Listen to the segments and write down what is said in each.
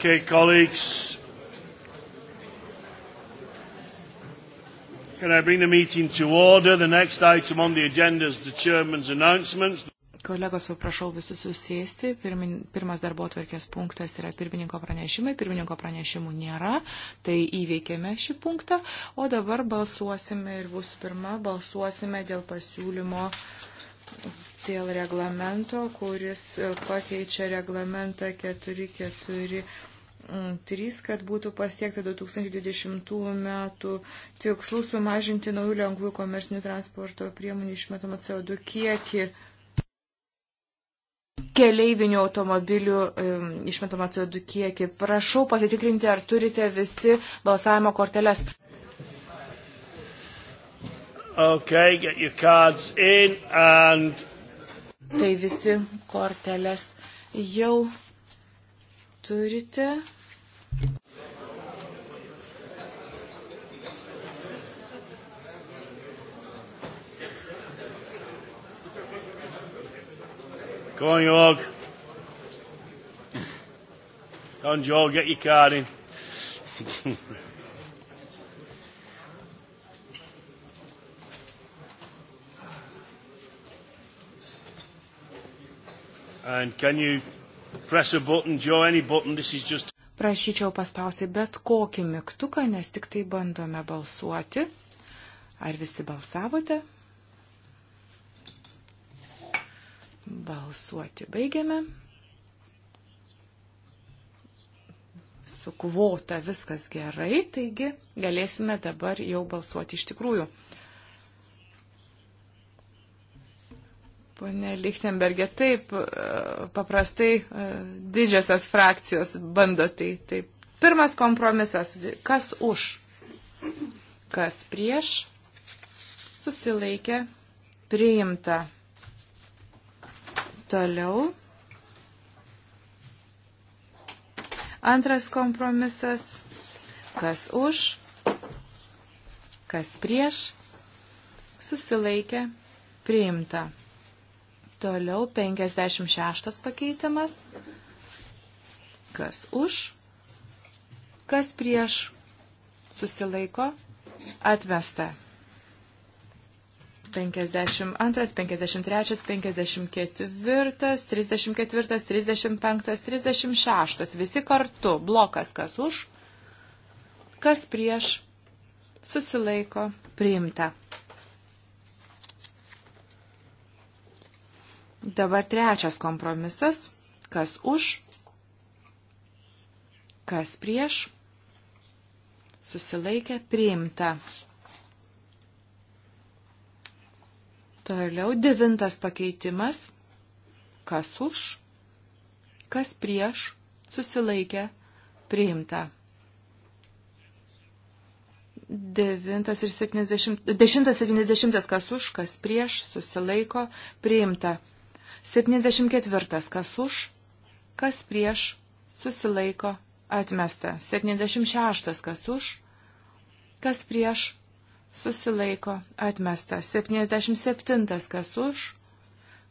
Okay, colleagues. Can I bring the meeting to order? The next item on the agenda is the chairman's announcements. Kolegos, paprašau visus susėsti. Pirmin, pirmas darbo atverkės punktas yra pirmininko pranešimai. Pirmininko pranešimų nėra, tai įveikėme šį punktą. O dabar balsuosime ir bus pirma, balsuosime dėl pasiūlymo dėl reglamento, kuris pakeičia reglamentą 448 3, kad būtų pasiekta 2020 metų tikslų sumažinti naujų lengvųjų komersinių transporto priemonių išmetamą CO2 kiekį keleivinių automobilių išmetamą CO2 kiekį. Prašau pasitikrinti, ar turite visi balsavimo korteles. Okay, get your cards in and... Tai visi korteles jau turite. Go on, York. Go on, Joel, get your card in. and can you press a button, Joe? Any button. This is just Prašyčiau paspausti bet kokį mygtuką, nes tik tai bandome balsuoti. Ar visi balsavote? Balsuoti baigiame. Su kvota viskas gerai, taigi galėsime dabar jau balsuoti iš tikrųjų. Pone Lichtenbergė, taip, e, paprastai e, didžiosios frakcijos bando tai. Taip. Pirmas kompromisas, kas už, kas prieš, susilaikė, priimta. Toliau. Antras kompromisas, kas už, kas prieš, susilaikė, priimta. Toliau 56 pakeitimas. Kas už? Kas prieš? Susilaiko? Atmesta. 52, 53, 54, 34, 35, 36. Visi kartu. Blokas kas už, kas prieš, susilaiko, priimta. Dabar trečias kompromisas. Kas už, kas prieš, susilaikė priimta. Toliau devintas pakeitimas. Kas už, kas prieš, susilaikė priimta. 9 ir 70, 10 ir 70 kas už, kas prieš, susilaiko, priimta. 74. Kas už, kas prieš, susilaiko, atmesta. 76. Kas už, kas prieš, susilaiko, atmesta. 77. Kas už,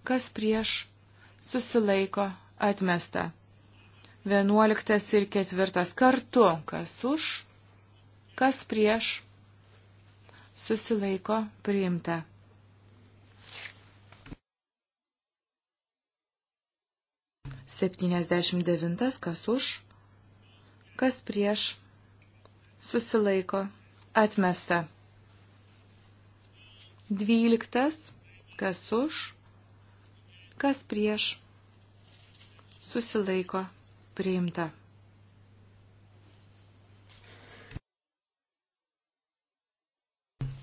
kas prieš, susilaiko, atmesta. 11 ir 4 kartu, kas už, kas prieš, susilaiko, priimta. 79 kas už, kas prieš, susilaiko, atmesta. 12 kas už, kas prieš, susilaiko, priimta.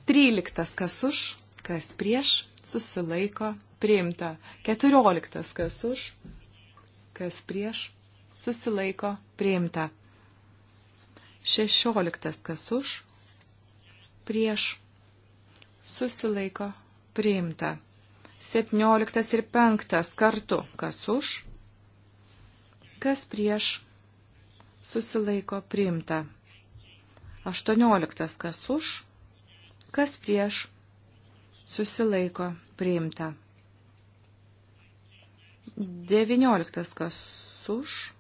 Tryliktas kas už, kas prieš, susilaiko, priimta. Keturioliktas kas už, kas prieš, susilaiko priimta. Šešioliktas kas už, prieš, susilaiko priimta. Septynioliktas ir penktas kartu kas už, kas prieš, susilaiko priimta. Aštuonioliktas kas už, kas prieš, susilaiko priimta. 19. Kas už?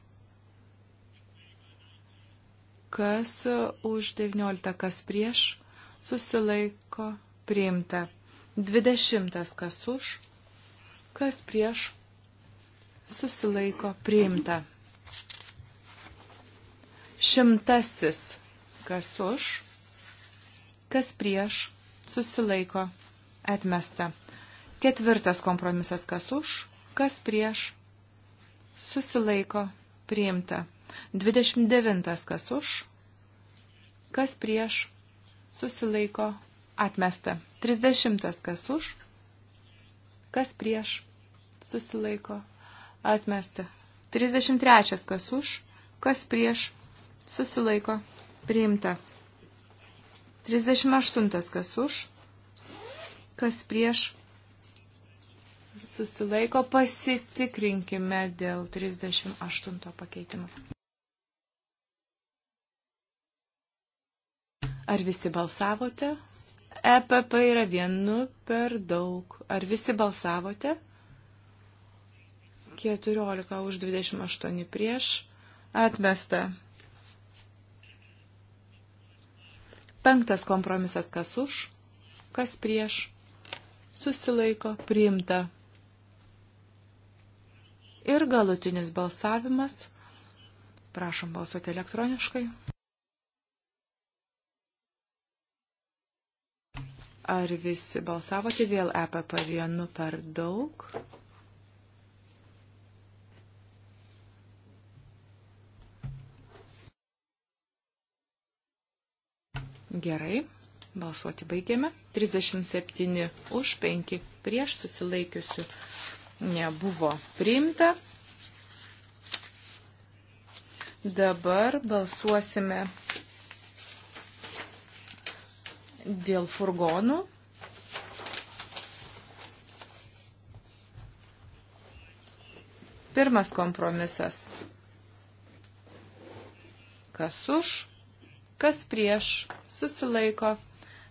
Kas už 19, kas prieš? Susilaiko priimta. 20. Kas už? Kas prieš? Susilaiko priimta. Šimtasis. Kas už? Kas prieš? Susilaiko. Atmesta. Ketvirtas kompromisas. Kas už? Kas prieš? Susilaiko. Priimta. 29. Kas už? Kas prieš? Susilaiko. Atmesta. 30. Kas už? Kas prieš? Susilaiko. Atmesta. 33. Kas už? Kas prieš? Susilaiko. Priimta. 38. Kas už? Kas prieš? susilaiko, pasitikrinkime dėl 38 pakeitimo. Ar visi balsavote? EPP yra vienu per daug. Ar visi balsavote? 14 už 28 prieš. Atmesta. Penktas kompromisas kas už, kas prieš. Susilaiko, priimta ir galutinis balsavimas. Prašom balsuoti elektroniškai. Ar visi balsavote vėl EPP vienu per daug? Gerai, balsuoti baigėme. 37 už 5 prieš susilaikiusių nebuvo priimta. Dabar balsuosime dėl furgonų. Pirmas kompromisas. Kas už, kas prieš, susilaiko,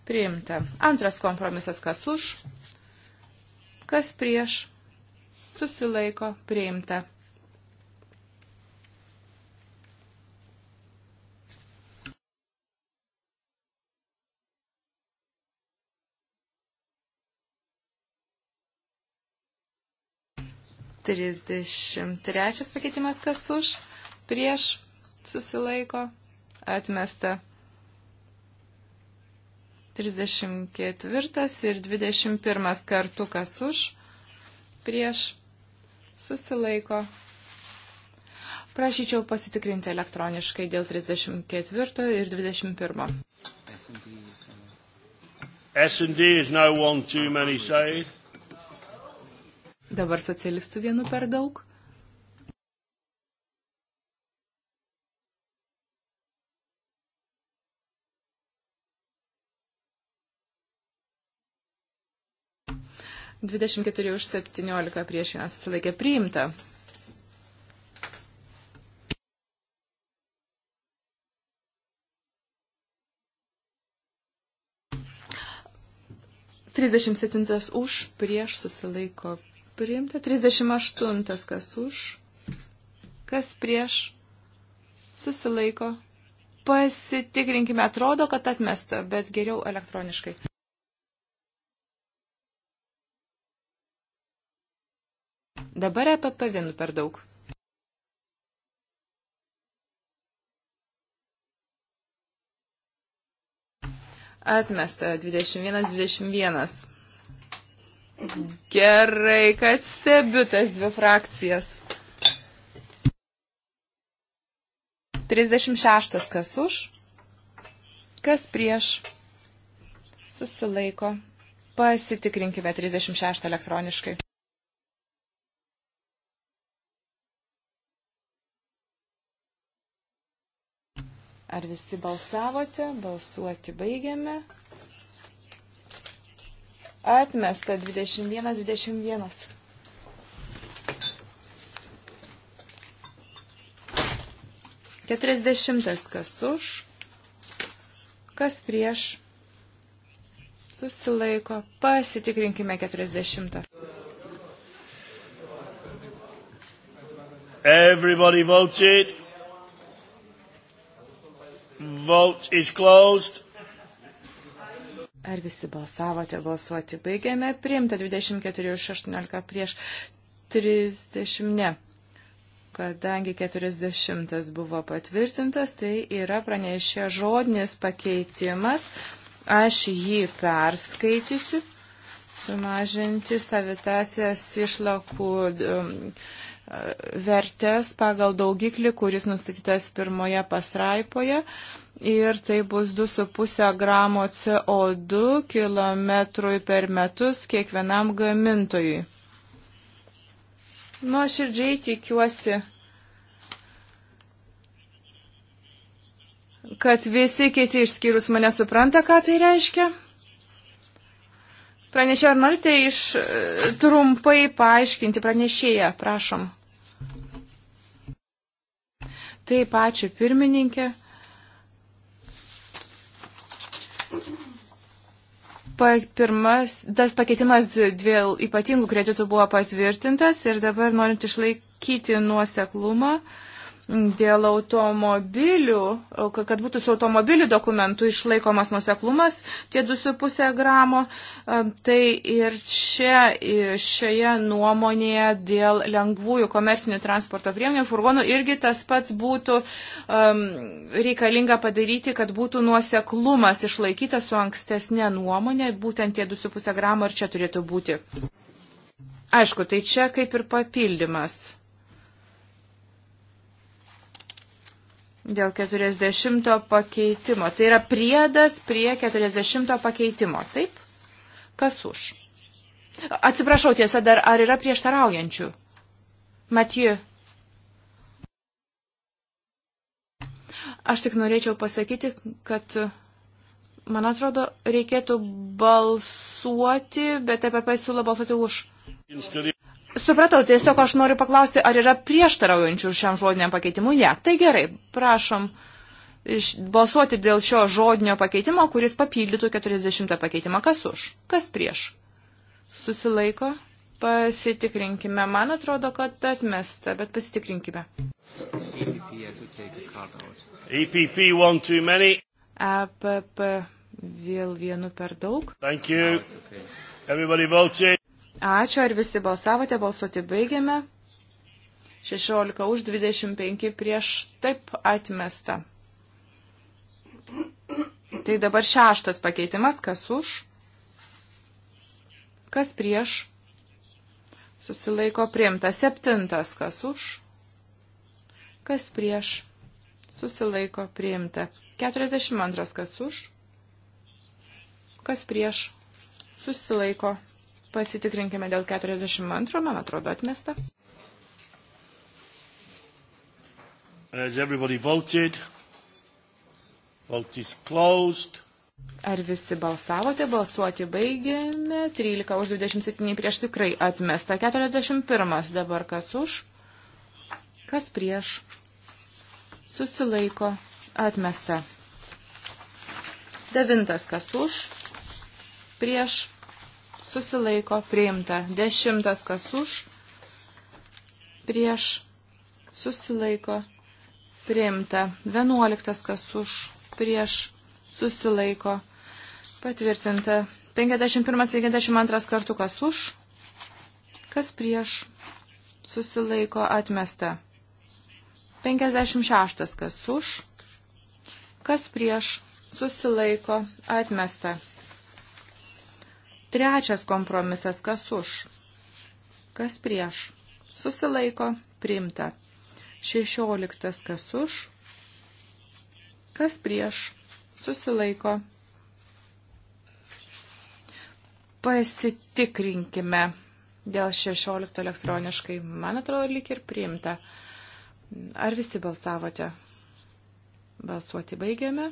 priimta. Antras kompromisas, kas už, kas prieš, susilaiko priimta. Trisdešimt trečias pakeitimas kas už, prieš susilaiko, atmesta. 34 ir 21 kartu kas už, prieš susilaiko. Prašyčiau pasitikrinti elektroniškai dėl 34 ir 21. S&D is no one too many saved. Dabar socialistų vienu per daug. 24 už 17 prieš vienas atsilaikė priimta. Trisdešimt septintas už, prieš susilaiko priimta. Trisdešimt aštuntas kas už, kas prieš susilaiko. Pasitikrinkime, atrodo, kad atmesta, bet geriau elektroniškai. Dabar EPP vienu per daug. Atmesta 21-21. Gerai, kad stebiu tas dvi frakcijas. 36 kas už, kas prieš, susilaiko. Pasitikrinkime 36 elektroniškai. Ar visi balsavote? Balsuoti baigiame. Atmesta 21, 21. Keturiasdešimtas kas už, kas prieš, susilaiko, pasitikrinkime keturiasdešimtą. Everybody voted. Vote is closed. Ar visi balsavote, balsuoti baigėme, priimta 24 už 18 prieš 30 ne. Kadangi 40 buvo patvirtintas, tai yra pranešė žodinis pakeitimas. Aš jį perskaitysiu. Sumažinti savitasias išlakų um, vertės pagal daugiklį, kuris nustatytas pirmoje pasraipoje ir tai bus 2,5 gramo CO2 kilometrui per metus kiekvienam gamintojui. Nuoširdžiai tikiuosi, kad visi kiti išskyrus mane supranta, ką tai reiškia. Pranešė, ar norite iš e, trumpai paaiškinti pranešėją, prašom. Taip, ačiū pirmininkė. pa, pirmas, tas pakeitimas dėl ypatingų kreditų buvo patvirtintas ir dabar norint išlaikyti nuoseklumą, uh, dėl automobilių, kad būtų su automobilių dokumentu išlaikomas nuseklumas tie 2,5 gramo, tai ir čia šioje nuomonėje dėl lengvųjų komersinių transporto priemonių furgonų irgi tas pats būtų um, reikalinga padaryti, kad būtų nuoseklumas išlaikytas su ankstesnė nuomonė, būtent tie 2,5 gramo ir čia turėtų būti. Aišku, tai čia kaip ir papildymas dėl 40 pakeitimo. Tai yra priedas prie 40 pakeitimo. Taip? Kas už? Atsiprašau, tiesa, dar ar yra prieštaraujančių? Matiju. Aš tik norėčiau pasakyti, kad, man atrodo, reikėtų balsuoti, bet EPP siūlo balsuoti už. Supratau, tiesiog aš noriu paklausti, ar yra prieštaraujančių šiam žodiniam pakeitimui? Ne. Tai gerai, prašom balsuoti dėl šio žodinio pakeitimo, kuris papildytų 40 pakeitimą. Kas už? Kas prieš? Susilaiko? Pasitikrinkime. Man atrodo, kad atmesta, bet pasitikrinkime. EPP, e one too many. EPP vėl vienu per daug. Thank you. Everybody voting. Ačiū, ar visi balsavote, balsuoti baigiame. 16 už 25 prieš taip atmesta. Tai dabar šeštas pakeitimas, kas už, kas prieš, susilaiko priimta. Septintas, kas už, kas prieš, susilaiko priimta. 42, kas už, kas prieš, susilaiko priimta Pasitikrinkime dėl 42, man atrodo, atmesta. Has everybody voted? Vote is closed. Ar visi balsavote? Balsuoti baigėme. 13 už 27 prieš tikrai atmesta. 41 dabar kas už? Kas prieš? Susilaiko. Atmesta. Devintas kas už? Prieš susilaiko priimta. Dešimtas kas už, prieš susilaiko priimta. Vienuoliktas kas už, prieš susilaiko patvirtinta. 51-52 kartų kas už, kas prieš susilaiko atmesta. 56 kas už, kas prieš susilaiko atmesta. Trečias kompromisas, kas už, kas prieš. Susilaiko, priimta. Šešioliktas, kas už, kas prieš. Susilaiko. Pasitikrinkime dėl 16 elektroniškai. Man atrodo, lyg ir priimta. Ar visi balsavote? Balsuoti baigiame.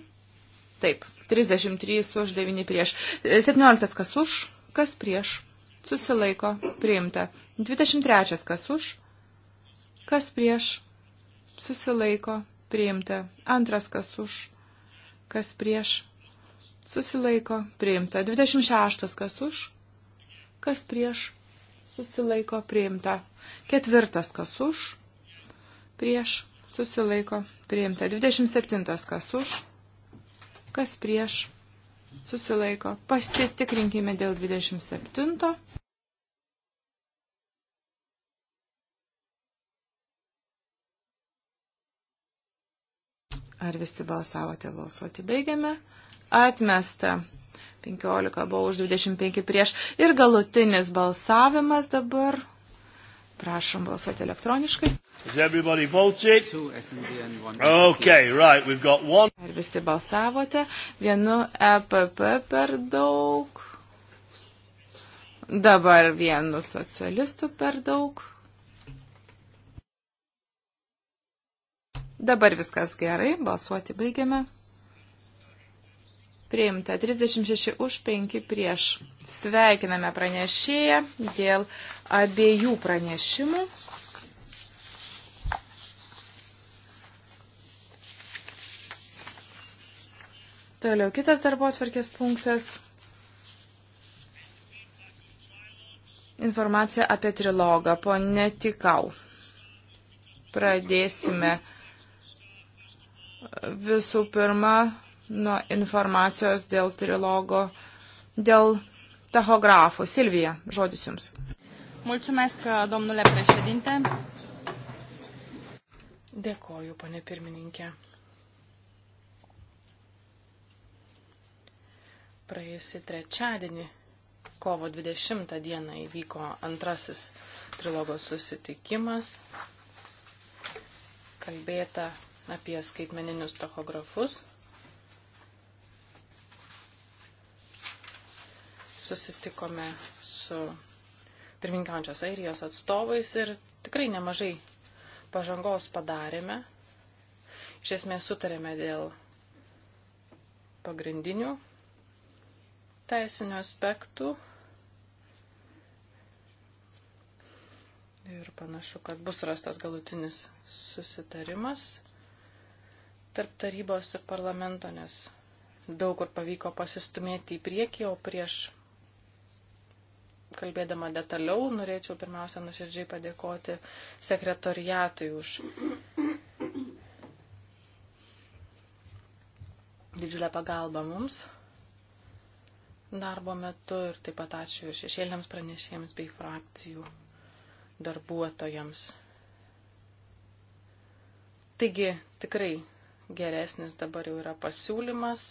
Taip, 33 už 9 prieš. 17 kas už, kas prieš. Susilaiko, priimta. 23 kas už, kas prieš. Susilaiko, priimta. Antras kas už, kas prieš. Susilaiko, priimta. 26 kas už, kas prieš. Susilaiko, priimta. Ketvirtas kas už, prieš. Susilaiko, priimta. 27 kas už kas prieš susilaiko. Pasitikrinkime dėl 27. Ar visi balsavote balsuoti? Baigiame. Atmesta. 15 buvo už 25 prieš. Ir galutinis balsavimas dabar. Prašom balsuoti elektroniškai. Okay, right, Ar visi balsavote? Vienu EPP per daug. Dabar vienu socialistu per daug. Dabar viskas gerai, balsuoti baigiame. Priimta 36 už 5 prieš. Sveikiname pranešėją dėl abiejų pranešimų. Toliau kitas darbo atvarkės punktas. Informacija apie trilogą. Pone Tikau. Pradėsime visų pirma nuo informacijos dėl trilogo, dėl tahografų. Silvija, žodis jums. Mulțumesc, domnule președinte. Dėkoju, pane pirmininkė. Praėjusį trečiadienį, kovo 20 dieną, įvyko antrasis trilogos susitikimas. Kalbėta apie skaitmeninius tachografus susitikome su pirmininkaujančios Airijos atstovais ir tikrai nemažai pažangos padarėme. Iš esmės sutarėme dėl pagrindinių teisinių aspektų. Ir panašu, kad bus rastas galutinis susitarimas tarp tarybos ir parlamento, nes daug kur pavyko pasistumėti į priekį, o prieš kalbėdama detaliau, norėčiau pirmiausia nuširdžiai padėkoti sekretoriatui už didžiulę pagalbą mums darbo metu ir taip pat ačiū šešėliams pranešėjams bei frakcijų darbuotojams. Taigi tikrai geresnis dabar jau yra pasiūlymas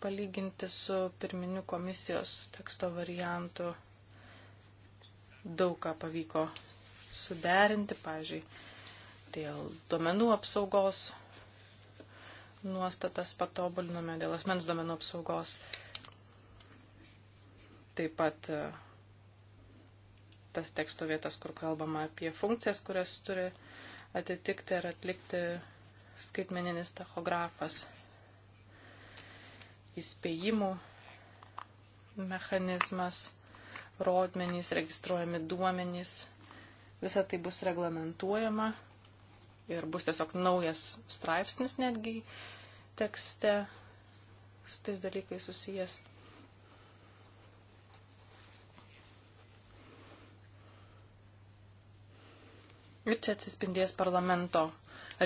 palyginti su pirminiu komisijos teksto variantu daug ką pavyko suderinti, pavyzdžiui, dėl duomenų apsaugos nuostatas patobulinome, dėl asmens duomenų apsaugos. Taip pat e, tas teksto vietas, kur kalbama apie funkcijas, kurias turi atitikti ir atlikti skaitmeninis tachografas įspėjimų mechanizmas, rodmenys, registruojami duomenys. Visa tai bus reglamentuojama ir bus tiesiog naujas straipsnis netgi tekste su tais dalykais susijęs. Ir čia atsispindės parlamento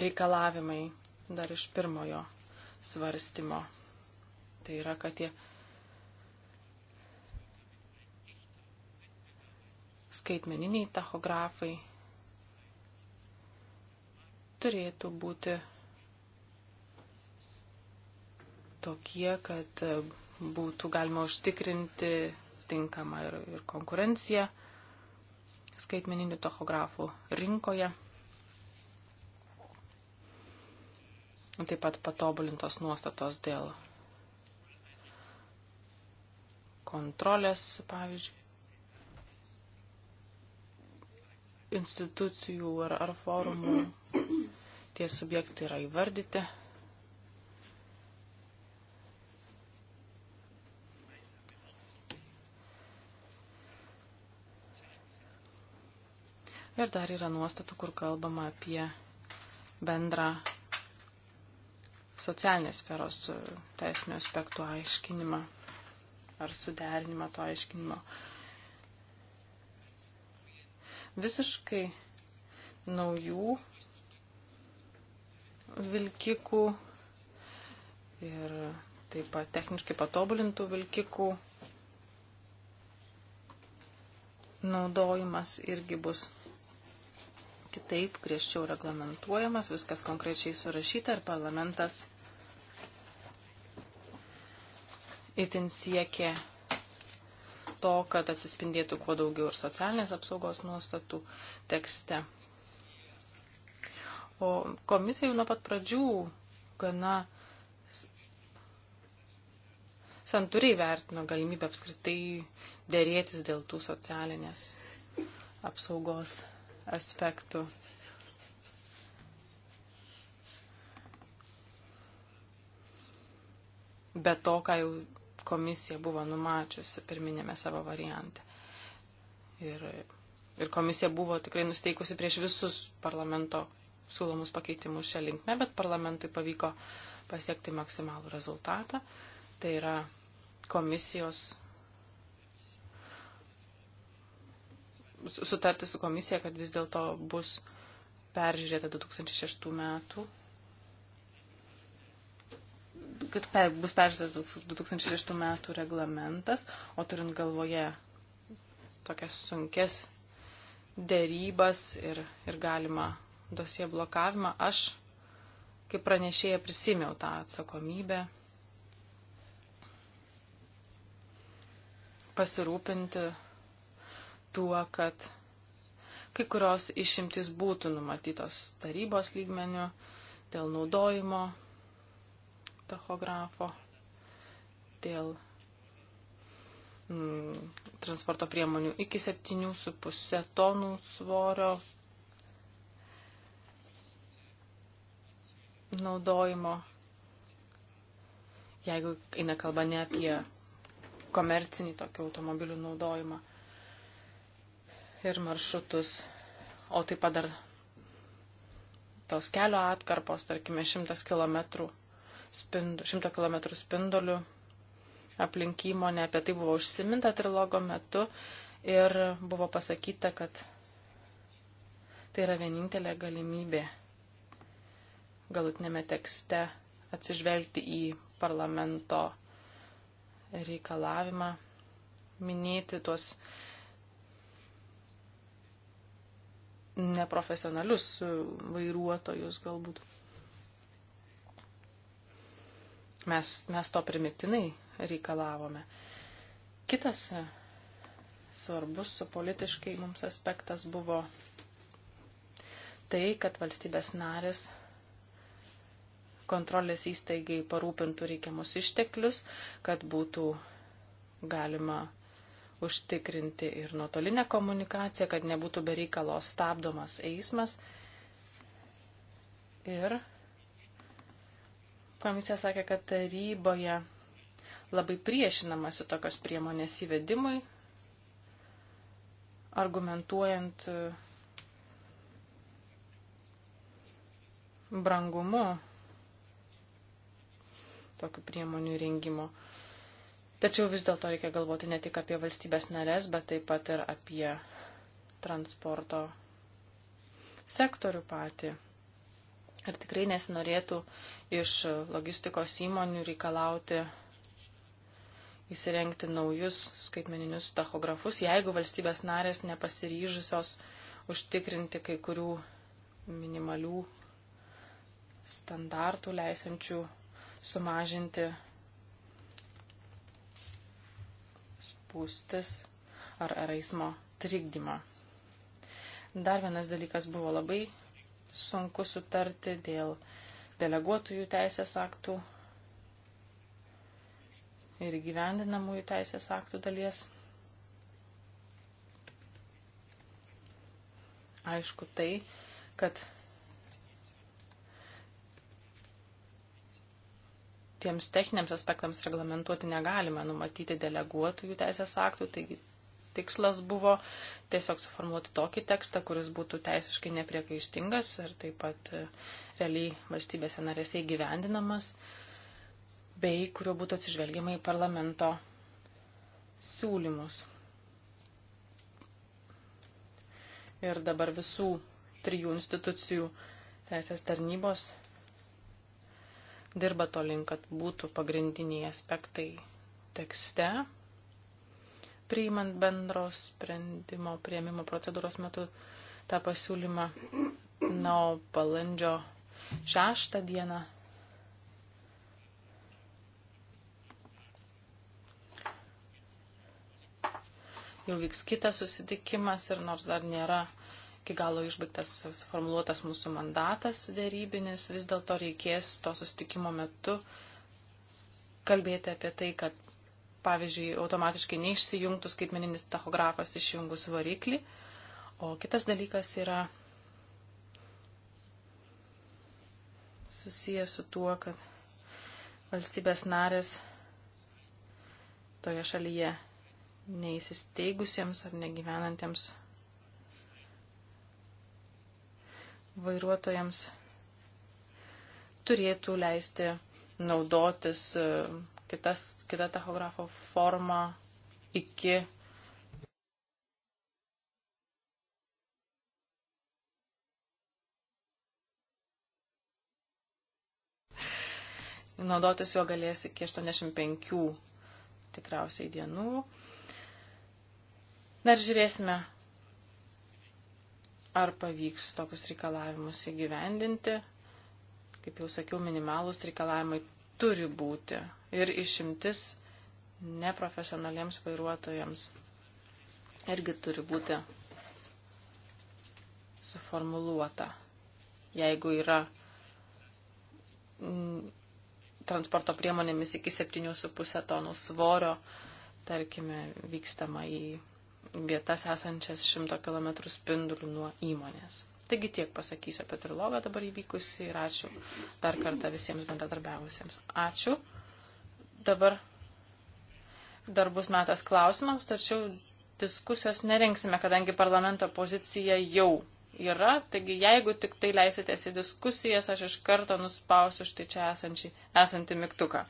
reikalavimai dar iš pirmojo svarstymo Tai yra, kad tie skaitmeniniai tachografai turėtų būti tokie, kad e, būtų galima užtikrinti tinkamą ir, ir konkurenciją skaitmeninių tachografų rinkoje. Taip pat patobulintos nuostatos dėl kontrolės, pavyzdžiui, institucijų ar, ar forumų. Tie subjektai yra įvardyti. Ir dar yra nuostatų, kur kalbama apie bendrą socialinės sferos teisinių aspektų aiškinimą ar suderinimą to aiškinimo. Visiškai naujų vilkikų ir taip pat techniškai patobulintų vilkikų naudojimas irgi bus kitaip, griežčiau reglamentuojamas, viskas konkrečiai surašyta ir parlamentas itin siekė to, kad atsispindėtų kuo daugiau ir socialinės apsaugos nuostatų tekste. O komisija jau nuo pat pradžių gana santūriai vertino galimybę apskritai dėrėtis dėl tų socialinės apsaugos aspektų. Be to, ką jau komisija buvo numačiusi pirminėme savo variante. Ir, ir komisija buvo tikrai nusteikusi prieš visus parlamento siūlomus pakeitimus šią linkmę, bet parlamentui pavyko pasiekti maksimalų rezultatą. Tai yra komisijos sutarti su komisija, kad vis dėlto bus peržiūrėta 2006 metų kad pe, bus peržiūrėtas 2006 metų reglamentas, o turint galvoje tokias sunkes dėrybas ir, ir galimą dosie blokavimą, aš kaip pranešėja prisimiau tą atsakomybę pasirūpinti tuo, kad kai kurios išimtis būtų numatytos tarybos lygmenių dėl naudojimo tachografo, dėl mm, transporto priemonių iki 7,5 tonų svorio naudojimo. Jeigu eina kalba ne apie komercinį tokių automobilių naudojimą ir maršrutus, o taip pat dar tos kelio atkarpos, tarkime, 100 km spindu, 100 km spinduliu aplink įmonę. Apie tai buvo užsiminta trilogo metu ir buvo pasakyta, kad tai yra vienintelė galimybė galutinėme tekste atsižvelgti į parlamento reikalavimą minėti tuos neprofesionalius vairuotojus galbūt. Mes, mes to primiktinai reikalavome. Kitas svarbus politiškai mums aspektas buvo tai, kad valstybės narės kontrolės įstaigai parūpintų reikiamus išteklius, kad būtų galima užtikrinti ir nuotolinę komunikaciją, kad nebūtų bereikalos stabdomas eismas. Ir Komisija sakė, kad taryboje labai priešinamasi tokios priemonės įvedimui, argumentuojant e, brangumu tokių priemonių įrengimo. Tačiau vis dėlto reikia galvoti ne tik apie valstybės narės, bet taip pat ir apie transporto sektorių patį. Ir tikrai nesinorėtų iš logistikos įmonių reikalauti įsirengti naujus skaitmeninius tachografus, jeigu valstybės narės nepasiryžusios užtikrinti kai kurių minimalių standartų leisančių sumažinti spūstis ar, ar eismo trikdymą. Dar vienas dalykas buvo labai sunku sutarti dėl deleguotųjų teisės aktų ir gyvendinamųjų teisės aktų dalies. Aišku tai, kad tiems techniniams aspektams reglamentuoti negalime numatyti deleguotųjų teisės aktų, taigi tikslas buvo tiesiog suformuoti tokį tekstą, kuris būtų teisiškai nepriekaištingas ir taip pat e, realiai valstybėse narėse įgyvendinamas, bei kurio būtų atsižvelgiama į parlamento siūlymus. Ir dabar visų trijų institucijų teisės tarnybos dirba to link, kad būtų pagrindiniai aspektai tekste, priimant bendro sprendimo prieimimo procedūros metu tą pasiūlymą. Na, o balandžio 6 dieną. Jau vyks kitas susitikimas ir nors dar nėra iki galo išbaigtas suformuoluotas mūsų mandatas dėrybinis, vis dėlto reikės to susitikimo metu kalbėti apie tai, kad pavyzdžiui, automatiškai neišsijungtų skaitmeninis tachografas išjungus variklį. O kitas dalykas yra susijęs su tuo, kad valstybės narės toje šalyje neįsisteigusiems ar negyvenantiems vairuotojams turėtų leisti naudotis e, kitas, kitą tachografo formą iki Naudotis juo galės iki 85 tikriausiai dienų. Dar žiūrėsime, ar pavyks tokius reikalavimus įgyvendinti. Kaip jau sakiau, minimalūs reikalavimai turi būti ir išimtis neprofesionaliems vairuotojams irgi turi būti suformuluota. Jeigu yra transporto priemonėmis iki 7,5 tonų svorio, tarkime, vykstama į vietas esančias 100 km spindulių nuo įmonės. Taigi tiek pasakysiu apie trilogą dabar įvykusi ir ačiū dar kartą visiems bendradarbiavusiems. Ačiū. Dabar dar bus metas klausimams, tačiau diskusijos nerenksime, kadangi parlamento pozicija jau yra, taigi jeigu tik tai leisitės į diskusijas, aš iš karto nuspausiu štai čia esančią, esantį mygtuką.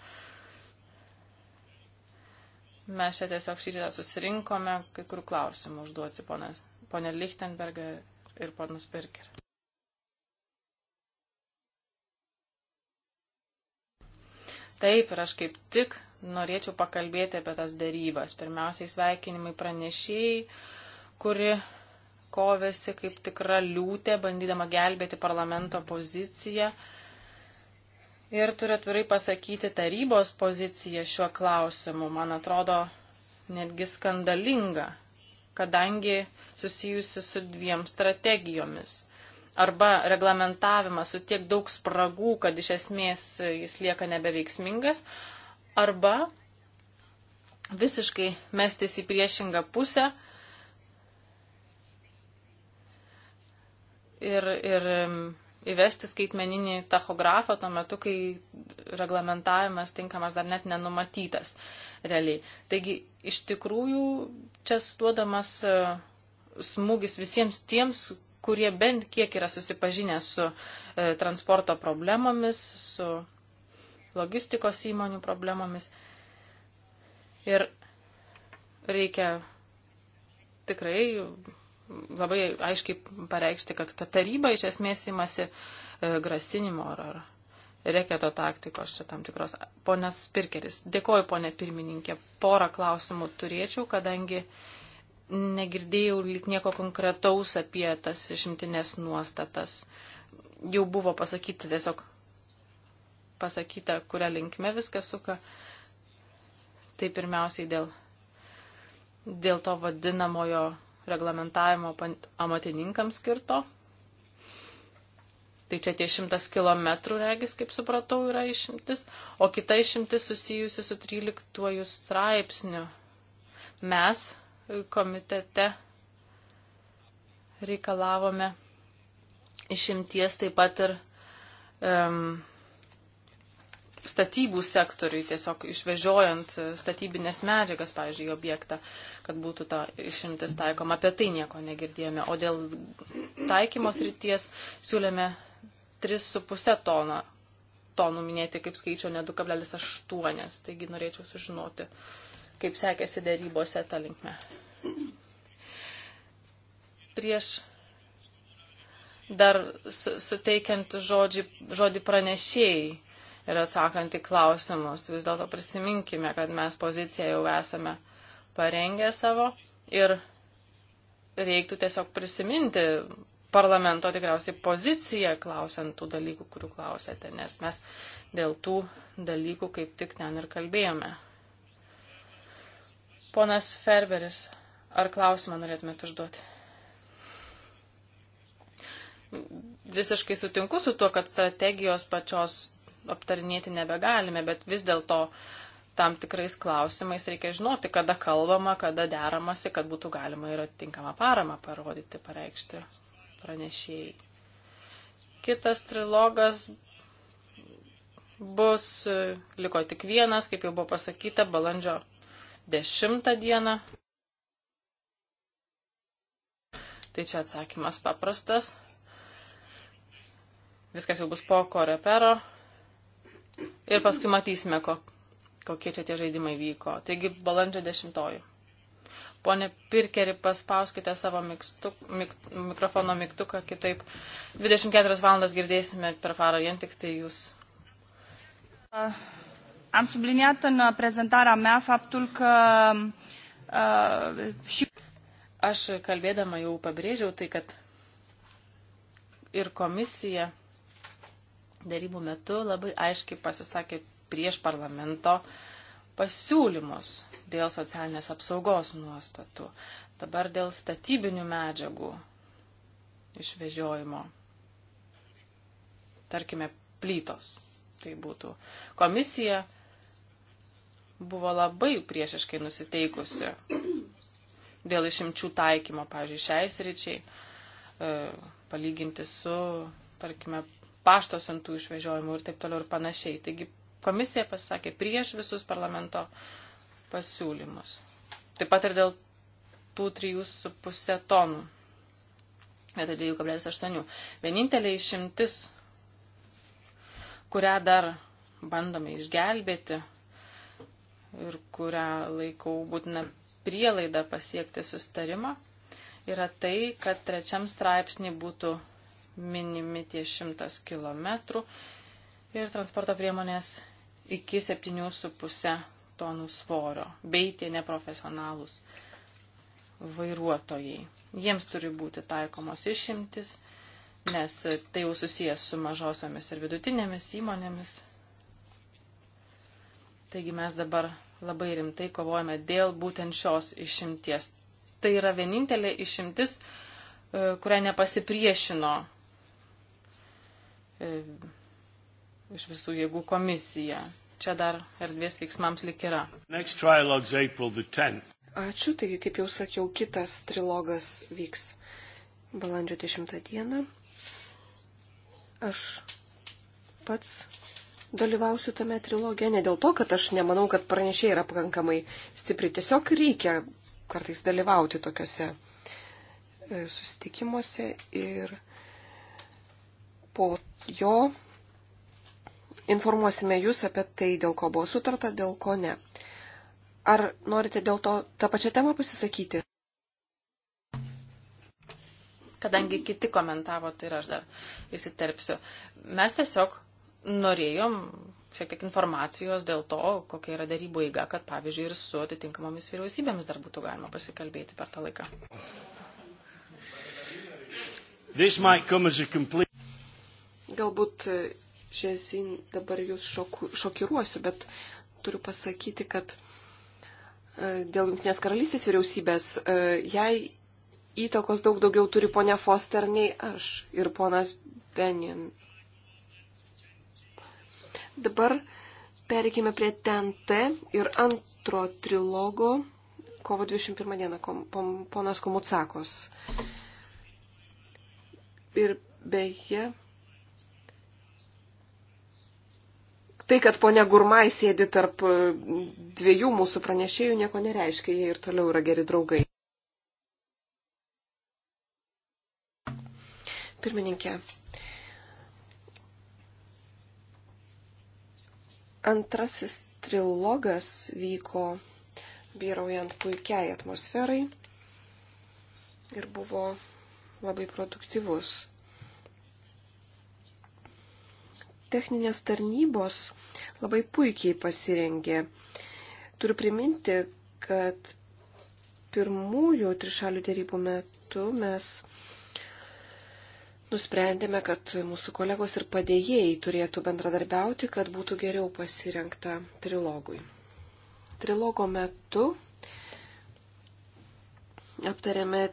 Mes čia tiesiog šį rytą susirinkome kai kur klausimų užduoti ponas, ponė Lichtenberger ir ponas Birker. Taip, ir aš kaip tik norėčiau pakalbėti apie tas dėrybas. Pirmiausiai sveikinimai pranešėjai, kuri kovėsi kaip tikra liūtė, bandydama gelbėti parlamento poziciją. Ir turiu atvirai pasakyti tarybos poziciją šiuo klausimu. Man atrodo netgi skandalinga, kadangi susijusi su dviem strategijomis. Arba reglamentavimas su tiek daug spragų, kad iš esmės jis lieka nebeveiksmingas, arba visiškai mestis į priešingą pusę ir, ir įvesti skaitmeninį tachografą tuo metu, kai reglamentavimas tinkamas dar net nenumatytas realiai. Taigi iš tikrųjų čia duodamas e, smūgis visiems tiems, kurie bent kiek yra susipažinę su e, transporto problemomis, su logistikos įmonių problemomis. Ir reikia tikrai labai aiškiai pareikšti, kad, kad taryba iš esmės imasi e, grasinimo ar, ar reketo taktikos čia tam tikros. Ponas Pirkeris, dėkoju, ponė pirmininkė. Porą klausimų turėčiau, kadangi negirdėjau lik nieko konkretaus apie tas išimtinės nuostatas. Jau buvo pasakyti tiesiog pasakyta, kuria linkme viskas suka. Tai pirmiausiai dėl, dėl to vadinamojo reglamentavimo amatininkams skirto. Tai čia tie šimtas kilometrų regis, kaip supratau, yra išimtis, o kita išimtis susijusi su 13 straipsniu. Mes e, komitete reikalavome išimties taip pat ir um, statybų sektoriui, tiesiog išvežiojant statybinės medžiagas, pavyzdžiui, objektą, kad būtų ta išimtis taikoma. Apie tai nieko negirdėjome. O dėl taikymos ryties siūlėme 3,5 toną tonų minėti kaip skaičio, ne 2,8. Taigi norėčiau sužinoti, kaip sekėsi dėrybose tą linkmę. Prieš dar suteikiant žodžių, žodį pranešėjai, ir atsakant į klausimus. Vis dėlto prisiminkime, kad mes poziciją jau esame parengę savo ir reiktų tiesiog prisiminti parlamento tikriausiai poziciją klausiant tų dalykų, kurių klausėte, nes mes dėl tų dalykų kaip tik ten ir kalbėjome. Ponas Ferberis, ar klausimą norėtumėte užduoti? Visiškai sutinku su tuo, kad strategijos pačios aptarinėti nebegalime, bet vis dėlto tam tikrais klausimais reikia žinoti, kada kalbama, kada deramasi, kad būtų galima ir atitinkamą paramą parodyti, pareikšti pranešėjai. Kitas trilogas bus, liko tik vienas, kaip jau buvo pasakyta, balandžio 10 dieną. Tai čia atsakymas paprastas. Viskas jau bus po korepero ir paskui matysime, ko, kokie čia tie žaidimai vyko. Taigi balandžio 10. Pone Pirkeri, paspauskite savo mikstuk, mik, mikrofono mygtuką, kitaip 24 valandas girdėsime per parą, vien tik tai jūs. Uh, am subliniat în uh, prezentarea mea faptul că uh, și... Aš kalbėdama jau pabrėžiau tai, kad ir komisija darybų metu labai aiškiai pasisakė prieš parlamento pasiūlymus dėl socialinės apsaugos nuostatų. Dabar dėl statybinių medžiagų išvežiojimo. Tarkime, plytos. Tai būtų. Komisija buvo labai priešiškai nusiteikusi dėl išimčių taikymo, pavyzdžiui, šiai sričiai, e, palyginti su, tarkime, pašto siuntų išvežiojimu ir taip toliau ir panašiai. Taigi komisija pasisakė prieš visus parlamento pasiūlymus. Taip pat ir dėl tų 3,5 tonų vietoj 2,8. Vienintelė išimtis, kurią dar bandome išgelbėti ir kurią laikau būtina prielaida pasiekti sustarimą, yra tai, kad trečiam straipsnį būtų minimi tie šimtas kilometrų ir transporto priemonės iki 7,5 tonų svorio, bei tie neprofesionalūs vairuotojai. Jiems turi būti taikomos išimtis, nes tai jau susijęs su mažosiomis ir vidutinėmis įmonėmis. Taigi mes dabar labai rimtai kovojame dėl būtent šios išimties. Tai yra vienintelė išimtis, e, kurią nepasipriešino E, iš visų jėgų komisija. Čia dar erdvės veiksmams lik yra. Ačiū, taigi kaip jau sakiau, kitas trilogas vyks balandžio 10 dieną. Aš pats dalyvausiu tame trilogė ne dėl to, kad aš nemanau, kad pranešėjai yra pakankamai stipri. Tiesiog reikia kartais dalyvauti tokiuose e, susitikimuose ir po jo informuosime jūs apie tai, dėl ko buvo sutarta, dėl ko ne. Ar norite dėl to tą pačią temą pasisakyti? Kadangi kiti komentavo, tai ir aš dar įsiterpsiu. Mes tiesiog norėjom šiek tiek informacijos dėl to, kokia yra darybų eiga, kad pavyzdžiui ir su atitinkamomis vyriausybėmis dar būtų galima pasikalbėti per tą laiką. Complete... Galbūt e, šiandien dabar jūs šoku, šokiruosiu, bet turiu pasakyti, kad e, dėl Junktinės karalystės vyriausybės e, jai įtakos daug daugiau turi ponia Foster nei aš ir ponas Benin. Dabar pereikime prie TNT ir antro trilogo kovo 21 dieną kom, pom, ponas Komutsakos. Ir beje, tai, kad ponia Gurmai sėdi tarp e, dviejų mūsų pranešėjų, nieko nereiškia, jie ir toliau yra geri draugai. Pirmininkė. Antrasis trilogas vyko vyraujant puikiai atmosferai ir buvo labai produktyvus. techninės tarnybos labai puikiai pasirengė. Turiu priminti, kad pirmųjų trišalių dėrybų metu mes nusprendėme, kad mūsų kolegos ir padėjėjai turėtų bendradarbiauti, kad būtų geriau pasirengta trilogui. Trilogo metu aptarėme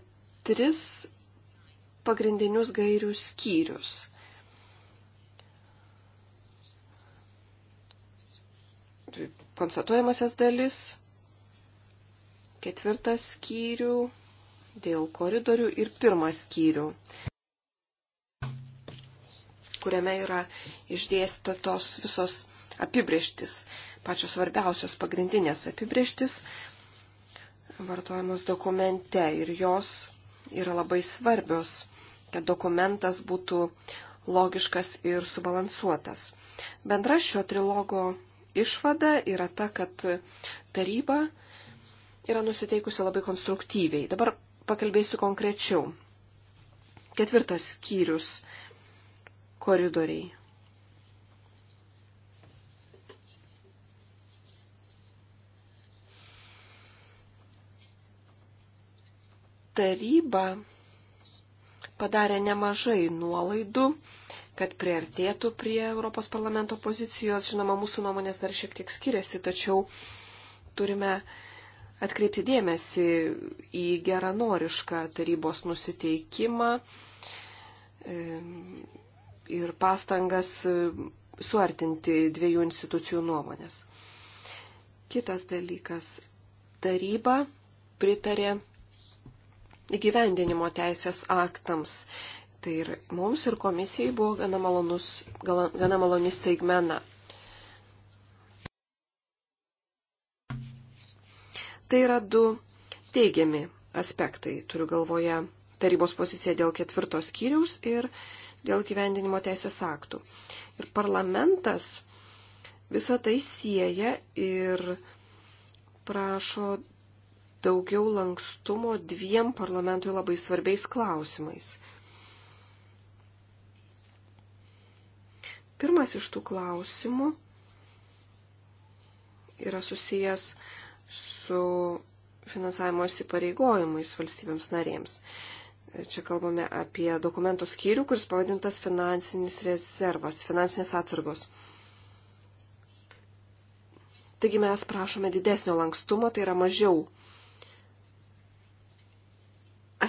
tris pagrindinius gairių skyrius. konstatuojamasias dalis, ketvirtą skyrių, dėl koridorių ir pirmą skyrių, kuriame yra išdėstytos visos apibrieštis, pačios svarbiausios pagrindinės apibrieštis vartojamos dokumente ir jos yra labai svarbios, kad dokumentas būtų logiškas ir subalansuotas. Bendra šio trilogo išvada yra ta, kad taryba yra nusiteikusi labai konstruktyviai. Dabar pakalbėsiu konkrečiau. Ketvirtas skyrius - koridoriai. Taryba padarė nemažai nuolaidų kad priartėtų prie Europos parlamento pozicijos. Žinoma, mūsų nuomonės dar šiek tiek skiriasi, tačiau turime atkreipti dėmesį į geranorišką tarybos nusiteikimą e, ir pastangas e, suartinti dviejų institucijų nuomonės. Kitas dalykas. Taryba pritarė įgyvendinimo teisės aktams Tai ir mums, ir komisijai buvo gana, malonus, gana maloni staigmena. Tai yra du teigiami aspektai, turiu galvoje tarybos poziciją dėl ketvirtos skyriaus ir dėl gyvendinimo teisės aktų. Ir parlamentas visą tai sieja ir prašo daugiau lankstumo dviem parlamentui labai svarbiais klausimais. Pirmas iš tų klausimų yra susijęs su finansavimo įsipareigojimais valstybėms narėms. Čia kalbame apie dokumento skyrių, kuris pavadintas finansinis rezervas, finansinės atsargos. Taigi mes prašome didesnio lankstumo, tai yra mažiau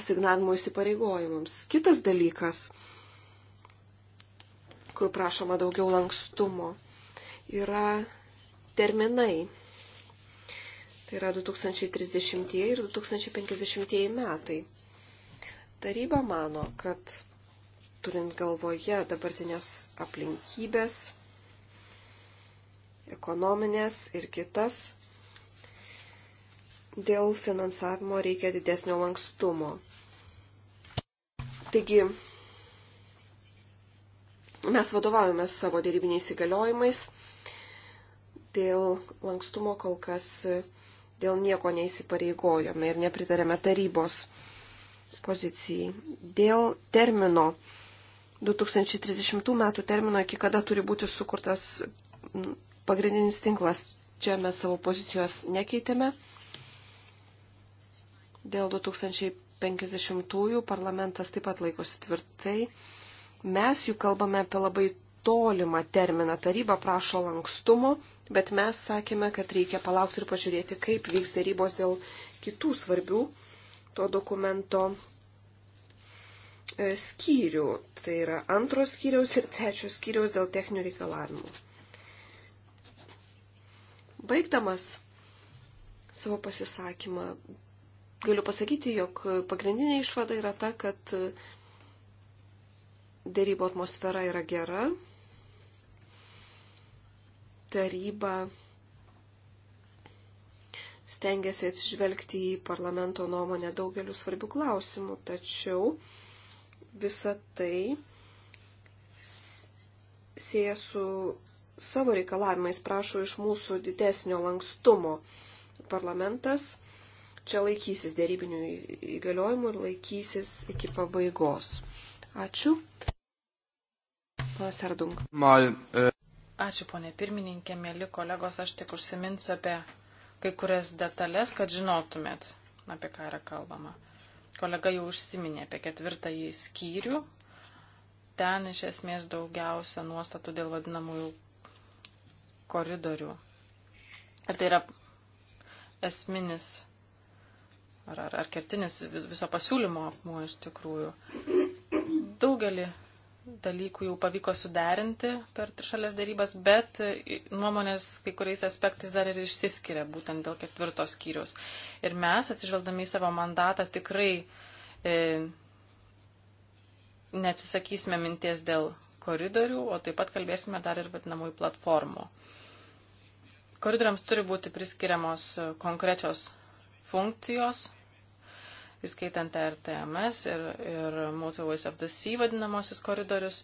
asignavimo įsipareigojimams. Kitas dalykas kur prašoma daugiau lankstumo, yra terminai. Tai yra 2030 ir 2050 metai. Taryba mano, kad turint galvoje dabartinės aplinkybės, ekonominės ir kitas, dėl finansavimo reikia didesnio lankstumo. Taigi, Mes vadovaujame savo dėrybiniais įgaliojimais. Dėl lankstumo kol kas e, dėl nieko neįsipareigojome ir nepritarėme tarybos pozicijai. Dėl termino 2030 metų termino, iki kada turi būti sukurtas pagrindinis tinklas. Čia mes savo pozicijos nekeitėme. Dėl 2050 parlamentas taip pat laikosi tvirtai. Mes juk kalbame apie labai tolimą terminą. Taryba prašo lankstumo, bet mes sakėme, kad reikia palaukti ir pažiūrėti, kaip vyks darybos dėl kitų svarbių to dokumento e, skyrių. Tai yra antros skyriaus ir trečios skyriaus dėl techninių reikalavimų. Baigdamas savo pasisakymą, galiu pasakyti, jog pagrindinė išvada yra ta, kad dėrybo atmosfera yra gera. Taryba stengiasi atsižvelgti į parlamento nuomonę daugeliu svarbių klausimų, tačiau visa tai sieja su savo reikalavimais, prašo iš mūsų didesnio lankstumo. Parlamentas čia laikysis dėrybinių įgaliojimų ir laikysis iki pabaigos. Ačiū ponas Sardung. Mal, e... Ačiū, ponė pirmininkė, mėly kolegos, aš tik užsiminsiu apie kai kurias detalės, kad žinotumėt, apie ką yra kalbama. Kolega jau užsiminė apie ketvirtąjį skyrių. Ten iš esmės daugiausia nuostatų dėl vadinamųjų koridorių. Ar tai yra esminis ar, ar, ar kertinis viso pasiūlymo apmuo iš tikrųjų. Daugelį dalykų jau pavyko suderinti per trišalės darybas, bet nuomonės kai kuriais aspektais dar ir išsiskiria būtent dėl ketvirtos skyrius. Ir mes, atsižvelgdami į savo mandatą, tikrai e, neatsisakysime minties dėl koridorių, o taip pat kalbėsime dar ir vadinamųjų platformų. Koridoriams turi būti priskiriamos konkrečios funkcijos, įskaitant RTMS ir, ir Motorways of the Sea vadinamosius koridorius.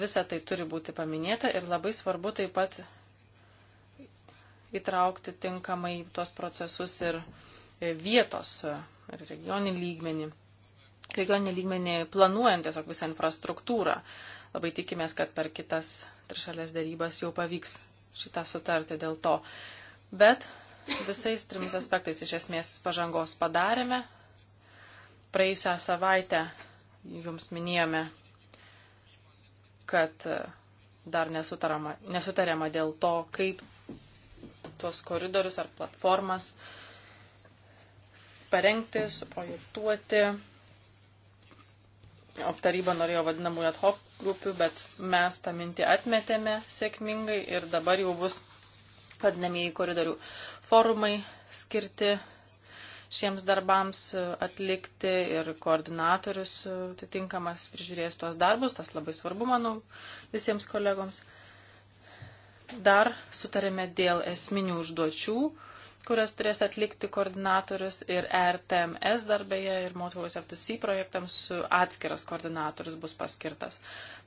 Visa tai turi būti paminėta ir labai svarbu taip pat įtraukti tinkamai tuos procesus ir e, vietos ar e, regioninį lygmenį. Regioninį lygmenį planuojant tiesiog visą infrastruktūrą. Labai tikimės, kad per kitas trišalės darybas jau pavyks šitą sutartį dėl to. Bet visais trimis aspektais iš esmės pažangos padarėme, praėjusią savaitę jums minėjome, kad e, dar nesutariama dėl to, kaip tuos koridorius ar platformas parengti, suprojektuoti. O taryba norėjo vadinamųjų ad hoc grupių, bet mes tą mintį atmetėme sėkmingai ir dabar jau bus vadinamieji koridorių forumai skirti šiems darbams e, atlikti ir koordinatorius e, atitinkamas prižiūrės tuos darbus, tas labai svarbu, manau, visiems kolegoms. Dar sutarėme dėl esminių užduočių, kurias turės atlikti koordinatorius ir RTMS darbėje ir Motivos FTC projektams atskiras koordinatorius bus paskirtas.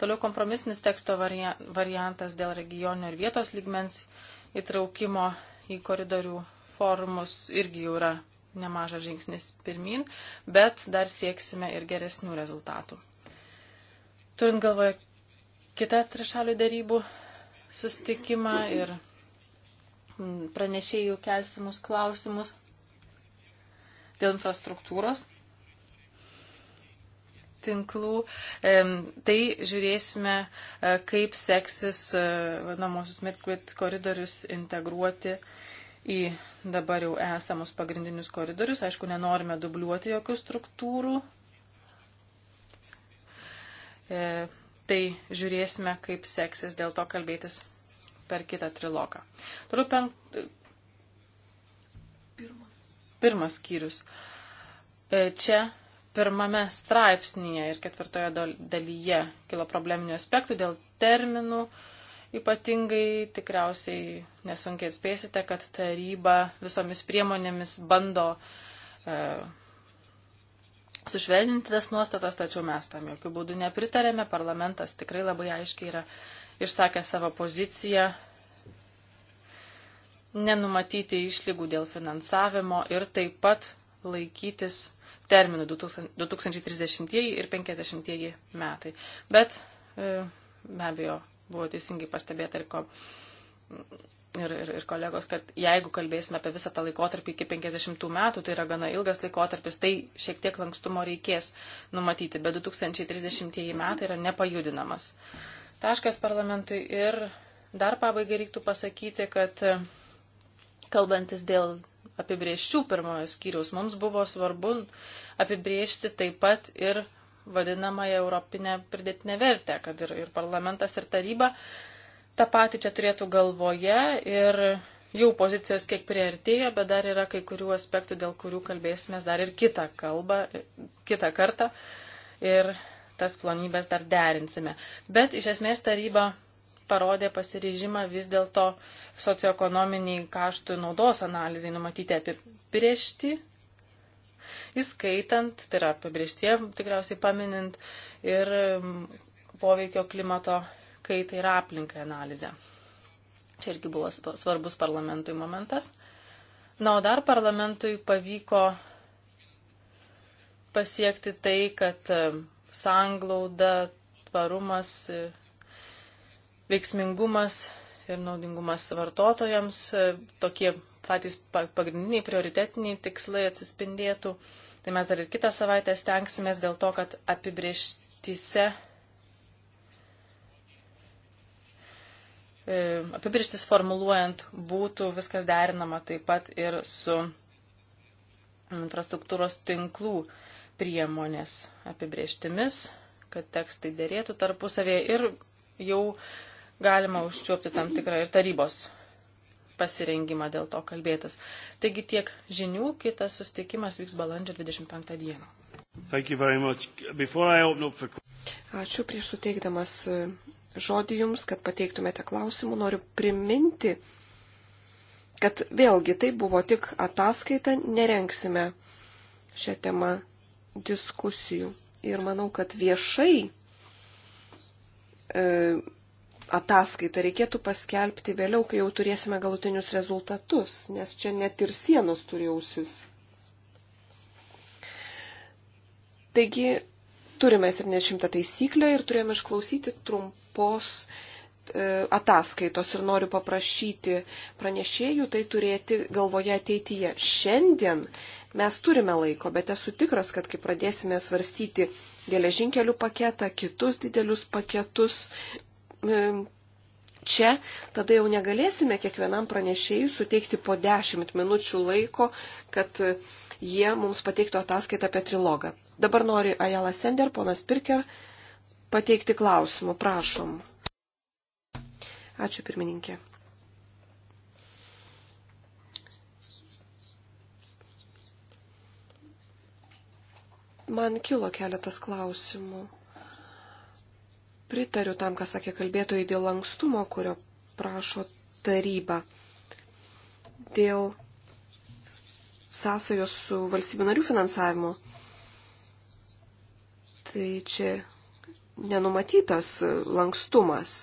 Toliau kompromisinis teksto variantas dėl regioninio ir vietos lygmens įtraukimo į koridorių forumus irgi jau yra nemažas žingsnis pirmin, bet dar sieksime ir geresnių rezultatų. Turint galvoje kitą trišalių darybų sustikimą ir pranešėjų kelsimus klausimus dėl infrastruktūros tinklų. Tai žiūrėsime, e, kaip seksis e, vadinamosius Medgrid koridorius integruoti į dabar jau esamus pagrindinius koridorius. Aišku, nenorime dubliuoti jokių struktūrų. E, tai žiūrėsime, kaip seksis dėl to kalbėtis per kitą triloką. Toliau penk... Pirmas. Pirmas skyrius. E, čia pirmame straipsnėje ir ketvirtoje dalyje kilo probleminių aspektų dėl terminų. E, Ypatingai tikriausiai nesunkiai atspėsite, kad taryba visomis priemonėmis bando e, sušvelninti tas nuostatas, tačiau mes tam jokių būdų nepritarėme. Parlamentas tikrai labai aiškiai yra išsakę savo poziciją nenumatyti išlygų dėl finansavimo ir taip pat laikytis terminų 2030 ir 50 metai. Bet e, be abejo, buvo teisingai pastebėta ir, ko, ir, ir, ir kolegos, kad jeigu kalbėsime apie visą tą laikotarpį iki 50 metų, tai yra gana ilgas laikotarpis, tai šiek tiek lankstumo reikės numatyti, bet 2030 metai yra nepajudinamas. Taškas parlamentui ir dar pabaigai reiktų pasakyti, kad e, kalbantis dėl apibrieščių pirmojo skyriaus, mums buvo svarbu apibriežti taip pat ir vadinamąją europinę pridėtinę vertę, kad ir, ir parlamentas, ir taryba tą patį čia turėtų galvoje ir jau pozicijos kiek prieartėjo, bet dar yra kai kurių aspektų, dėl kurių kalbėsime dar ir kitą kalbą, kitą kartą ir tas plonybės dar derinsime. Bet iš esmės taryba parodė pasiryžimą vis dėlto socioekonominiai kaštų naudos analizai numatyti apipriešti įskaitant, tai yra apibrieštie, tikriausiai paminint ir um, poveikio klimato kaitai ir aplinkai analizę. Čia irgi buvo svarbus parlamentui momentas. Na, o dar parlamentui pavyko pasiekti tai, kad um, sanglauda, tvarumas, veiksmingumas ir naudingumas vartotojams, um, tokie patys pagrindiniai prioritetiniai tikslai atsispindėtų. Tai mes dar ir kitą savaitę stengsimės dėl to, kad apibrieštise apibrieštis formuluojant būtų viskas derinama taip pat ir su infrastruktūros tinklų priemonės apibrieštimis, kad tekstai dėrėtų tarpusavėje ir jau galima užčiuopti tam tikrą ir tarybos pasirengimą dėl to kalbėtis. Taigi tiek žinių, kitas sustikimas vyks balandžio 25 dieną. For... Ačiū prieš suteikdamas e, žodį Jums, kad pateiktumėte klausimų. Noriu priminti, kad vėlgi tai buvo tik ataskaita, nerenksime šią temą diskusijų. Ir manau, kad viešai e, ataskaitą reikėtų paskelbti vėliau, kai jau turėsime galutinius rezultatus, nes čia net ir sienos turi ausis. Taigi turime 70 taisyklę ir turėjome išklausyti trumpos e, ataskaitos ir noriu paprašyti pranešėjų tai turėti galvoje ateityje. Šiandien mes turime laiko, bet esu tikras, kad kai pradėsime svarstyti geležinkelių paketą, kitus didelius paketus, E, čia tada jau negalėsime kiekvienam pranešėjui suteikti po 10 minučių laiko, kad e, jie mums pateiktų ataskaitą apie trilogą. Dabar nori Ajala Sender, ponas Pirker, pateikti klausimų. Prašom. Ačiū pirmininkė. Man kilo keletas klausimų. Pritariu tam, kas sakė kalbėtojai dėl lankstumo, kurio prašo taryba. Dėl sąsajos su valstybių narių finansavimu. Tai čia nenumatytas lankstumas.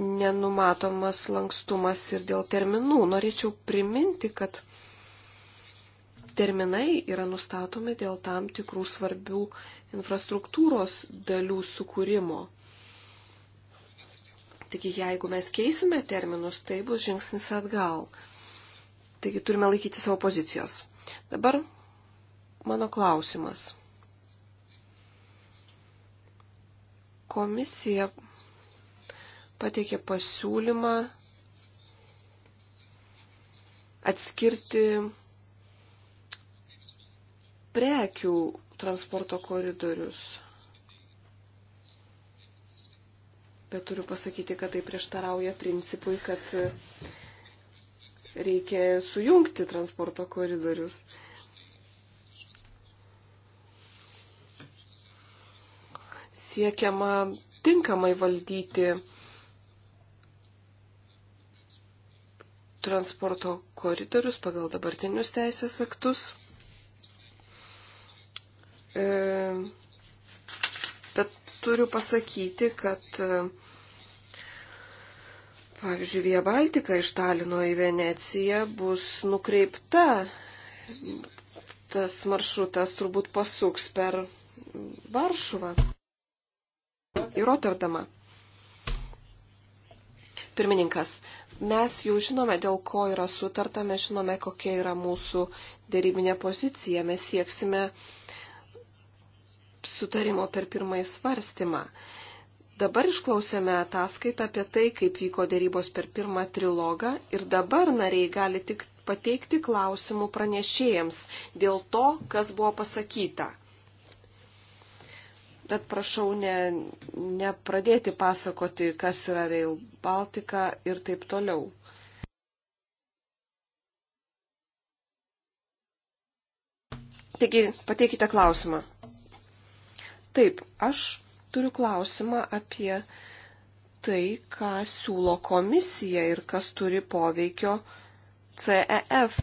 Nenumatomas lankstumas ir dėl terminų. Norėčiau priminti, kad terminai yra nustatomi dėl tam tikrų svarbių infrastruktūros dalių sukūrimo. Taigi jeigu mes keisime terminus, tai bus žingsnis atgal. Taigi turime laikyti savo pozicijos. Dabar mano klausimas. Komisija pateikė pasiūlymą atskirti prekių transporto koridorius. Bet turiu pasakyti, kad tai prieštarauja principui, kad reikia sujungti transporto koridorius. Siekiama tinkamai valdyti transporto koridorius pagal dabartinius teisės aktus. E, bet turiu pasakyti, kad e, pavyzdžiui, Via Baltika iš Talino į Veneciją bus nukreipta. Tas maršrutas turbūt pasuks per Varšuvą į Rotterdamą. Pirmininkas, mes jau žinome, dėl ko yra sutarta, mes žinome, kokia yra mūsų dėrybinė pozicija. Mes sieksime uh, sutarimo per pirmąjį svarstymą. Dabar išklausėme ataskaitą apie tai, kaip vyko dėrybos per pirmą trilogą ir dabar nariai gali tik pateikti klausimų pranešėjams dėl to, kas buvo pasakyta. Bet prašau ne, nepradėti pasakoti, kas yra Rail Baltica ir taip toliau. Taigi, pateikite klausimą. Taip, aš turiu klausimą apie tai, ką siūlo komisija ir kas turi poveikio CEF.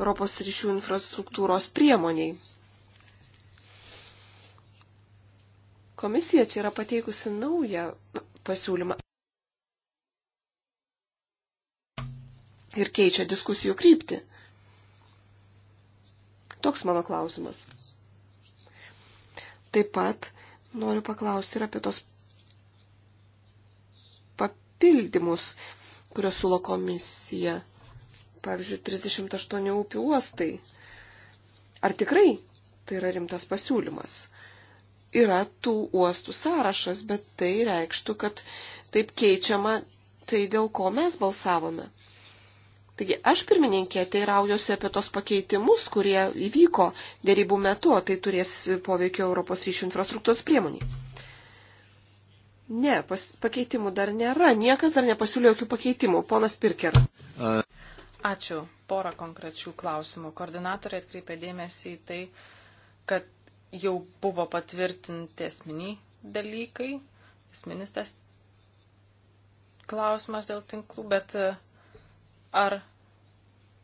Europos ryšių infrastruktūros priemoniai. Komisija čia yra pateikusi naują pasiūlymą ir keičia diskusijų kryptį. Toks mano klausimas. Taip pat noriu paklausti ir apie tos papildymus, kurios sulo komisija. Pavyzdžiui, 38 upių uostai. Ar tikrai tai yra rimtas pasiūlymas? Yra tų uostų sąrašas, bet tai reikštų, kad taip keičiama tai, dėl ko mes balsavome. Taigi aš pirmininkė teiraujuosi apie tos pakeitimus, kurie įvyko dėrybų metu, tai turės poveikio Europos ryšių infrastruktūros priemoniai. Ne, pas, pakeitimų dar nėra, niekas dar nepasiūlė jokių pakeitimų. Ponas Pirker. Ačiū. Porą konkrečių klausimų. Koordinatorė atkreipė dėmesį į tai, kad jau buvo patvirtinti esminiai dalykai, esminis tas klausimas dėl tinklų, bet uh, Ar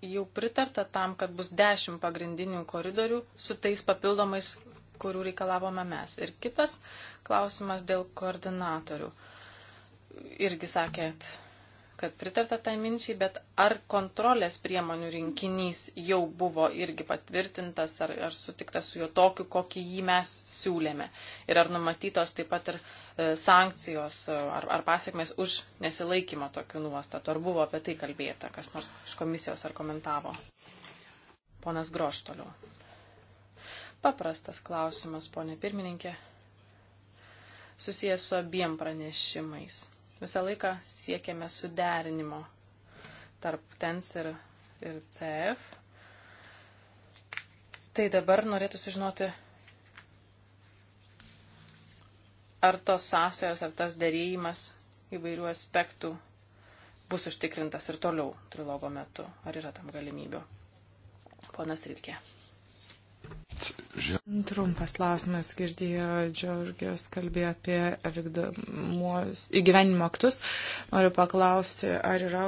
jau pritarta tam, kad bus dešimt pagrindinių koridorių su tais papildomais, kurių reikalavome mes? Ir kitas klausimas dėl koordinatorių. Irgi sakėt, kad pritarta tai minčiai, bet ar kontrolės priemonių rinkinys jau buvo irgi patvirtintas, ar, ar sutiktas su juo tokiu, kokį jį mes siūlėme? Ir ar numatytos taip pat ir E, sankcijos e, ar, ar pasiekmes už nesilaikymą tokių nuostatų. Ar buvo apie tai kalbėta, kas nors iš komisijos ar komentavo? Ponas Groš toliau. Paprastas klausimas, ponė pirmininkė, susijęs su abiem pranešimais. Visą laiką siekėme suderinimo tarp TENS ir, ir CF. Tai dabar norėtų sužinoti ar tos sąsajos, ar tas dėrėjimas įvairių aspektų bus užtikrintas ir toliau trilogo metu. Ar yra tam galimybių? Ponas Rilkė. Trumpas klausimas, girdėjo Džiorgijos kalbėjo apie įgyvenimo aktus. Noriu paklausti, ar yra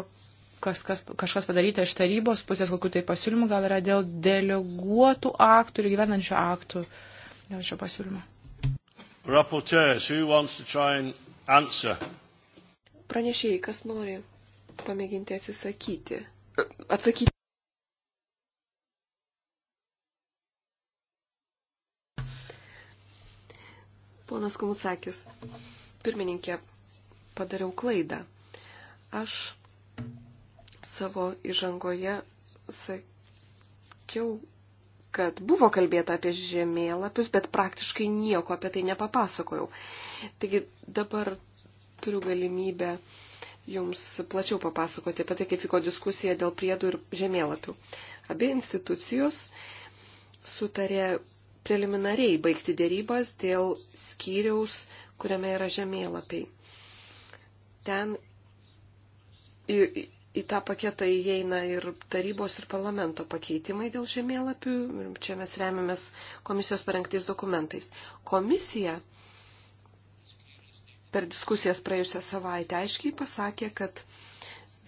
kas, kas, kažkas padaryta iš tarybos pusės, kokiu tai pasiūlymu gal yra dėl deleguotų aktų ir gyvenančių aktų dėl šio pasiūlymo. Rapporteurs, who wants to try and answer? Pranešėjai, kas nori pamėginti atsisakyti? E, atsakyti. Ponas Kumutsakis, pirmininkė, padariau klaidą. Aš savo įžangoje sakiau, kad buvo kalbėta apie žemėlapius, bet praktiškai nieko apie tai nepapasakojau. Taigi dabar turiu galimybę jums plačiau papasakoti apie tai, kaip vyko diskusija dėl priedų ir žemėlapių. Abi institucijos sutarė preliminariai baigti dėrybas dėl skyriaus, kuriame yra žemėlapiai. Ten į tą paketą įeina ir tarybos ir parlamento pakeitimai dėl žemėlapių. Čia mes remiamės komisijos parengtais dokumentais. Komisija per diskusijas praėjusią savaitę aiškiai pasakė, kad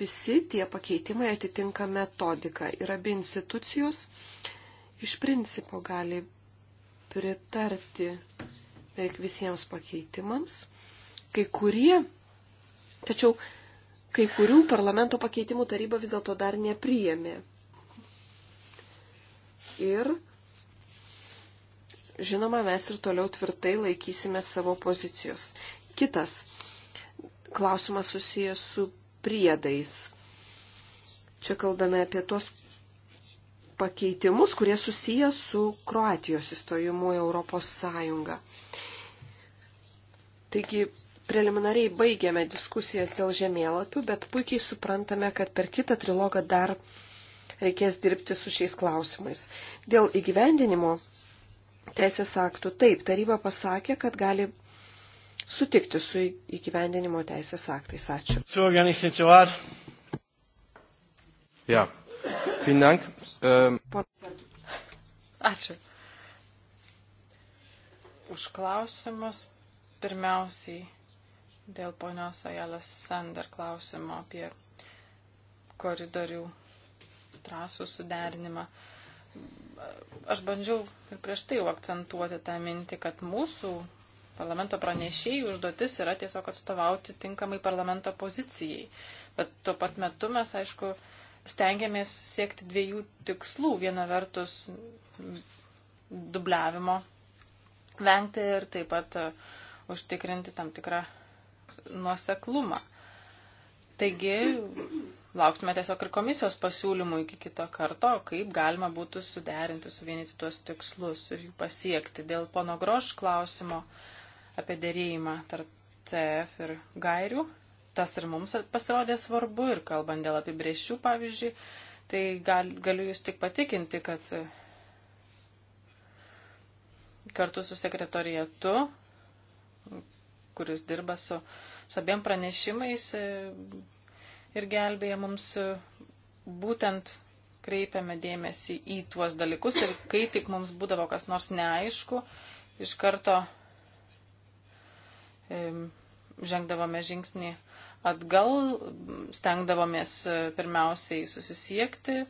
visi tie pakeitimai atitinka metodiką ir abi institucijos iš principo gali pritarti beveik visiems pakeitimams. Kai kurie, tačiau kai kurių parlamento pakeitimų taryba vis dėlto dar nepriėmė. Ir žinoma, mes ir toliau tvirtai laikysime savo pozicijos. Kitas klausimas susijęs su priedais. Čia kalbame apie tuos pakeitimus, kurie susiję su Kroatijos įstojimu į Europos Sąjungą. Taigi preliminariai baigėme diskusijas dėl žemėlapių, bet puikiai suprantame, kad per kitą trilogą dar reikės dirbti su šiais klausimais. Dėl įgyvendinimo teisės aktų, taip, taryba pasakė, kad gali sutikti su įgyvendinimo teisės aktais. Ačiū. Ja. Dank. Um... Ačiū. Už klausimus pirmiausiai dėl ponios Ajelas Sander klausimo apie koridorių trasų suderinimą. Aš bandžiau ir prieš tai jau akcentuoti tą mintį, kad mūsų parlamento pranešėjų užduotis yra tiesiog atstovauti tinkamai parlamento pozicijai. Bet tuo pat metu mes, aišku, stengiamės siekti dviejų tikslų. Viena vertus dubliavimo vengti ir taip pat e, užtikrinti tam tikrą nuoseklumą. Taigi, lauksime tiesiog ir komisijos pasiūlymų iki kito karto, kaip galima būtų suderinti, suvienyti tuos tikslus ir jų pasiekti. Dėl pono Groš klausimo apie dėrėjimą tarp CF ir gairių, tas ir mums pasirodė svarbu ir kalbant dėl apibrėžčių, pavyzdžiui, tai gal, galiu jūs tik patikinti, kad kartu su sekretorijatu, kuris dirba su uh, su abiem pranešimais e, ir gelbėja mums e, būtent kreipiame dėmesį į tuos dalykus ir kai tik mums būdavo kas nors neaišku, iš karto e, žengdavome žingsnį atgal, stengdavomės pirmiausiai susisiekti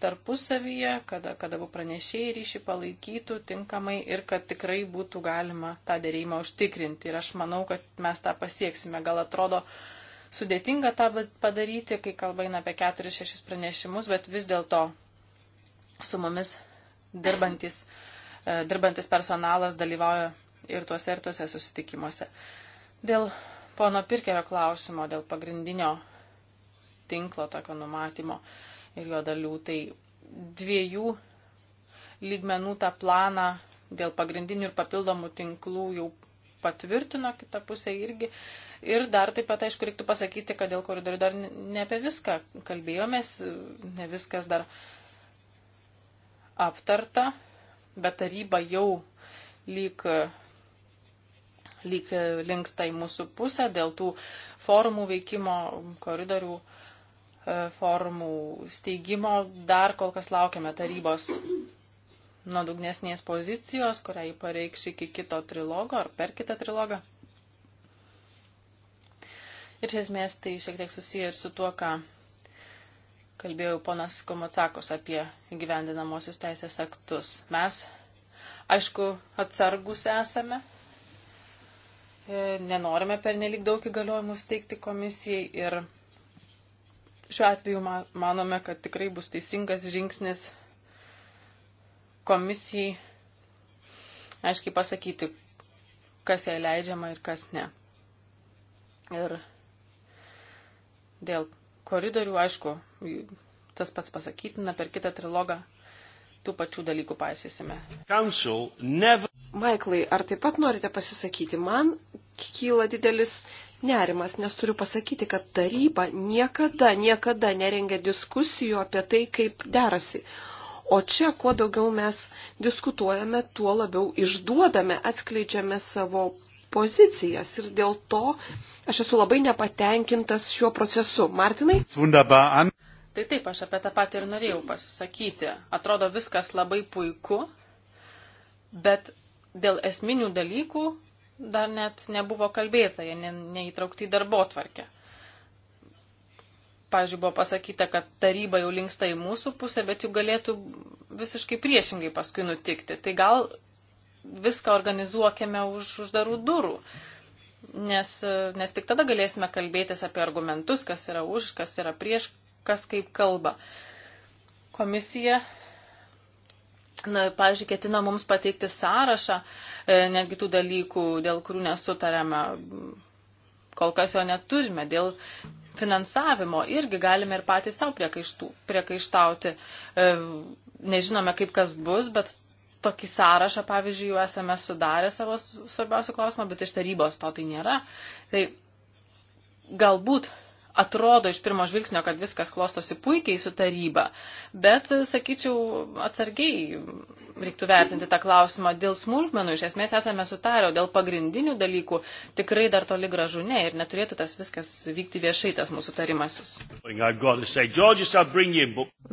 tarpusavyje, kada, kada abu pranešėjai ryšį palaikytų tinkamai ir kad tikrai būtų galima tą dėrėjimą užtikrinti. Ir aš manau, kad mes tą pasieksime. Gal atrodo sudėtinga tą padaryti, kai kalba eina apie 4-6 pranešimus, bet vis dėlto su mumis dirbantis, e, dirbantis personalas dalyvauja ir tuose ir tuose susitikimuose. Dėl pono Pirkerio klausimo, dėl pagrindinio tinklo tokio numatymo. Uh, ir jo dalių. Tai dviejų lygmenų tą planą dėl pagrindinių ir papildomų tinklų jau patvirtino kitą pusę irgi. Ir dar taip pat, aišku, reiktų pasakyti, kad dėl koridorių dar ne apie viską kalbėjomės, ne viskas dar aptarta, bet taryba jau lyg, lyg linksta į mūsų pusę dėl tų formų veikimo koridorių E, formų steigimo dar kol kas laukiame tarybos nuodugnesnės pozicijos, kurią jį pareikš iki kito trilogo ar per kitą trilogą. Ir iš esmės tai šiek tiek susiję ir su tuo, ką kalbėjau ponas Komotsakos apie gyvendinamosius teisės aktus. Mes, aišku, atsargus esame, e, nenorime per nelik daug įgaliojimų steigti komisijai ir Šiuo atveju manome, kad tikrai bus teisingas žingsnis komisijai aiškiai pasakyti, kas jai leidžiama ir kas ne. Ir dėl koridorių, aišku, tas pats pasakytina, per kitą trilogą tų pačių dalykų paisysime. Never... Maiklai, ar taip pat norite pasisakyti? Man kyla didelis nerimas, nes turiu pasakyti, kad taryba niekada, niekada nerengia diskusijų apie tai, kaip derasi. O čia, kuo daugiau mes diskutuojame, tuo labiau išduodame, atskleidžiame savo pozicijas. Ir dėl to aš esu labai nepatenkintas šiuo procesu. Martinai? Tai taip, aš apie tą patį ir norėjau pasisakyti. Atrodo viskas labai puiku, bet dėl esminių dalykų dar net nebuvo kalbėta, jie ne, neįtraukti į darbo tvarkę. Pavyzdžiui, buvo pasakyta, kad taryba jau linksta į mūsų pusę, bet jų galėtų visiškai priešingai paskui nutikti. Tai gal viską organizuokime už uždarų durų, nes, nes tik tada galėsime kalbėtis apie argumentus, kas yra už, kas yra prieš, kas kaip kalba. Komisija Na, pavyzdžiui, ketino mums pateikti sąrašą e, netgi tų dalykų, dėl kurių nesutarėme. Kol kas jo neturime. Dėl finansavimo irgi galime ir patys savo priekaištauti. E, nežinome, kaip kas bus, bet tokį sąrašą, pavyzdžiui, jau esame sudarę savo svarbiausių klausimą, bet iš tarybos to tai nėra. Tai galbūt atrodo iš pirmo žvilgsnio, kad viskas klostosi puikiai su taryba, bet, sakyčiau, atsargiai reiktų vertinti tą klausimą dėl smulkmenų. Iš esmės esame sutarę, dėl pagrindinių dalykų tikrai dar toli gražu ne ir neturėtų tas viskas vykti viešai, tas mūsų tarimasis.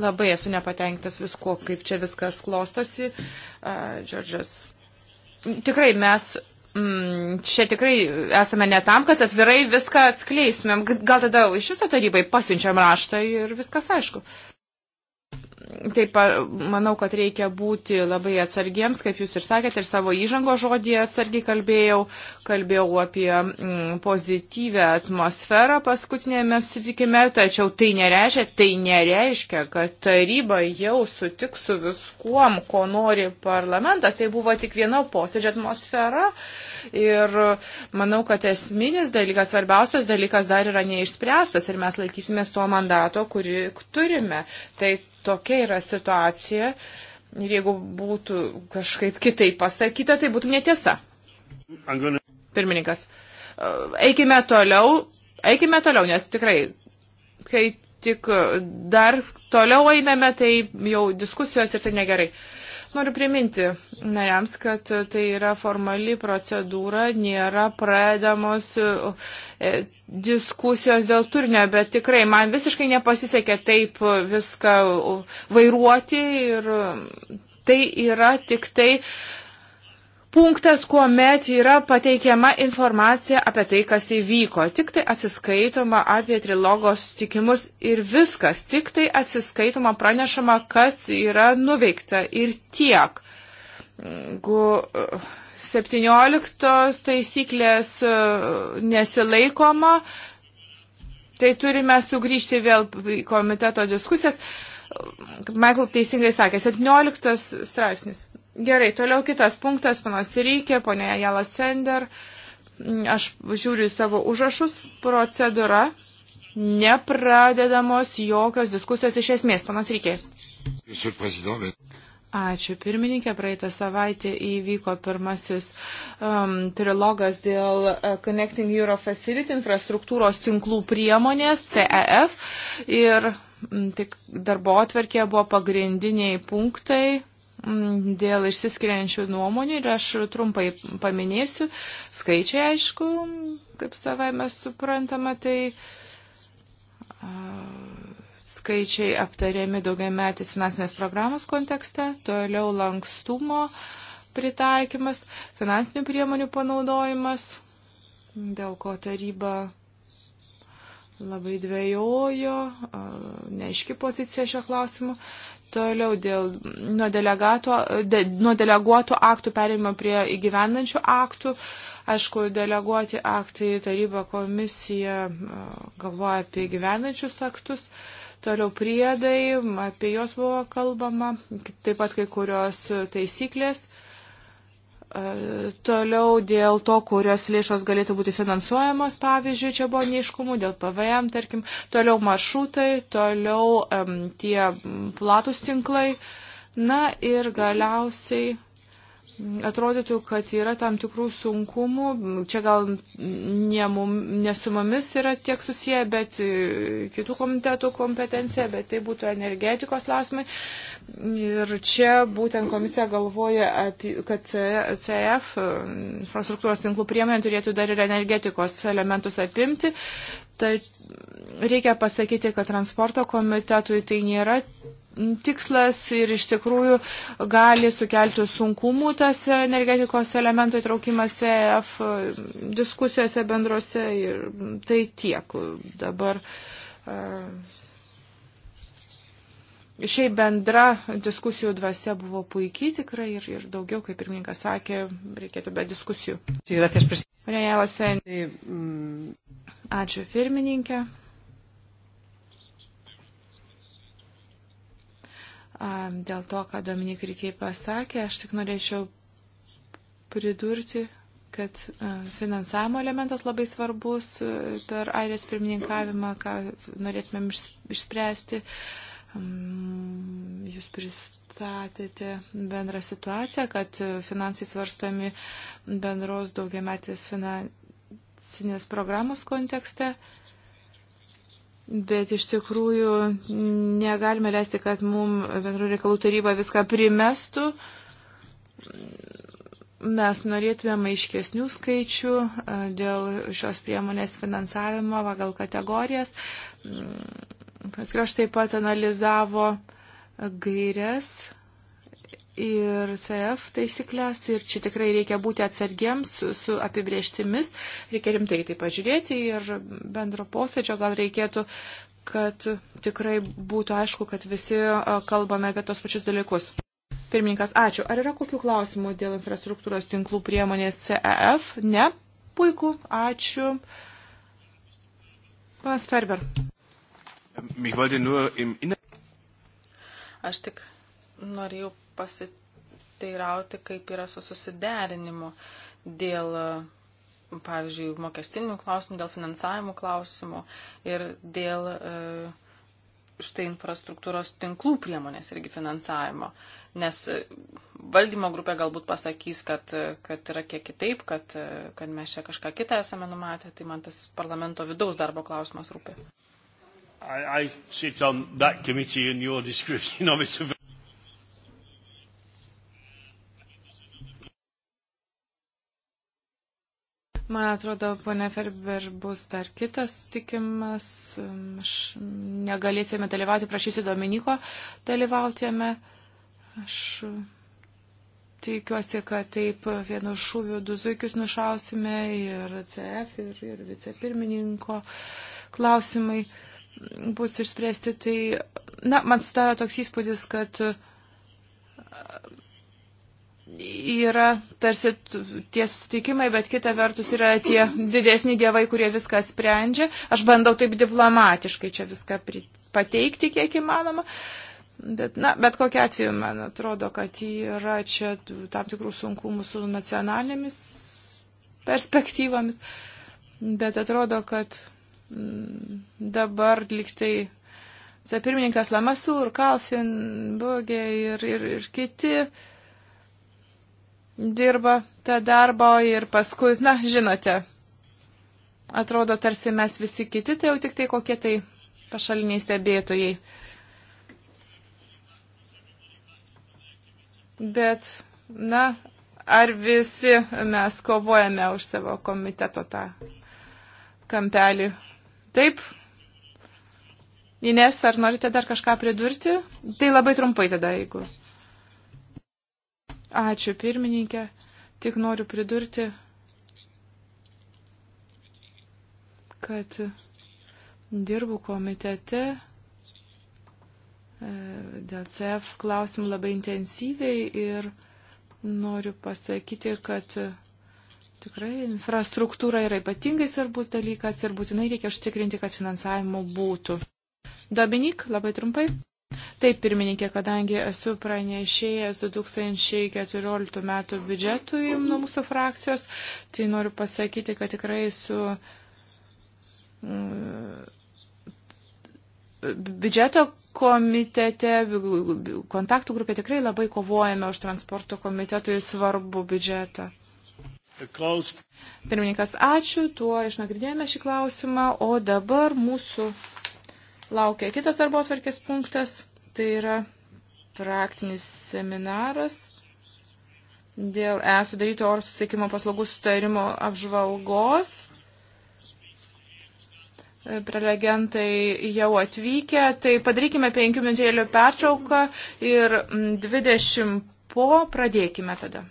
Labai esu nepatenktas viskuo, kaip čia viskas klostosi. Uh, George'as. Tikrai mes mm, čia tikrai esame ne tam, kad atvirai viską atskleistumėm. Gal tada iš viso tarybai pasiunčiam raštą ir viskas aišku. Taip, manau, kad reikia būti labai atsargiems, kaip jūs ir sakėte, ir savo įžango žodį atsargiai kalbėjau, kalbėjau apie mm, pozityvę atmosferą paskutinėme sutikime, tačiau tai nereiškia, tai nereiškia, kad taryba jau sutiks su viskuom, ko nori parlamentas. Tai buvo tik viena posėdžio atmosfera ir manau, kad esminis dalykas, svarbiausias dalykas dar yra neišspręstas ir mes laikysimės to mandato, kurį turime. Tai tokia yra situacija. Ir jeigu būtų kažkaip kitaip pasakyta, tai būtų netiesa. Pirmininkas. E, eikime toliau, eikime toliau, nes tikrai, kai tik dar toliau einame, tai jau diskusijos ir tai negerai. Uh, Noriu priminti nariams, kad tai yra formali procedūra, nėra pradamos e, diskusijos dėl turinio, bet tikrai man visiškai nepasisekė taip viską vairuoti ir tai yra tik tai punktas, kuomet yra pateikiama informacija apie tai, kas įvyko. Tik tai atsiskaitoma apie trilogos sutikimus ir viskas. Tik tai atsiskaitoma pranešama, kas yra nuveikta ir tiek. Gu, 17 taisyklės e, nesilaikoma, tai turime sugrįžti vėl į komiteto diskusijas. Michael teisingai sakė, 17 straipsnis. Gerai, toliau kitas punktas, panas Rykė, ponė Jalas Sender. Aš žiūriu į savo užrašus. Procedūra. Nepradedamos jokios diskusijos iš esmės, panas Rykė. Ačiū. Pirmininkė, praeitą savaitę įvyko pirmasis um, trilogas dėl uh, Connecting Euro Facility infrastruktūros tinklų priemonės CEF ir m, mm, tik darbo atverkėje buvo pagrindiniai punktai Mm, dėl išsiskiriančių nuomonių ir aš trumpai paminėsiu. Skaičiai, aišku, kaip savai mes suprantama, tai skaičiai aptariami daugiametės finansinės programos kontekste, toliau lankstumo pritaikymas, finansinių priemonių panaudojimas, dėl ko taryba labai dvėjojo, neaiški pozicija šio klausimu. Toliau dėl nuo, de, nuo deleguotų aktų perėmimo prie įgyvendančių aktų. Aišku, deleguoti aktai taryba komisija galvoja apie įgyvendančius aktus. Toliau priedai, apie juos buvo kalbama, taip pat kai kurios taisyklės E, toliau dėl to, kurios lėšos galėtų būti finansuojamos, pavyzdžiui, čia buvo neiškumų dėl PVM, tarkim, toliau maršrutai, toliau um, tie platus tinklai. Na ir galiausiai atrodytų, kad yra tam tikrų sunkumų. Čia gal ne, mum, ne su mumis yra tiek susiję, bet e, kitų komitetų kompetencija, bet tai būtų energetikos klausimai. Ir čia būtent komisija galvoja, apie, kad CF, e, infrastruktūros tinklų priemonė, turėtų dar ir energetikos elementus apimti. Tai reikia pasakyti, kad transporto komitetui tai nėra tikslas ir iš tikrųjų gali sukelti sunkumų tas energetikos elementų įtraukimas EF diskusijose bendrose ir tai tiek dabar. E, šiaip bendra diskusijų dvasia buvo puikiai tikrai ir, ir daugiau, kaip pirmininkas sakė, reikėtų be diskusijų. Eh, mm. Ačiū pirmininkė. dėl to, ką Dominik Rikiai pasakė, aš tik norėčiau pridurti, kad finansavimo elementas labai svarbus per Airijos pirmininkavimą, ką norėtumėm išspręsti. Jūs pristatėte bendrą situaciją, kad finansai svarstomi bendros daugiametės finansinės programos kontekste. Uh, Bet iš tikrųjų negalime leisti, kad mum bendrų reikalų taryba viską primestų. Mes norėtumėm aiškesnių skaičių dėl šios priemonės finansavimo pagal kategorijas. Paskui aš taip pat analizavo gairias ir CF taisyklės ir čia tikrai reikia būti atsargiems su, su apibrieštimis, reikia rimtai tai pažiūrėti ir bendro posėdžio gal reikėtų, kad tikrai būtų aišku, kad visi kalbame apie tos pačius dalykus. Pirmininkas, ačiū. Ar yra kokių klausimų dėl infrastruktūros tinklų priemonės CEF? Ne? Puiku, ačiū. Panas Ferber. Aš tik norėjau pasiteirauti, kaip yra su susiderinimu dėl, pavyzdžiui, mokestinių klausimų, dėl finansavimų klausimų ir dėl e, štai infrastruktūros tinklų priemonės irgi finansavimo. Nes e, valdymo grupė galbūt pasakys, kad, e, kad yra kiek kitaip, kad, kad mes čia kažką kitą esame numatę, tai man tas parlamento vidaus darbo klausimas rūpi. I, I sit on that committee and your description of it. Man atrodo, ponė Ferber bus dar kitas tikimas. Aš negalėsime dalyvauti, prašysiu Dominiko dalyvauti jame. Aš tikiuosi, kad taip vienu šūviu du zuikius nušausime ir CF, ir, ir vicepirmininko klausimai bus išspręsti. Tai, na, man sudaro toks įspūdis, kad yra tarsi tie sutikimai, bet kita vertus yra tie didesni dievai, kurie viską sprendžia. Aš bandau taip diplomatiškai čia viską pateikti, kiek įmanoma. Bet, na, bet kokia atveju, man atrodo, kad yra čia tam tikrų sunkumų su nacionalinėmis perspektyvomis. Bet atrodo, kad mm, dabar liktai pirmininkas Lamasur, Kalfin, Bogė ir, ir, ir kiti uh, dirba tą darbą ir paskui, na, žinote, atrodo tarsi mes visi kiti, tai jau tik tai kokie tai pašaliniai stebėtojai. Bet, na, ar visi mes kovojame už savo komiteto tą kampelį? Taip? Ines, ar norite dar kažką pridurti? Tai labai trumpai tada, jeigu. Ačiū pirmininkė. Tik noriu pridurti, kad dirbu komitete e, dėl CF klausimų labai intensyviai ir noriu pasakyti, kad tikrai infrastruktūra yra ypatingai svarbus dalykas ir būtinai reikia užtikrinti, kad finansavimo būtų. Dominik, labai trumpai. Taip, pirmininkė, kadangi esu pranešėjęs 2014 metų biudžetui nuo mūsų frakcijos, tai noriu pasakyti, kad tikrai su mm, biudžeto komitete, kontaktų grupė tikrai labai kovojame už transporto komitetui svarbu biudžetą. Pirmininkas, ačiū, tuo išnagrinėjome šį klausimą, o dabar mūsų laukia kitas darbo atvarkės punktas. Tai yra praktinis seminaras dėl e sudaryto oro susiekimo paslaugų sutarimo apžvalgos. Prelegentai jau atvykę, tai padarykime penkių minutėlių pertrauką ir 20 po pradėkime tada.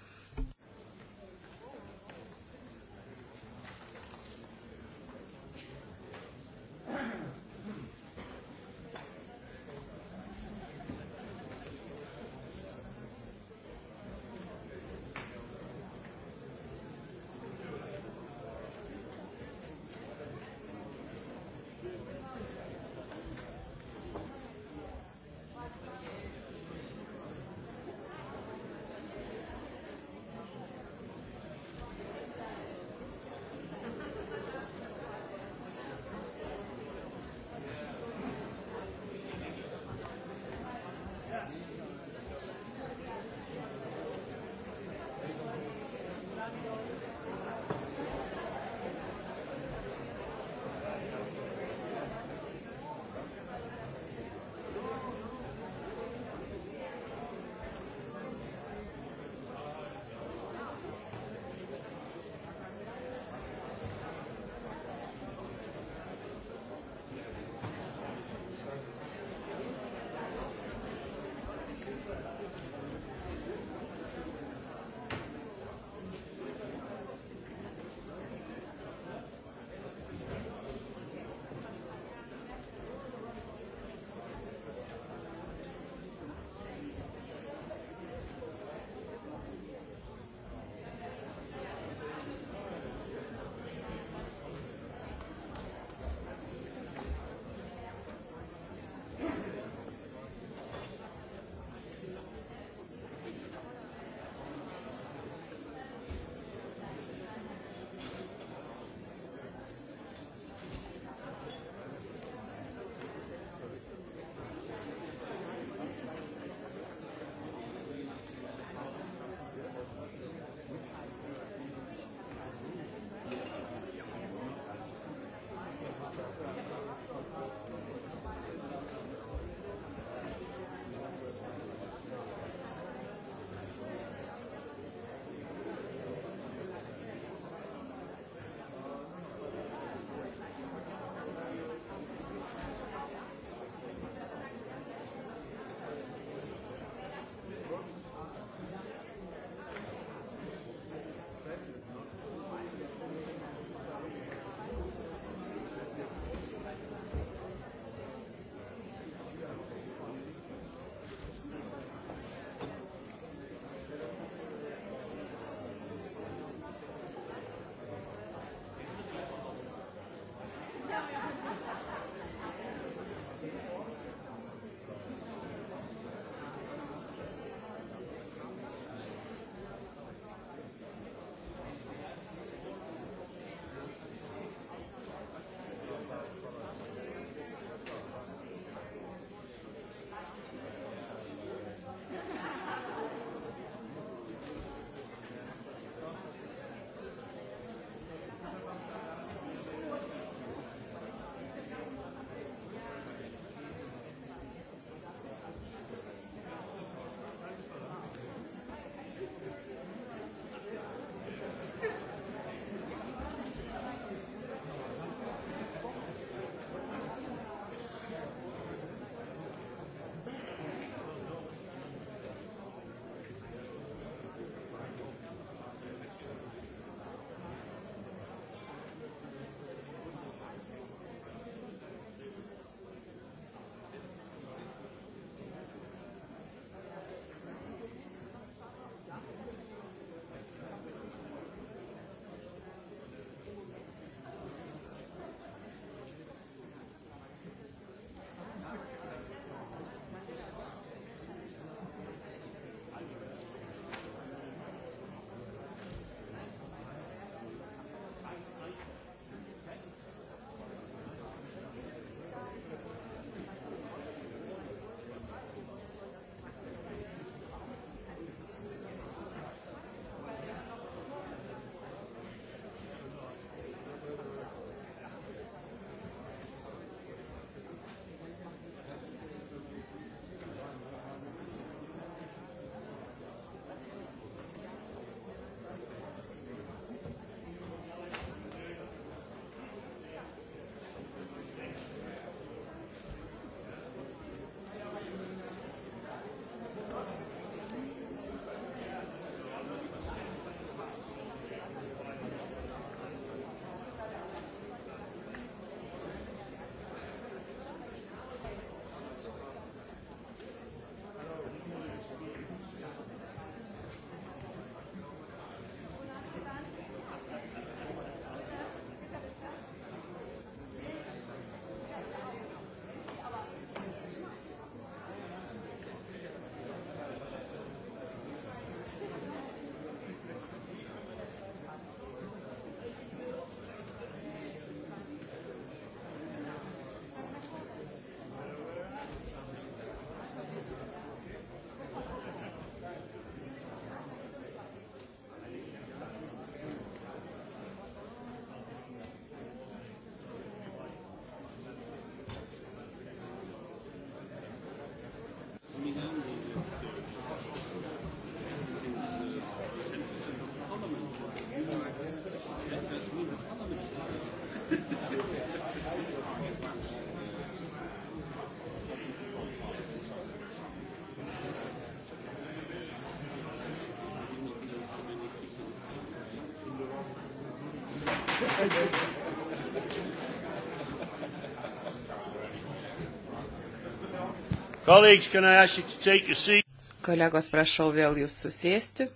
Kolegos, prašau vėl jūs susėsti.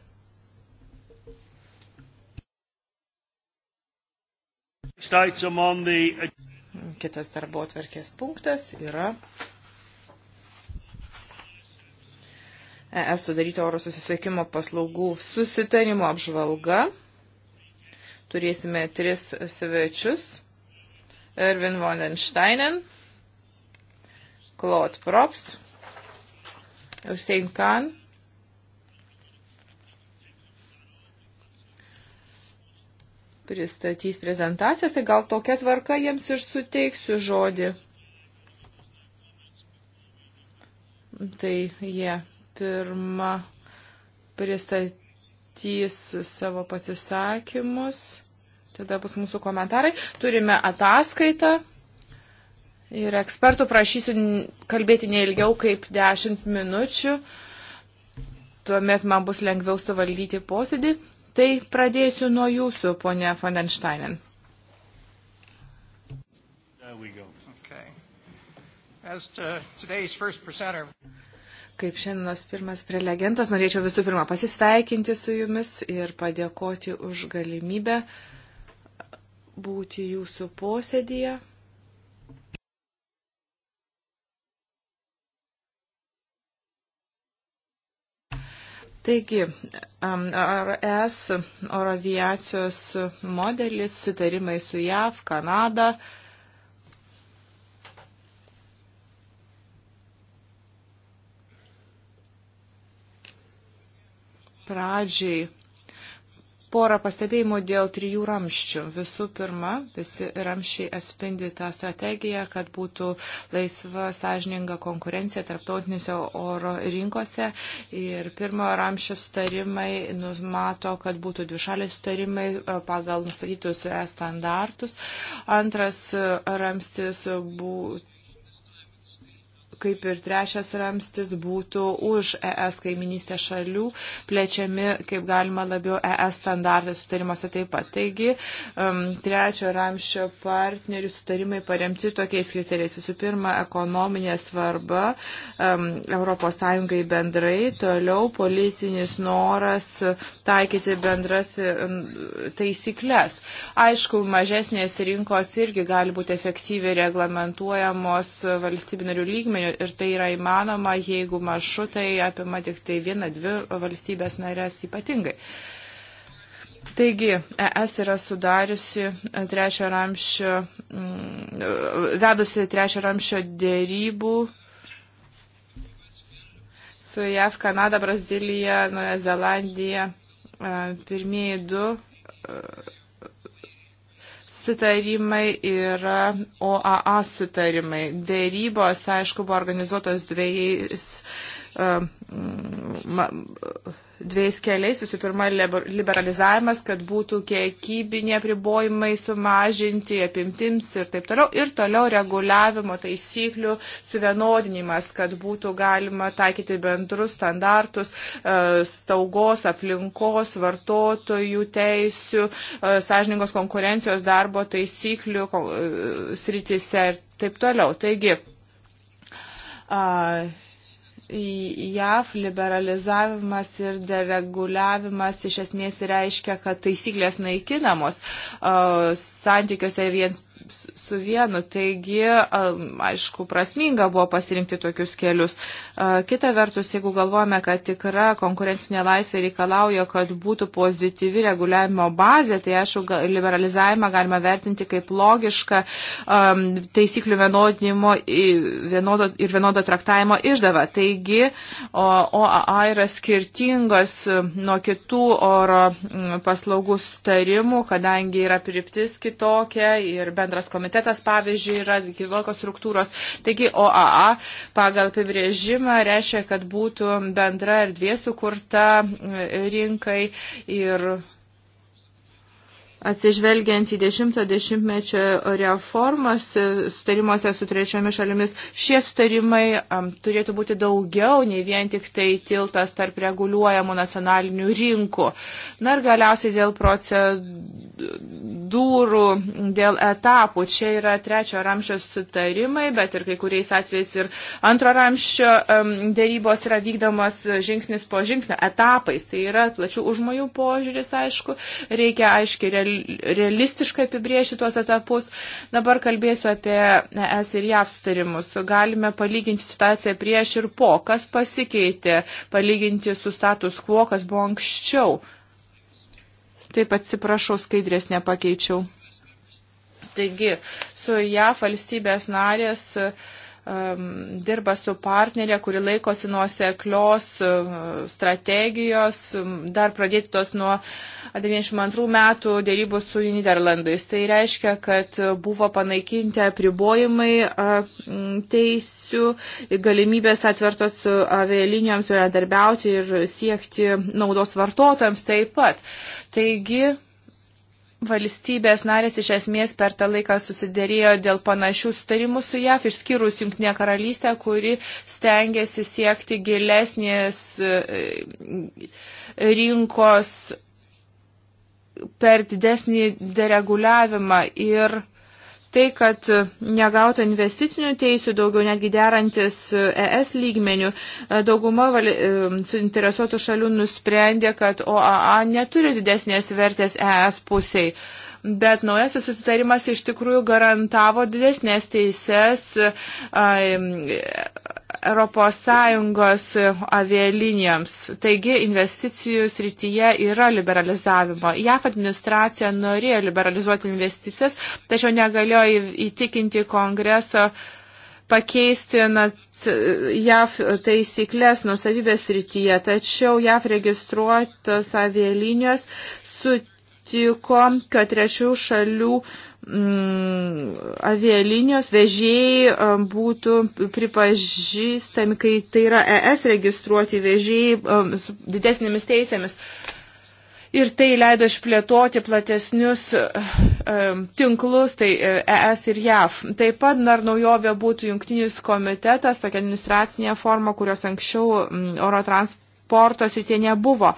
Kitas darbo atverkės punktas yra ES sudaryto oro susisiekimo paslaugų susitarimo apžvalga turėsime tris svečius. Ervin Vonensteinen, Claude Probst, Hussein Khan. Pristatys prezentacijas, tai gal tokia tvarka jiems ir suteiksiu žodį. Tai jie yeah, pirmą pristatys pristatys savo pasisakymus. Tada bus mūsų komentarai. Turime ataskaitą. Ir ekspertų prašysiu kalbėti neilgiau kaip 10 minučių. Tuomet man bus lengviau suvaldyti posėdį. Tai pradėsiu nuo jūsų, ponė Fondensteinen. Okay. Uh, Kaip šiandienos pirmas prelegentas, norėčiau visų pirma pasisveikinti su jumis ir padėkoti už galimybę būti jūsų posėdėje. Taigi, ES oro aviacijos modelis, sutarimai su JAV, Kanada, pradžiai porą pastebėjimų dėl trijų ramščių. Visų pirma, visi ramščiai atspindi tą strategiją, kad būtų laisva, sąžininga konkurencija tarptautinėse oro rinkose. Ir pirmo ramščio sutarimai numato, kad būtų dvišaliai sutarimai e, pagal nustatytus e standartus. Antras e, ramstis būtų kaip ir trečias ramstis būtų už ES kaiminystės šalių plečiami, kaip galima labiau, ES standartai sutarimuose taip pat. Taigi, um, trečio ramščio partnerių sutarimai paremti tokiais kriterijais. Visų pirma, ekonominė svarba um, ES bendrai, toliau politinis noras taikyti bendras um, taisyklės. Aišku, mažesnės rinkos irgi gali būti efektyviai reglamentuojamos valstybinarių lygmenių lygmenių ir tai yra įmanoma, jeigu maršrutai apima tik tai vieną, dvi valstybės narės ypatingai. Taigi, ES yra sudariusi trečio ramščio, mm, vedusi trečio ramščio dėrybų su JAV, Kanada, Brazilija, Nuoja Zelandija. E, pirmieji du e, susitarimai yra OAA sutarimai. Dėrybos, aišku, buvo organizuotos dviejais dviejais keliais. Visų pirma, liberalizavimas, kad būtų kiekybiniai apribojimai sumažinti apimtims ir taip toliau. Ir toliau reguliavimo taisyklių suvienodinimas, kad būtų galima taikyti bendrus standartus staugos, aplinkos, vartotojų teisių, sąžiningos konkurencijos darbo taisyklių sritise ir taip toliau. Taigi, a, JAV liberalizavimas ir dereguliavimas iš esmės reiškia, kad taisyklės naikinamos santykiuose viens su vienu. Taigi, aišku, prasminga buvo pasirinkti tokius kelius. Kita vertus, jeigu galvojame, kad tikra konkurencinė laisvė reikalauja, kad būtų pozityvi reguliavimo bazė, tai aišku, liberalizavimą galima vertinti kaip logišką taisyklių vienodinimo vienodo, ir vienodo traktavimo išdava. Taigi, OAA yra skirtingos nuo kitų oro paslaugų starimų, kadangi yra priptis kitokia ir bendras antras komitetas, pavyzdžiui, yra kitokios struktūros. Taigi OAA pagal apibrėžimą reiškia, kad būtų bendra erdvė sukurta e, rinkai ir Atsižvelgiant į 10-mečio reformas, e, sutarimuose su trečiomis šalimis, šie sutarimai um, turėtų būti daugiau nei vien tik tai tiltas tarp reguliuojamų nacionalinių rinkų. Na ir galiausiai dėl procedūrų, dėl etapų. Čia yra trečio ramščio sutarimai, bet ir kai kuriais atvejais ir antro ramščio um, dėrybos yra vykdomas žingsnis po žingsnio etapais. Tai yra plačių užmojų požiūris, aišku, reikia aiškiai realiai real, realistiškai apibriežti tuos etapus. Dabar kalbėsiu apie ES ir JAV sutarimus. Galime palyginti situaciją prieš ir po, kas pasikeitė, palyginti su status quo, kas buvo anksčiau. Taip atsiprašau, skaidrės nepakeičiau. Taigi, su JAV valstybės narės uh, um, dirba su partnerė, kuri laikosi nuoseklios um, strategijos, um, dar pradėtos nuo 92 metų dėrybų su Niderlandais. Tai reiškia, kad buvo panaikinti apribojimai teisių, galimybės atvertos avialinijoms bendradarbiauti ir siekti naudos vartotojams taip pat. Taigi, valstybės narės iš esmės per tą laiką susidėrėjo dėl panašių sutarimų su JAF, išskyrus Junktinė karalystė, kuri stengiasi siekti gilesnės e, rinkos per didesnį dereguliavimą ir tai, kad negauta investicinių teisų, daugiau netgi derantis ES lygmenių, dauguma vali, suinteresuotų šalių nusprendė, kad OAA neturi didesnės vertės ES pusiai. Bet naujasis susitarimas iš tikrųjų garantavo didesnės teises ES avialinijoms. Taigi investicijų srityje yra liberalizavimo. JAF administracija norėjo liberalizuoti investicijas, tačiau negalėjo įtikinti kongreso pakeisti JAF taisyklės nusavybės srityje. Tačiau JAF registruotos avialinijos sutiko, kad trečių šalių uh, Mm, avialinijos vežėjai um, būtų pripažįstami, kai tai yra ES registruoti vežėjai um, su didesnėmis teisėmis. Ir tai leido išplėtoti platesnius um, tinklus, tai uh, ES ir JAV. Taip pat dar naujovė būtų jungtinis komitetas, tokia administracinė forma, kurios anksčiau oro mm, transporto transporto srityje nebuvo.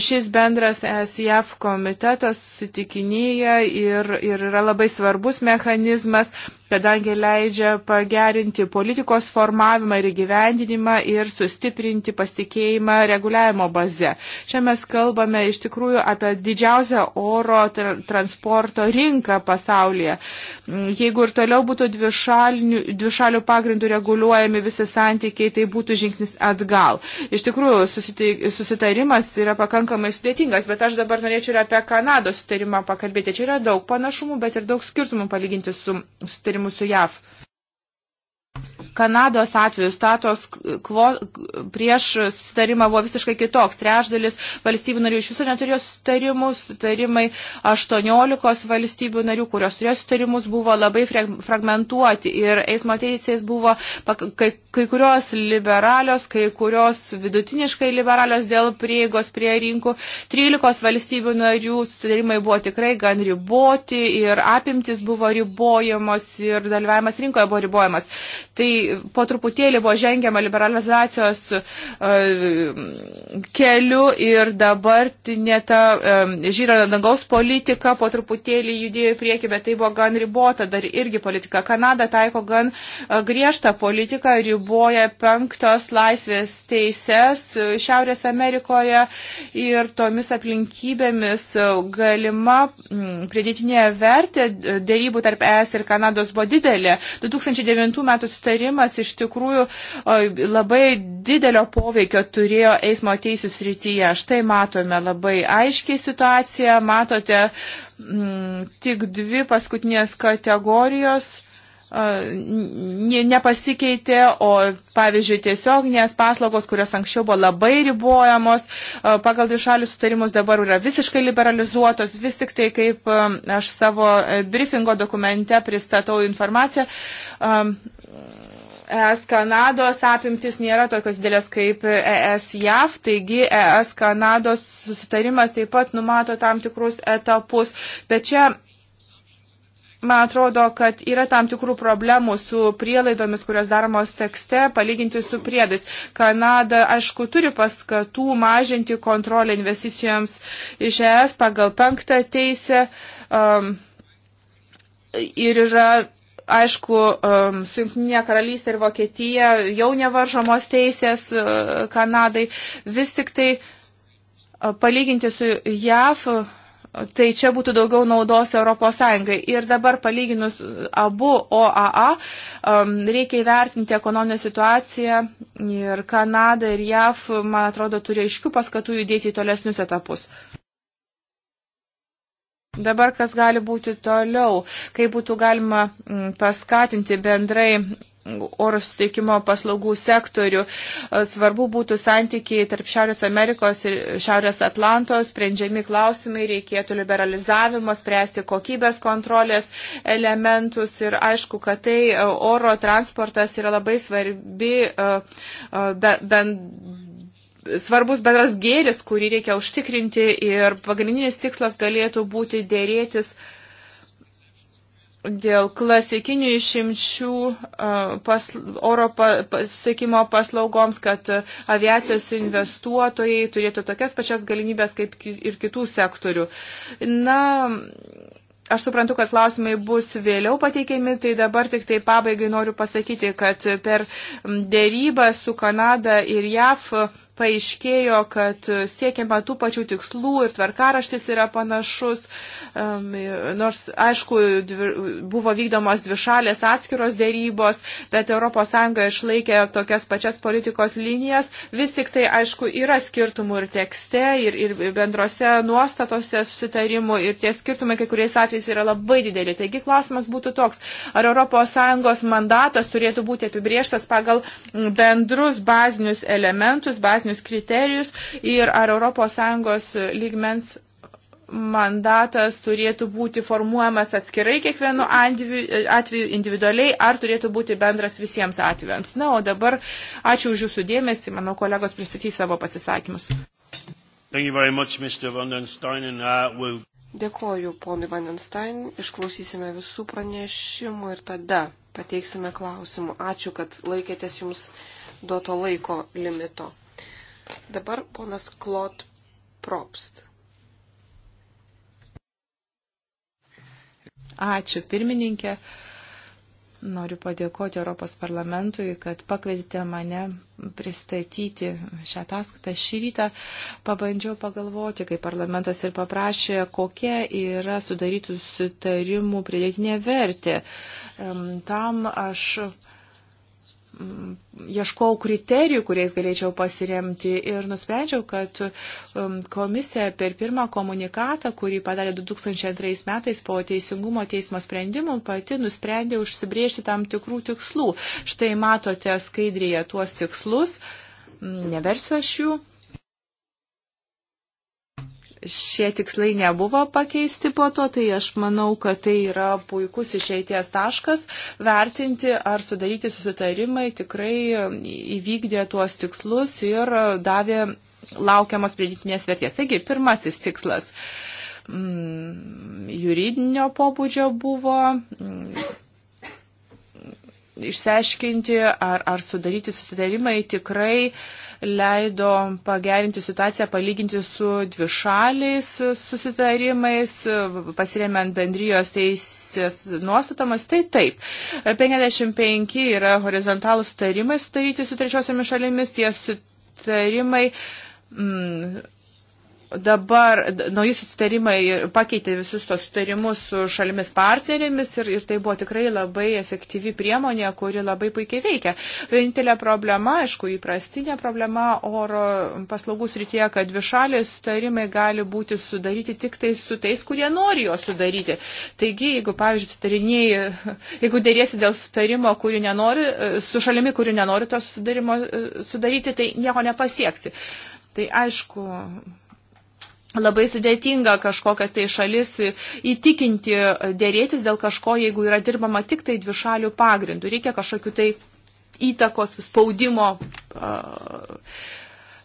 Šis bendras SIF komitetas sutikinėja ir, ir yra labai svarbus mechanizmas kadangi leidžia pagerinti politikos formavimą ir įgyvendinimą ir sustiprinti pasitikėjimą reguliavimo baze. Čia mes kalbame iš tikrųjų apie didžiausią oro tra transporto rinką pasaulyje. Mm, jeigu ir toliau būtų dvišalių pagrindų reguliuojami visi santykiai, tai būtų žingsnis atgal. Iš tikrųjų, susitarimas yra pakankamai sudėtingas, bet aš dabar norėčiau ir apie Kanados sutarimą pakalbėti. Čia yra daug panašumų, bet ir daug skirtumų palyginti su sutarimu susitarimų su JAV. Kanados atveju status kvo, prieš sutarimą buvo visiškai kitoks. Trešdalis valstybių narių iš viso neturėjo sutarimų, sutarimai 18 valstybių narių, kurios turėjo sutarimus, buvo labai fragmentuoti ir eismo teisės buvo kai, kai kurios liberalios, kai kurios vidutiniškai liberalios dėl prieigos prie rinkų. 13 valstybių narių sutarimai buvo tikrai gan riboti ir apimtis buvo ribojamos ir dalyvavimas rinkoje buvo ribojamas. Tai kai po truputėlį buvo žengiama liberalizacijos e, keliu ir dabartinė ta e, žyra dangaus politika po truputėlį judėjo į priekį, bet tai buvo gan ribota dar irgi politika. Kanada taiko gan e, griežtą politiką, riboja penktos laisvės teises Šiaurės Amerikoje ir tomis aplinkybėmis galima pridėtinė vertė dėrybų tarp ES ir Kanados buvo didelė. 2009 metų sutarimą sprendimas iš tikrųjų labai didelio poveikio turėjo eismo teisų srityje. Štai matome labai aiškiai situaciją, matote m, mm, tik dvi paskutinės kategorijos nepasikeitė, o pavyzdžiui tiesioginės paslaugos, kurios anksčiau buvo labai ribojamos, pagal dvišalius sutarimus dabar yra visiškai liberalizuotos, vis tik tai kaip um, aš savo e, briefingo dokumente pristatau informaciją, um, ES Kanados apimtis nėra tokios didelės kaip ES JAV, taigi ES Kanados susitarimas taip pat numato tam tikrus etapus, bet čia man atrodo, kad yra tam tikrų problemų su prielaidomis, kurios daromos tekste, palyginti su priedais. Kanada, aišku, turi paskatų mažinti kontrolę investicijoms iš ES pagal penktą teisę. Um, ir yra Aišku, um, su Junktinė karalystė ir Vokietija jau nevaržomos teisės uh, Kanadai. Vis tik tai uh, palyginti su JAV uh, tai čia būtų daugiau naudos ES. Ir dabar palyginus abu OAA, um, reikia įvertinti ekonominę situaciją ir Kanada ir JAV, man atrodo, turi aiškių paskatų judėti į tolesnius etapus. Dabar kas gali būti toliau, kaip būtų galima mm, paskatinti bendrai oro suteikimo paslaugų sektorių. E, svarbu būtų santykiai tarp Šiaurės Amerikos ir Šiaurės Atlanto, sprendžiami klausimai, reikėtų liberalizavimo, spręsti kokybės kontrolės elementus ir aišku, kad tai e, oro transportas yra labai svarbi e, bendra svarbus bendras gėris, kurį reikia užtikrinti ir pagrindinis tikslas galėtų būti dėrėtis dėl klasikinių išimčių pas, oro pasiekimo paslaugoms, kad aviacijos investuotojai turėtų tokias pačias galimybės kaip ir kitų sektorių. Na, Aš suprantu, kad klausimai bus vėliau pateikiami, tai dabar tik tai pabaigai noriu pasakyti, kad per dėrybą su Kanada ir JAV paaiškėjo, kad siekiama tų pačių tikslų ir tvarkaraštis yra panašus. Um, nors, aišku, buvo vykdomos dvišalės atskiros dėrybos, bet ES išlaikė tokias pačias politikos linijas. Vis tik tai, aišku, yra skirtumų ir tekste, ir, ir bendrose nuostatose susitarimų, ir tie skirtumai kai kuriais atvejais yra labai dideli. Taigi klausimas būtų toks, ar ES mandatas turėtų būti apibrieštas pagal bendrus bazinius elementus, bazinius demokratinius kriterijus ir ar ES lygmens mandatas turėtų būti formuojamas atskirai kiekvienu atveju individualiai, ar turėtų būti bendras visiems atvejams. Na, o dabar ačiū už Jūsų dėmesį, mano kolegos pristatys savo pasisakymus. Much, uh, we'll... Dėkoju ponui Vandenstein, išklausysime visų pranešimų ir tada pateiksime klausimų. Ačiū, kad laikėtės jums duoto laiko limito. Dabar ponas Klot Propst. Ačiū pirmininkė. Noriu padėkoti Europos parlamentui, kad pakvietėte mane pristatyti šią ataskaitą. Šį rytą pabandžiau pagalvoti, kai parlamentas ir paprašė, kokia yra sudarytų sutarimų pridėtinė vertė. Tam aš Mm, ieškau kriterijų, kuriais galėčiau pasiremti ir nusprendžiau, kad mm, komisija per pirmą komunikatą, kurį padarė 2002 metais po Teisingumo teismo sprendimų, pati nusprendė užsibriežti tam tikrų tikslų. Štai matote skaidrėje tuos tikslus, mm, neversiu aš jų, šie tikslai nebuvo pakeisti po to, tai aš manau, kad tai yra puikus išeities taškas vertinti, ar sudaryti susitarimai tikrai įvykdė tuos tikslus ir davė laukiamos pridėtinės vertės. Taigi, pirmasis tikslas mm, juridinio pobūdžio buvo. Mm, išsiaiškinti ar, ar sudaryti susitarimai tikrai leido pagerinti situaciją, palyginti su dvišaliais susitarimais, pasiremiant bendrijos teisės nuostatomas. Tai taip, 55 yra horizontalų sutarimai sudaryti su trečiosiomis šalimis, tie sutarimai. Mm, dabar nauji susitarimai pakeitė visus tos sutarimus su šalimis partnerėmis ir, ir tai buvo tikrai labai efektyvi priemonė, kuri labai puikiai veikia. Vienintelė problema, aišku, įprastinė problema oro paslaugų srityje, kad višaliai sutarimai gali būti sudaryti tik tai su tais, kurie nori juos sudaryti. Taigi, jeigu, pavyzdžiui, sutariniai, jeigu dėrėsi dėl sutarimo, kuri nenori, su šalimi, kuri nenori to sudarimo e, sudaryti, tai nieko nepasieksi. Tai aišku, labai sudėtinga kažkokias tai šalis įtikinti e, dėrėtis dėl kažko, jeigu yra dirbama tik tai dvišalių pagrindų. Reikia kažkokiu tai įtakos spaudimo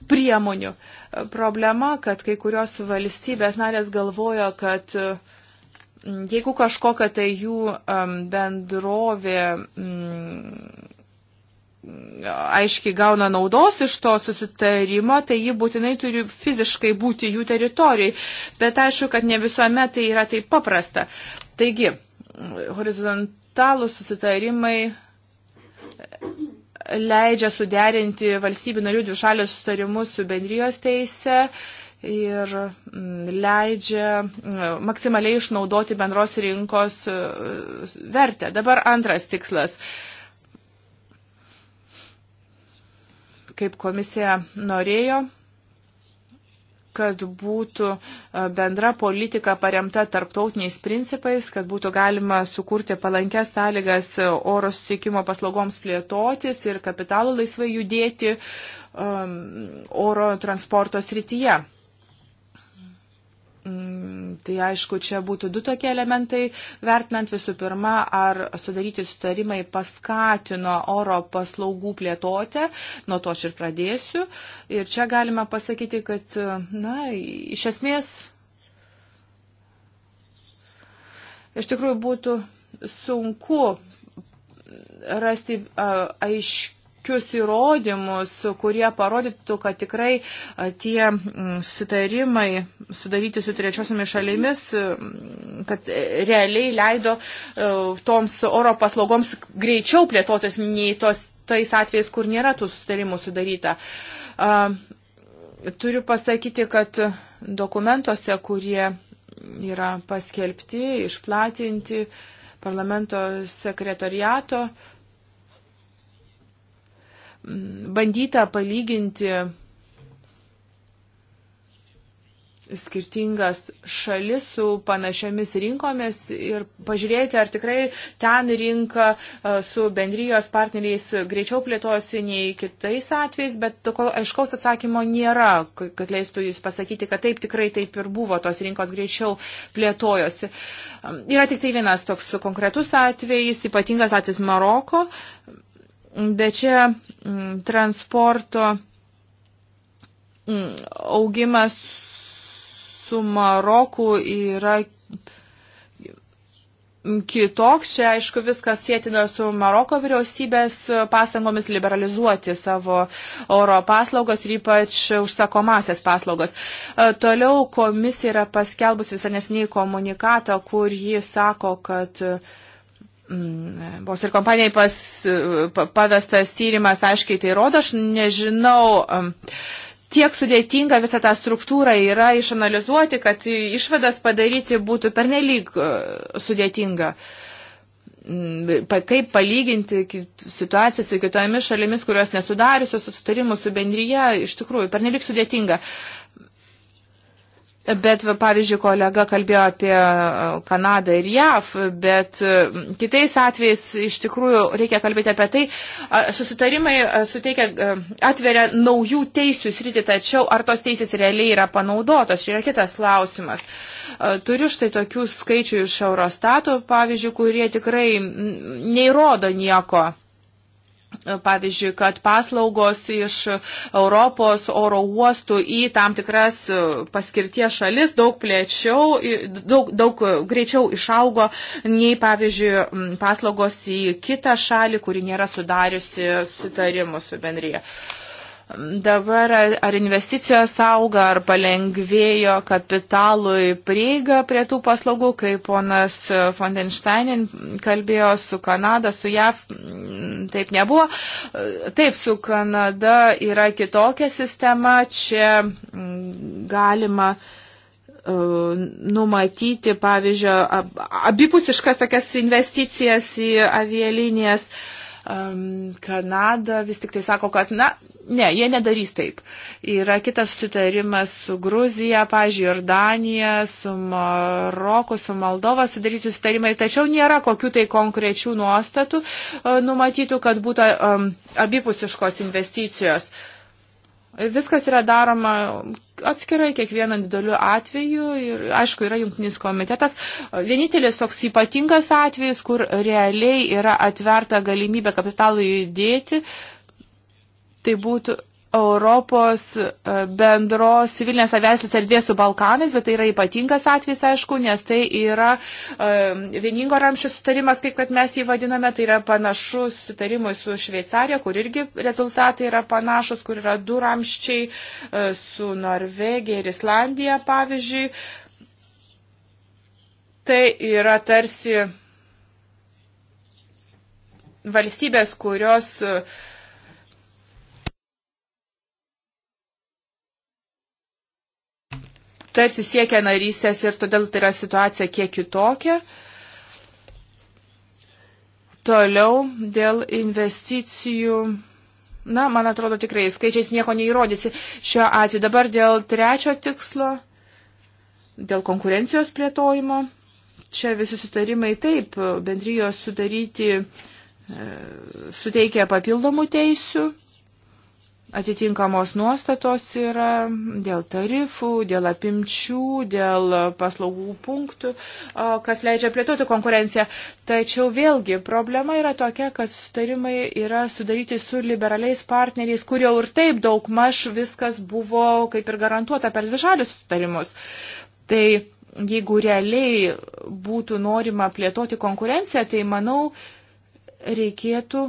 priemonių. E, problema, kad kai kurios valstybės narės galvoja, kad e, jeigu kažkokia tai jų bendrovė aiškiai gauna naudos iš to susitarimo, tai ji būtinai turi fiziškai būti jų teritorijai. Bet aišku, kad ne visuomet tai yra taip paprasta. Taigi, horizontalų susitarimai leidžia suderinti valstybių narių dvišalius sutarimus su bendrijos teise ir mm, leidžia mm, maksimaliai išnaudoti bendros rinkos mm, vertę. Dabar antras tikslas kaip komisija norėjo kad būtų e, bendra politika paremta tarptautiniais principais, kad būtų galima sukurti palankęs sąlygas oro susikimo paslaugoms plėtotis ir kapitalų laisvai judėti um, oro transporto srityje. Mm, tai aišku, čia būtų du tokie elementai, vertinant visų pirma, ar sudaryti sutarimai paskatino oro paslaugų plėtotę, nuo to aš ir pradėsiu. Ir čia galima pasakyti, kad, na, iš esmės, iš tikrųjų būtų sunku rasti aiškiai tokius įrodymus, kurie parodytų, kad tikrai tie sutarimai sudaryti su trečiosiomis šalimis, kad e, realiai leido e, toms oro paslaugoms greičiau plėtotis nei tos tais atvejais, kur nėra tų sustarimų sudaryta. Turiu pasakyti, kad dokumentuose, kurie yra paskelbti, išplatinti parlamento sekretoriato, bandyta palyginti skirtingas šalis su panašiomis rinkomis ir pažiūrėti, ar tikrai ten rinka e, su bendrijos partneriais greičiau plėtosi nei kitais atvejais, bet tokio aiškaus atsakymo nėra, kad leistų jūs pasakyti, kad taip tikrai taip ir buvo, tos rinkos greičiau plėtojosi. Yra tik tai vienas toks konkretus atvejis, ypatingas atvejis Maroko. Bet čia m, mm, transporto m, mm, augimas su Maroku yra kitoks. Čia, aišku, viskas sėtina su Maroko vyriausybės pastangomis liberalizuoti savo oro paslaugas ir ypač užsakomasias paslaugas. E, toliau komisija yra paskelbus visą nesnį komunikatą, kur ji sako, kad uh, Bos mm, ir kompanijai pas, pavestas tyrimas, aiškiai tai rodo, aš nežinau, tiek um, sudėtinga visą tą struktūrą yra išanalizuoti, kad išvadas padaryti būtų pernelyg uh, sudėtinga mm, kaip palyginti situaciją su kitomis šalimis, kurios nesudariusios susitarimų su bendryje, iš tikrųjų, pernelik sudėtinga. Uh, Bet, pavyzdžiui, kolega kalbėjo apie e, Kanadą ir JAV, bet e, kitais atvejais iš tikrųjų reikia kalbėti apie tai, susitarimai e, suteikia, atveria naujų teisų sritį, tačiau ar tos teisės realiai yra panaudotos, čia yra kitas klausimas. Turiu štai tokių skaičių iš Eurostato, pavyzdžiui, kurie tikrai neįrodo nieko Pavyzdžiui, kad paslaugos iš Europos oro uostų į tam tikras paskirties šalis daug plėčiau, daug, daug greičiau išaugo nei, pavyzdžiui, paslaugos į kitą šalį, kuri nėra sudariusi sutarimų su bendryje. Uh, Dabar ar investicijos auga, ar palengvėjo kapitalui prieiga prie tų paslaugų, kai ponas Fondensteinin kalbėjo su Kanada, su JAV, mm, taip nebuvo. Taip, su Kanada yra kitokia sistema, čia mm, galima e, numatyti, pavyzdžiui, abipusiškas tokias investicijas į avialinijas. Uh, um, Kanada vis tik tai sako, kad, na, ne, jie nedarys taip. Yra kitas sutarimas su Gruzija, pažiūrėjau, Jordanija, su Maroku, su Moldova sudaryti sutarimai, tačiau nėra kokių tai konkrečių nuostatų uh, numatytų, kad būtų um, abipusiškos investicijos. Uh, Viskas yra daroma atskirai, kiekvienu individualiu atveju ir aišku yra jungtinis komitetas. Vienintelis toks ypatingas atvejis, kur realiai yra atverta galimybė kapitalui judėti, tai būtų Europos e, bendros civilinės aviacijos erdvės su Balkanais, bet tai yra ypatingas atvejs, aišku, nes tai yra um, vieningo ramščio sutarimas, kaip kad mes jį vadiname, tai yra panašus sutarimui su Šveicarija, kur irgi rezultatai yra panašus, kur yra du ramščiai e, su Norvegija ir Islandija, pavyzdžiui. Tai yra tarsi valstybės, kurios uh, tarsi siekia narystės ir todėl tai yra situacija kiek kitokia. Toliau dėl investicijų. Na, man atrodo, tikrai skaičiais nieko neįrodysi šiuo atveju. Dabar dėl trečio tikslo, dėl konkurencijos plėtojimo. Čia visi sutarimai taip, bendrijos sudaryti e, suteikia papildomų teisių Atitinkamos nuostatos yra dėl tarifų, dėl apimčių, dėl paslaugų punktų, kas leidžia plėtoti konkurenciją. Tačiau vėlgi problema yra tokia, kad sutarimai yra sudaryti su liberaliais partneriais, kur jau ir taip daug maž viskas buvo kaip ir garantuota per dvišalius sutarimus. Tai jeigu realiai būtų norima plėtoti konkurenciją, tai manau reikėtų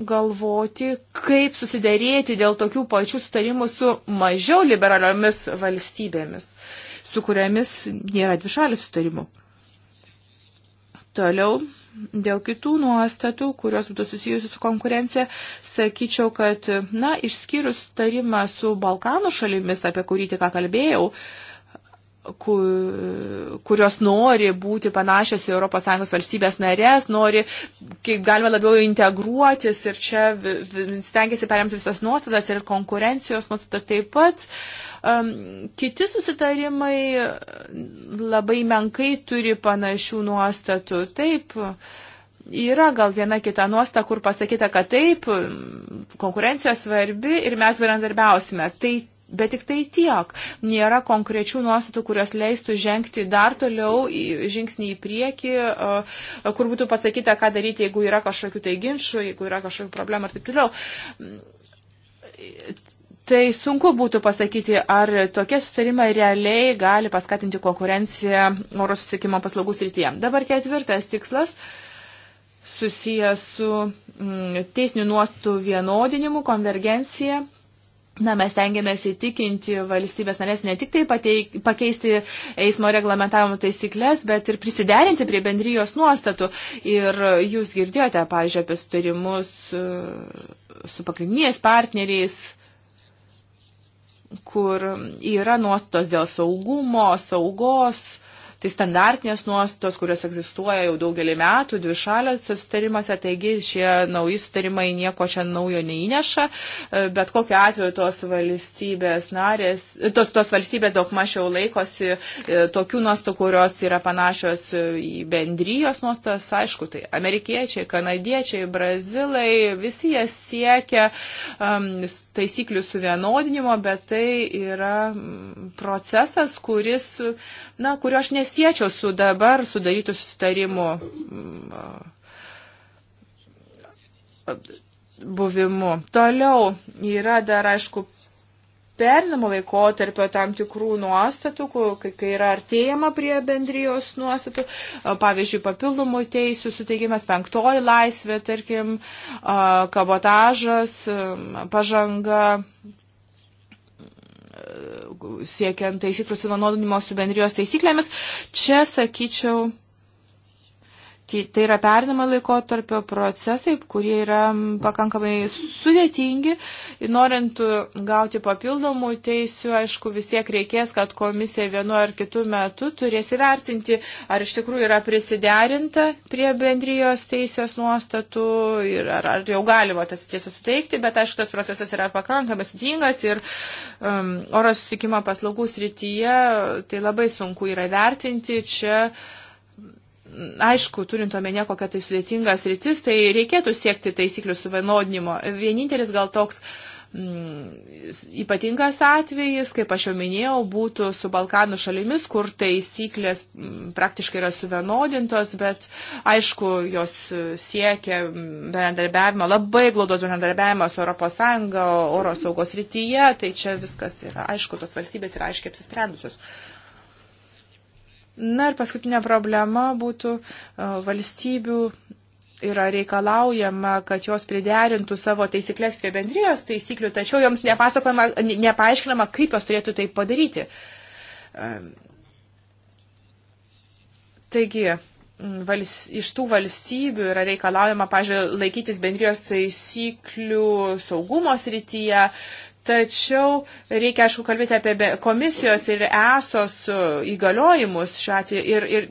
galvoti, kaip susidarėti dėl tokių pačių sutarimų su mažiau liberaliomis valstybėmis, su kuriamis nėra dvišalių sutarimų. Toliau, dėl kitų nuostatų, kurios būtų susijusi su konkurencija, sakyčiau, kad, na, išskyrus sutarimą su Balkanų šalimis, apie kurį tik ką kalbėjau, uh, kurios nori būti panašios į ES valstybės narės, nori, kaip galima labiau integruotis ir čia stengiasi perimti visas nuostatas ir konkurencijos nuostatas taip pat. Um, kiti susitarimai labai menkai turi panašių nuostatų. Taip. Yra gal viena kita nuosta, kur pasakyta, kad taip, konkurencija svarbi ir mes bendradarbiausime. Tai bet tik tai tiek. Nėra konkrečių nuostatų, kurios leistų žengti dar toliau žingsnį į priekį, kur būtų pasakyta, ką daryti, jeigu yra kažkokių tai ginčių, jeigu yra kažkokių problemų ir taip toliau. Tai sunku būtų pasakyti, ar tokie sustarimai realiai gali paskatinti konkurenciją oro susiekimo paslaugų srityje. Dabar ketvirtas tikslas susijęs su mm, teisinių nuostų vienodinimu, konvergencija. Na, mes tengiamės įtikinti valstybės narės ne tik tai pateik, pakeisti eismo reglamentavimo taisyklės, bet ir prisiderinti prie bendrijos nuostatų. Ir jūs girdėjote, pavyzdžiui, apie sutarimus e, su pagrindiniais partneriais, kur yra nuostos dėl saugumo, saugos Tai standartinės nuostatos, kurios egzistuoja jau daugelį metų dvišalės sustarimuose, taigi šie nauji sustarimai nieko čia naujo neįneša, e, bet kokiu atveju tos valstybės narės, e, tos, tos valstybės daug mažiau laikosi e, tokių nuostatų, kurios yra panašios į bendrijos nuostatas, aišku, tai amerikiečiai, kanadiečiai, brazilai, visi jie siekia um, taisyklių suvienodinimo, bet tai yra procesas, kuris na, kurio aš nesiečiau su dabar sudarytų susitarimu mm, buvimu. Toliau yra dar, aišku, perinamo laikotarpio tam tikrų nuostatų, kai, kai yra artėjama prie bendrijos nuostatų, pavyzdžiui, papildomų teisų suteikimas, penktoji laisvė, tarkim, kabotažas, pažanga, siekiant taisyklių suvienodinimo su bendrijos taisyklėmis. Čia, sakyčiau, Tai, tai yra pernama laikotarpio procesai, kurie yra pakankamai sudėtingi. Norint gauti papildomų teisių, aišku, vis tiek reikės, kad komisija vienu ar kitu metu turės įvertinti, ar iš tikrųjų yra prisiderinta prie bendrijos teisės nuostatų ir ar, ar jau galima tas tiesą suteikti, bet aišku, tas procesas yra pakankamai sudėtingas ir um, oro susikimo paslaugų srityje tai labai sunku yra vertinti. Čia aišku, turint omenyje, kokia tai sudėtingas rytis, tai reikėtų siekti taisyklių suvienodinimo. Vienintelis gal toks mm, ypatingas atvejis, kaip aš jau minėjau, būtų su Balkanų šalimis, kur taisyklės mm, praktiškai yra suvienodintos, bet aišku, jos siekia mm, bendradarbiavimo, labai glaudos bendradarbiavimo su ES, oro saugos rytyje, tai čia viskas yra aišku, tos valstybės yra aiškiai apsisprendusios. Uh, Na ir paskutinė problema būtų e, valstybių yra reikalaujama, kad jos priderintų savo taisyklės prie bendrijos taisyklių, tačiau joms nepaaiškinama, kaip jos turėtų tai padaryti. E, taigi, vals, iš tų valstybių yra reikalaujama, pažiūrėjau, laikytis bendrijos taisyklių saugumo srityje, Tačiau reikia, aišku, kalbėti apie komisijos ir esos e, įgaliojimus šiuo atveju ir, ir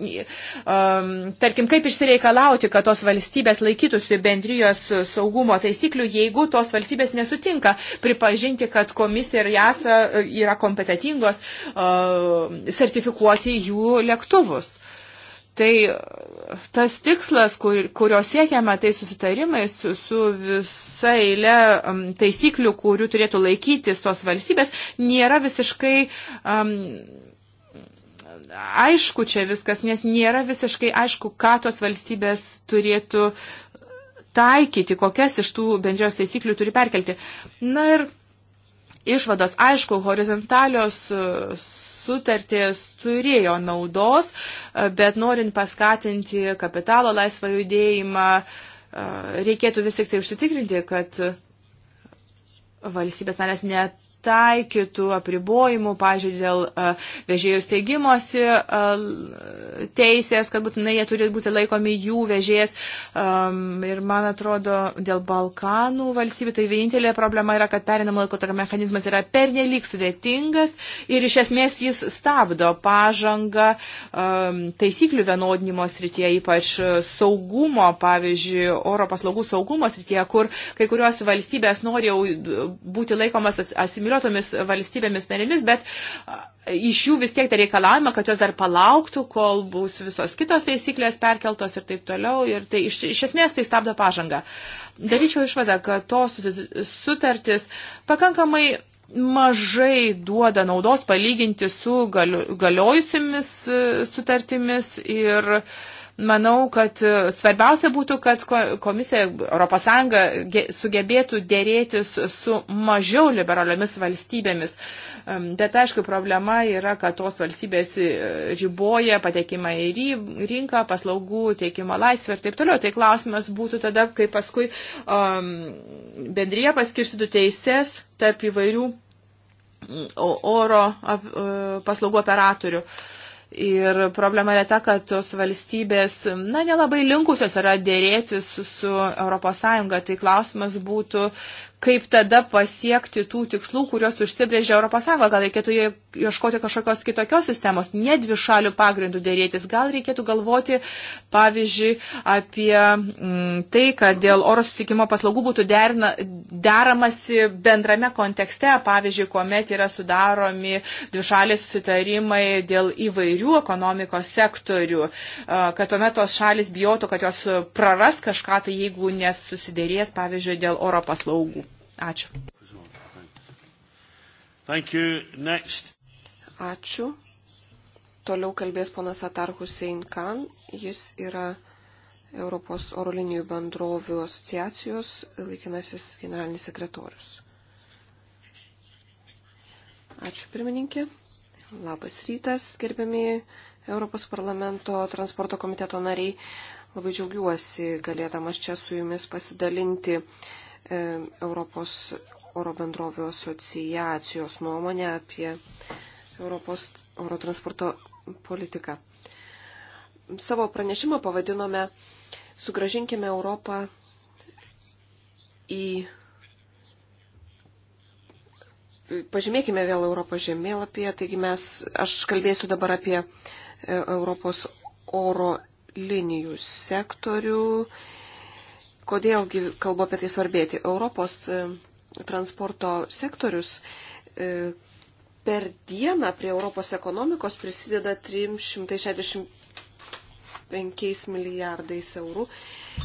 um, tarkim, kaip išsireikalauti, kad tos valstybės laikytųsi bendrijos saugumo taisyklių, jeigu tos valstybės nesutinka pripažinti, kad komisija ir esa e, yra kompetitingos uh, e, sertifikuoti jų lėktuvus. Uh, Tai tas tikslas, kur, kurio siekiame, tai susitarimai su, su visa eile um, taisyklių, kurių turėtų laikytis tos valstybės, nėra visiškai. Um, Aišku čia viskas, nes nėra visiškai aišku, ką tos valstybės turėtų taikyti, kokias iš tų bendrijos taisyklių turi perkelti. Na ir išvados, aišku, horizontalios sutartys turėjo naudos, e, bet norint paskatinti kapitalo laisvą judėjimą, e, reikėtų vis tik tai užsitikrinti, kad valstybės narės net taikytų apribojimų, pažiūrėjau, dėl e, vežėjų steigimosi e, teisės, kad būtinai jie turi būti laikomi jų vežėjas. Ir man atrodo, dėl Balkanų valstybių tai vienintelė problema yra, kad perinamo laiko tarp mechanizmas yra pernelyg sudėtingas ir iš esmės jis stabdo pažangą taisyklių vienodinimo srityje, ypač saugumo, pavyzdžiui, oro paslaugų saugumo srityje, kur kai kurios valstybės nori jau būti laikomas asimiliuotis privilegijuotomis valstybėmis narėmis, bet iš jų vis tiek dar reikalavimą, kad jos dar palauktų, kol bus visos kitos taisyklės perkeltos ir taip toliau. Ir tai iš, iš esmės tai stabdo pažangą. Daryčiau išvadą, kad tos sutartis pakankamai mažai duoda naudos palyginti su galiojusiamis e, sutartimis ir uh, manau, kad e, svarbiausia būtų, kad komisija ES sugebėtų dėrėtis su mažiau liberaliomis valstybėmis. Bet aišku, problema yra, kad tos valstybės e, riboja patekimą į rinką, paslaugų teikimo laisvę ir taip toliau. Tai klausimas būtų tada, kai paskui um, bendrija paskirstytų teises tarp įvairių oro e, paslaugų operatorių. Uh, Ir problema yra ta, kad tos valstybės, na, nelabai linkusios yra dėrėtis su ES. Tai klausimas būtų, kaip tada pasiekti tų tikslų, kuriuos užsibrėžė ES. Gal reikėtų ieškoti kažkokios kitokios sistemos, ne dvi šalių pagrindų dėrėtis. Gal reikėtų galvoti, pavyzdžiui, apie m, mm, tai, kad dėl oro sutikimo paslaugų būtų derna, deramasi bendrame kontekste, pavyzdžiui, kuomet yra sudaromi dvišaliai susitarimai dėl įvairių ekonomikos sektorių, kad tuomet tos šalis bijotų, kad jos praras kažką, tai jeigu nesusidėrės, pavyzdžiui, dėl oro paslaugų. Ačiū. Ačiū. Toliau kalbės ponas Atar Hussein Khan. Jis yra Europos oro linijų bendrovių asociacijos laikinasis generalinis sekretorius. Ačiū pirmininkė. Labas rytas, gerbiami Europos parlamento transporto komiteto nariai. Labai džiaugiuosi galėdamas čia su jumis pasidalinti E, Europos oro bendrovių asociacijos nuomonę apie Europos oro transporto politiką. Savo pranešimą pavadinome Sugražinkime Europą į. Pažymėkime vėl Europos žemėlapyje, taigi mes, aš kalbėsiu dabar apie e, Europos oro linijų sektorių Kodėlgi kalbu apie tai svarbėti? Europos e, transporto sektorius e, per dieną prie Europos ekonomikos prisideda 365 milijardais eurų.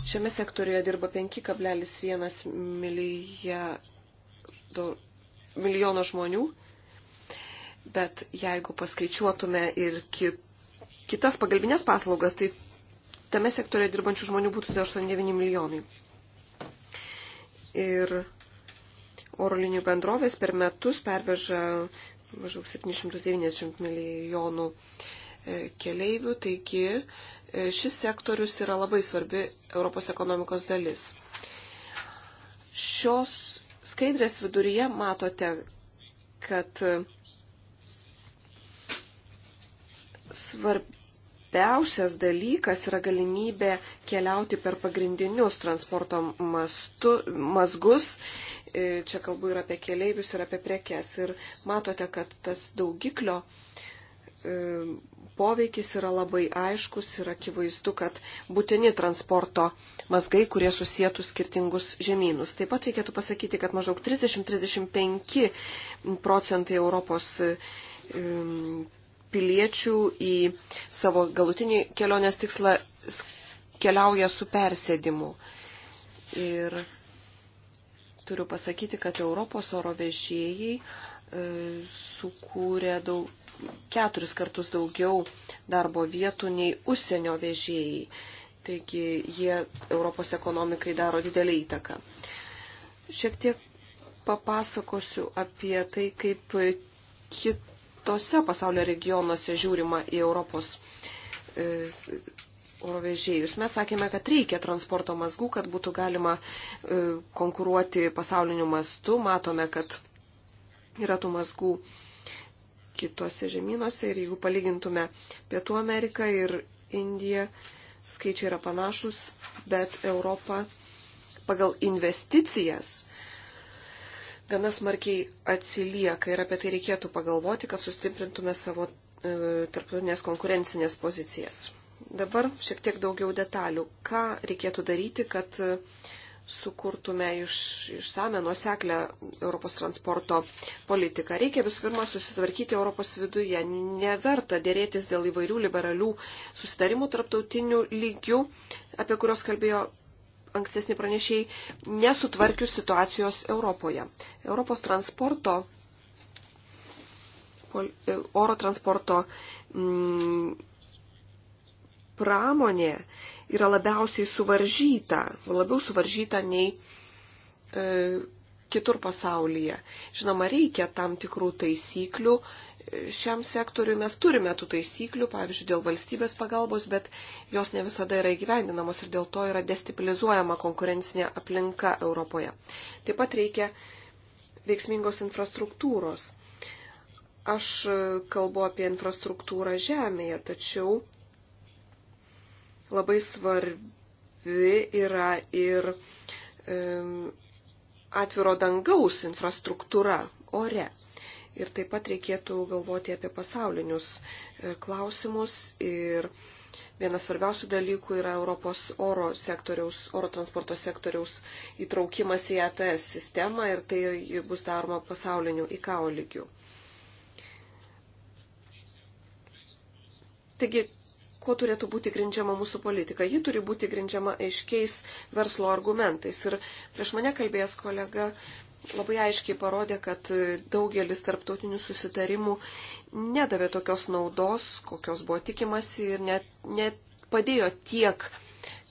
Šiame sektoriuje dirba 5,1 milijardo, milijono žmonių. Bet jeigu paskaičiuotume ir kitas pagalbinės paslaugas, tai tame sektoriuje dirbančių žmonių būtų 89 milijonai ir oro linijų bendrovės per metus perveža maždaug 790 milijonų e, keleivių, taigi e, šis sektorius yra labai svarbi Europos ekonomikos dalis. Šios skaidrės viduryje matote, kad svarb, svarbiausias dalykas yra galimybė keliauti per pagrindinius transporto mastu, mazgus. E, čia kalbu ir apie keliaivius, ir apie prekes. Ir matote, kad tas daugiklio e, poveikis yra labai aiškus ir akivaizdu, kad būtini transporto mazgai, kurie susijėtų skirtingus žemynus. Taip pat reikėtų pasakyti, kad maždaug 30-35 procentai Europos e, piliečių į savo galutinį kelionės tikslą keliauja su persėdimu. Ir turiu pasakyti, kad Europos oro vežėjai e, sukūrė daug, keturis kartus daugiau darbo vietų nei užsienio vežėjai. Taigi jie Europos ekonomikai daro didelį įtaką. Šiek tiek papasakosiu apie tai, kaip kit, kitose pasaulio regionuose žiūrima į Europos e, oro vežėjus. Mes sakėme, kad reikia transporto mazgų, kad būtų galima e, konkuruoti pasauliniu mastu. Matome, kad yra tų mazgų kitose žemynuose ir jeigu palygintume Pietų Ameriką ir Indiją, skaičiai yra panašus, bet Europa pagal investicijas gana smarkiai atsilieka ir apie tai reikėtų pagalvoti, kad sustiprintume savo e, tarptautinės konkurencinės pozicijas. Dabar šiek tiek daugiau detalių. Ką reikėtų daryti, kad e, sukurtume iš, išsame nuoseklę Europos transporto politiką. Reikia visų pirma susitvarkyti Europos viduje. Neverta dėrėtis dėl įvairių liberalių susitarimų tarptautinių lygių, apie kuriuos kalbėjo ankstesni pranešiai nesutvarkius situacijos Europoje. Europos transporto, e, oro transporto m, mm, pramonė yra labiausiai suvaržyta, labiau suvaržyta nei e, kitur pasaulyje. Žinoma, reikia tam tikrų taisyklių, e, šiam sektoriui mes turime tų taisyklių, pavyzdžiui, dėl valstybės pagalbos, bet jos ne visada yra įgyvendinamos ir dėl to yra destabilizuojama konkurencinė aplinka Europoje. Taip pat reikia veiksmingos infrastruktūros. Aš kalbu apie infrastruktūrą žemėje, tačiau labai svarbi yra ir um, atviro dangaus infrastruktūra ore. Ir taip pat reikėtų galvoti apie pasaulinius e, klausimus. Ir vienas svarbiausių dalykų yra Europos oro, sektoriaus, oro transporto sektoriaus įtraukimas į ETS sistemą ir tai bus daroma pasauliniu įkao lygiu. Taigi, kuo turėtų būti grindžiama mūsų politika. Ji turi būti grindžiama aiškiais verslo argumentais. Ir prieš mane kalbėjęs kolega labai aiškiai parodė, kad daugelis tarptautinių susitarimų nedavė tokios naudos, kokios buvo tikimasi ir net, net padėjo tiek,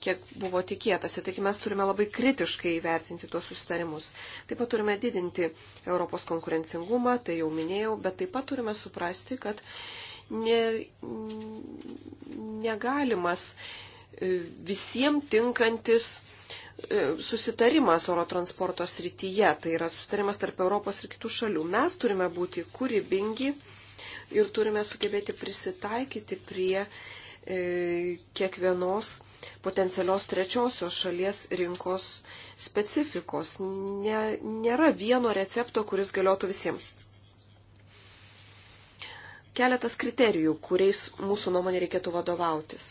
kiek buvo tikėtasi. Taigi mes turime labai kritiškai vertinti tuos susitarimus. Taip pat turime didinti Europos konkurencingumą, tai jau minėjau, bet taip pat turime suprasti, kad ne, negalimas e, visiems tinkantis E, susitarimas oro transporto srityje, tai yra susitarimas tarp Europos ir kitų šalių. Mes turime būti kūrybingi ir turime sugebėti prisitaikyti prie e, kiekvienos potencialios trečiosios šalies rinkos specifikos. Ne, nėra vieno recepto, kuris galiotų visiems. Keletas kriterijų, kuriais mūsų nuomonė reikėtų vadovautis.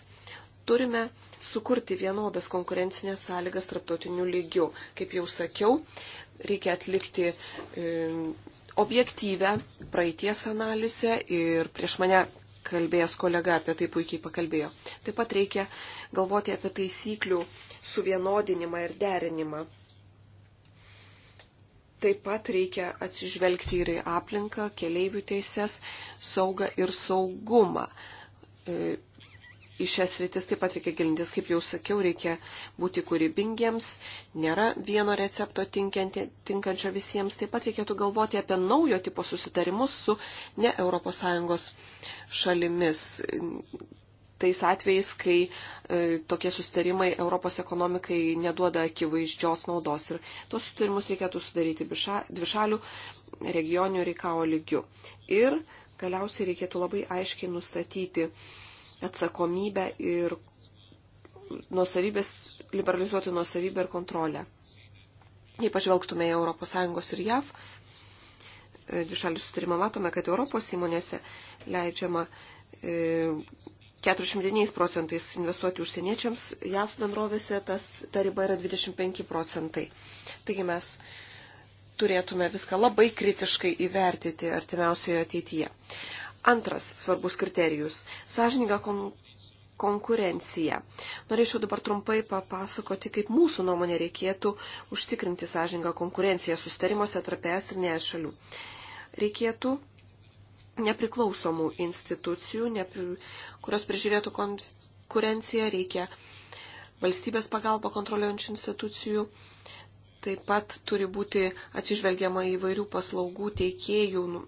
Turime sukurti vienodas konkurencinės sąlygas tarptautiniu lygiu. Kaip jau sakiau, reikia atlikti e, objektyvę praeities analizę ir prieš mane kalbėjęs kolega apie tai puikiai pakalbėjo. Taip pat reikia galvoti apie taisyklių suvienodinimą ir derinimą. Taip pat reikia atsižvelgti ir į aplinką, keleivių teises, saugą ir saugumą. E, į šias rytis taip pat reikia gilintis, kaip jau sakiau, reikia būti kūrybingiems, nėra vieno recepto tinkančio visiems, taip pat reikėtų galvoti apie naujo tipo susitarimus su ne ES šalimis. Tais atvejais, kai e, tokie susitarimai Europos ekonomikai neduoda akivaizdžios naudos ir tos susitarimus reikėtų sudaryti dvišalių regioninių reikalo lygių. Ir galiausiai reikėtų labai aiškiai nustatyti, e, atsakomybę ir nuosavybės, liberalizuoti nuosavybę ir kontrolę. Jei pažvelgtume į ES ir JAV, e, dvišalių sutarimą matome, kad Europos įmonėse leidžiama 49 e, procentais investuoti užsieniečiams, JAV bendrovėse tas, ta riba yra 25 procentai. Taigi mes turėtume viską labai kritiškai įvertyti artimiausioje ateityje. Antras svarbus kriterijus - sąžininga kon konkurencija. Norėčiau dabar trumpai papasakoti, kaip mūsų nuomonė reikėtų užtikrinti sąžiningą konkurenciją sustarimuose tarp es ir nees šalių. Reikėtų nepriklausomų institucijų, nepri... kurios prižiūrėtų konkurenciją, reikia valstybės pagalba kontroliuojančių institucijų, Taip pat turi būti atsižvelgiama į vairių paslaugų teikėjų nu,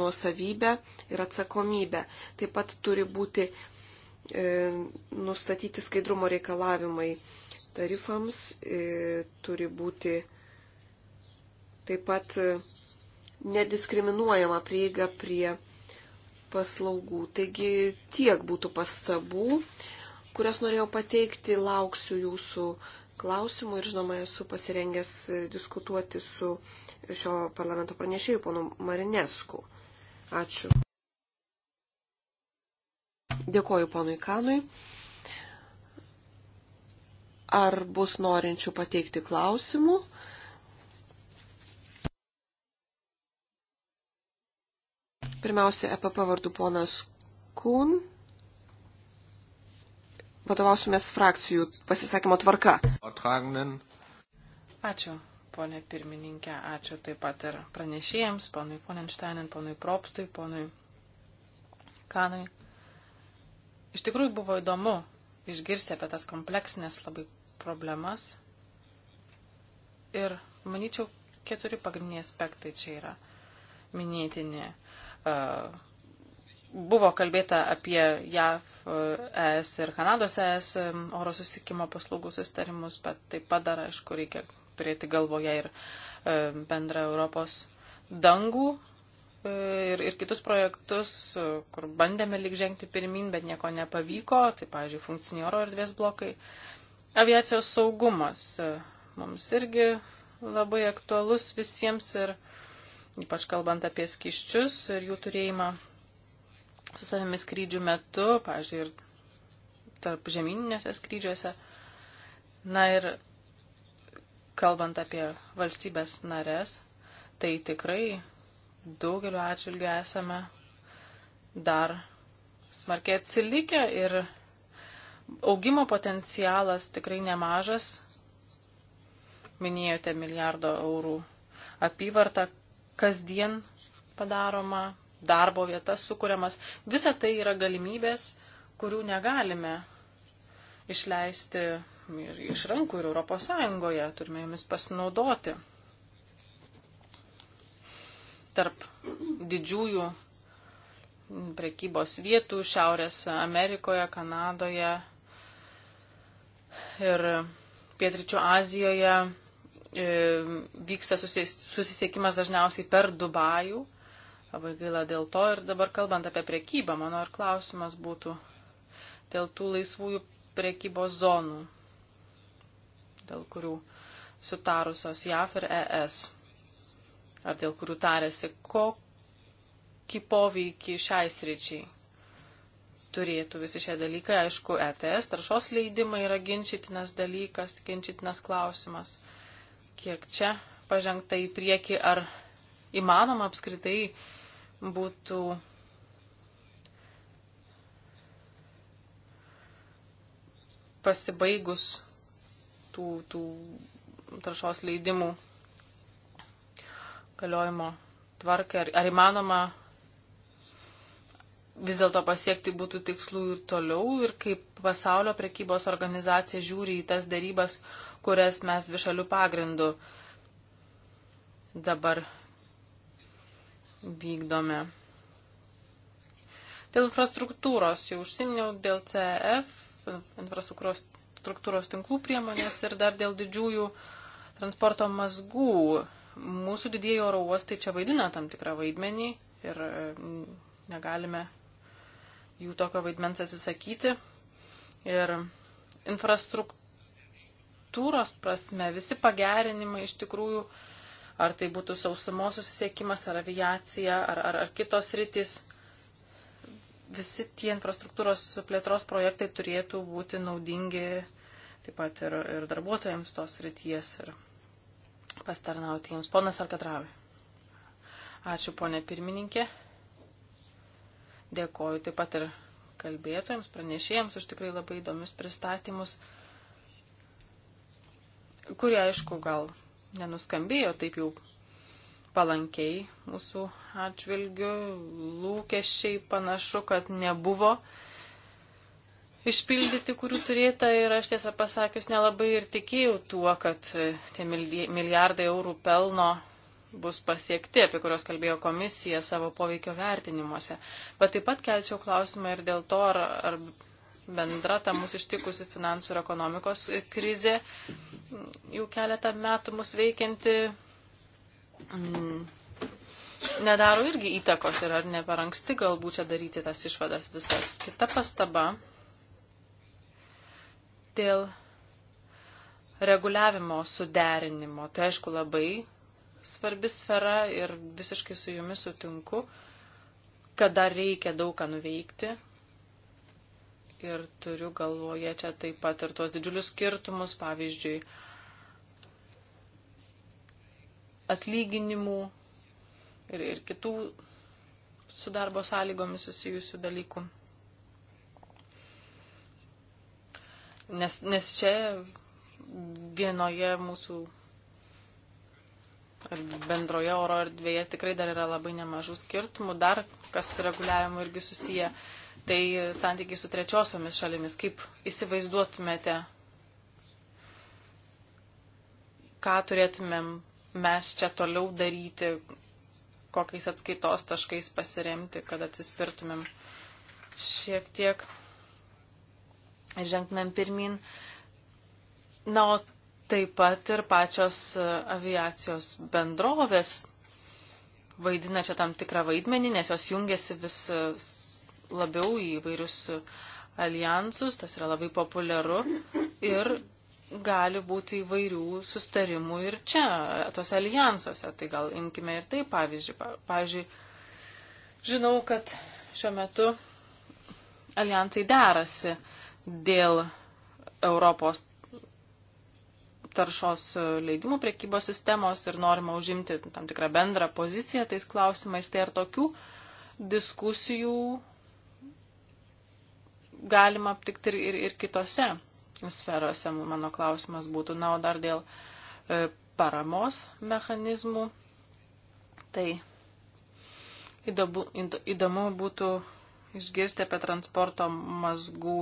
nuosavybę ir atsakomybę. Taip pat turi būti e, nustatyti skaidrumo reikalavimai tarifams, e, turi būti taip pat e, nediskriminuojama prieiga prie paslaugų. Taigi tiek būtų pastabų, kurias norėjau pateikti. Lauksiu jūsų klausimų ir žinoma esu pasirengęs diskutuoti su šio parlamento pranešėju, ponu Marinesku. Ačiū. Dėkoju ponui Kanui. Ar bus norinčių pateikti klausimų? Pirmiausia, EPP vardu ponas Kun vadovausimės frakcijų pasisakymo tvarka. Ačiū, ponė pirmininkė, ačiū taip pat ir pranešėjams, ponui Fonensteinin, ponui Propstui, ponui Kanui. Iš tikrųjų buvo įdomu išgirsti apie tas kompleksinės labai problemas. Ir manyčiau, keturi pagrindiniai aspektai čia yra minėtini. Uh, Buvo kalbėta apie JAV, ES ir Kanados ES um, oro susikimo paslaugų sustarimus, bet taip pat dar, aišku, reikia turėti galvoje ir um, bendrą Europos dangų e, ir, ir kitus projektus, e, kur bandėme lyg žengti pirmin, bet nieko nepavyko, tai, pavyzdžiui, funkciniai oro erdvės blokai. Aviacijos saugumas e, mums irgi labai aktualus visiems ir ypač kalbant apie skiščius ir jų turėjimą su savimi skrydžių metu, pažiūrėjau, ir tarp žemyninėse skrydžiuose. Na ir kalbant apie valstybės narės, tai tikrai daugeliu atžvilgiu esame dar smarkiai atsilikę ir augimo potencialas tikrai nemažas. Minėjote milijardo eurų apyvartą kasdien padaroma darbo vietas sukūriamas. Visa tai yra galimybės, kurių negalime išleisti ir iš rankų ir Europos Sąjungoje. Turime jomis pasinaudoti. Tarp didžiųjų prekybos vietų Šiaurės Amerikoje, Kanadoje ir Pietričių Azijoje e, vyksta susisiekimas dažniausiai per Dubajų Labai gaila dėl to ir dabar kalbant apie priekybą, mano ir klausimas būtų dėl tų laisvųjų priekybos zonų, dėl kurių sutarusios JAF ir ES, ar dėl kurių tarėsi, kokį poveikį šiai sričiai turėtų visi šie dalykai. Aišku, ETS taršos leidimai yra ginčytinas dalykas, ginčytinas klausimas. Kiek čia pažengta į priekį, ar įmanoma apskritai būtų pasibaigus tų, tų taršos leidimų galiojimo tvarką, ar, ar įmanoma vis dėlto pasiekti būtų tikslų ir toliau ir kaip pasaulio prekybos organizacija žiūri į tas darybas, kurias mes dvišalių pagrindų dabar vykdome. Dėl infrastruktūros jau užsiminiau, dėl CEF, infrastruktūros tinklų priemonės ir dar dėl didžiųjų transporto mazgų. Mūsų didieji oro uostai čia vaidina tam tikrą vaidmenį ir mm, negalime jų tokio vaidmens atsisakyti. Ir infrastruktūros prasme visi pagerinimai iš tikrųjų uh, ar tai būtų sausumos susisiekimas, ar aviacija, ar, ar, ar kitos rytis. Visi tie infrastruktūros plėtros projektai turėtų būti naudingi taip pat ir, ir darbuotojams tos ryties ir pastarnauti jiems. Ponas Alkatravi. Ačiū, ponė pirmininkė. Dėkoju taip pat ir kalbėtojams, pranešėjams už tikrai labai įdomius pristatymus, kurie aišku gal nenuskambėjo taip jau palankiai mūsų atžvilgių. Lūkesčiai panašu, kad nebuvo išpildyti, kurių turėta ir aš tiesą pasakius nelabai ir tikėjau tuo, kad e, tie milijardai eurų pelno bus pasiekti, apie kurios kalbėjo komisija savo poveikio vertinimuose. Bet taip pat kelčiau klausimą ir dėl to, ar, ar bendra ta mūsų ištikusi finansų ir ekonomikos krizė, jau keletą metų mus veikianti, m, mm, nedaro irgi įtakos ir ar ne per anksti galbūt čia daryti tas išvadas visas. Kita pastaba dėl reguliavimo suderinimo. Tai aišku labai svarbi sfera ir visiškai su jumis sutinku, kad dar reikia daug ką nuveikti, Ir turiu galvoje čia taip pat ir tuos didžiulius skirtumus, pavyzdžiui, atlyginimų ir, ir kitų su darbo sąlygomis susijusių dalykų. Nes, nes čia vienoje mūsų ar bendroje oro erdvėje tikrai dar yra labai nemažų skirtumų, dar kas su reguliavimu irgi susiję. Uh, tai santykiai su trečiosiomis šalimis. Kaip įsivaizduotumėte, ką turėtumėm mes čia toliau daryti, kokiais atskaitos taškais pasiremti, kad atsispirtumėm šiek tiek ir žengtumėm pirmin. Na, o taip pat ir pačios aviacijos bendrovės vaidina čia tam tikrą vaidmenį, nes jos jungiasi vis labiau į vairius alijansus, tas yra labai populiaru ir gali būti įvairių sustarimų ir čia, tos alijansuose. Tai gal imkime ir tai pavyzdžių. Pavyzdžiui, žinau, kad šiuo metu alijansai derasi dėl Europos taršos leidimų priekybos sistemos ir norima užimti tam tikrą bendrą poziciją tais klausimais. Tai ar tokių diskusijų galima aptikti ir, ir, ir kitose sferose, mano klausimas būtų. Na, o dar dėl e, paramos mechanizmų, tai įdomu, įdomu būtų išgirsti apie transporto mazgų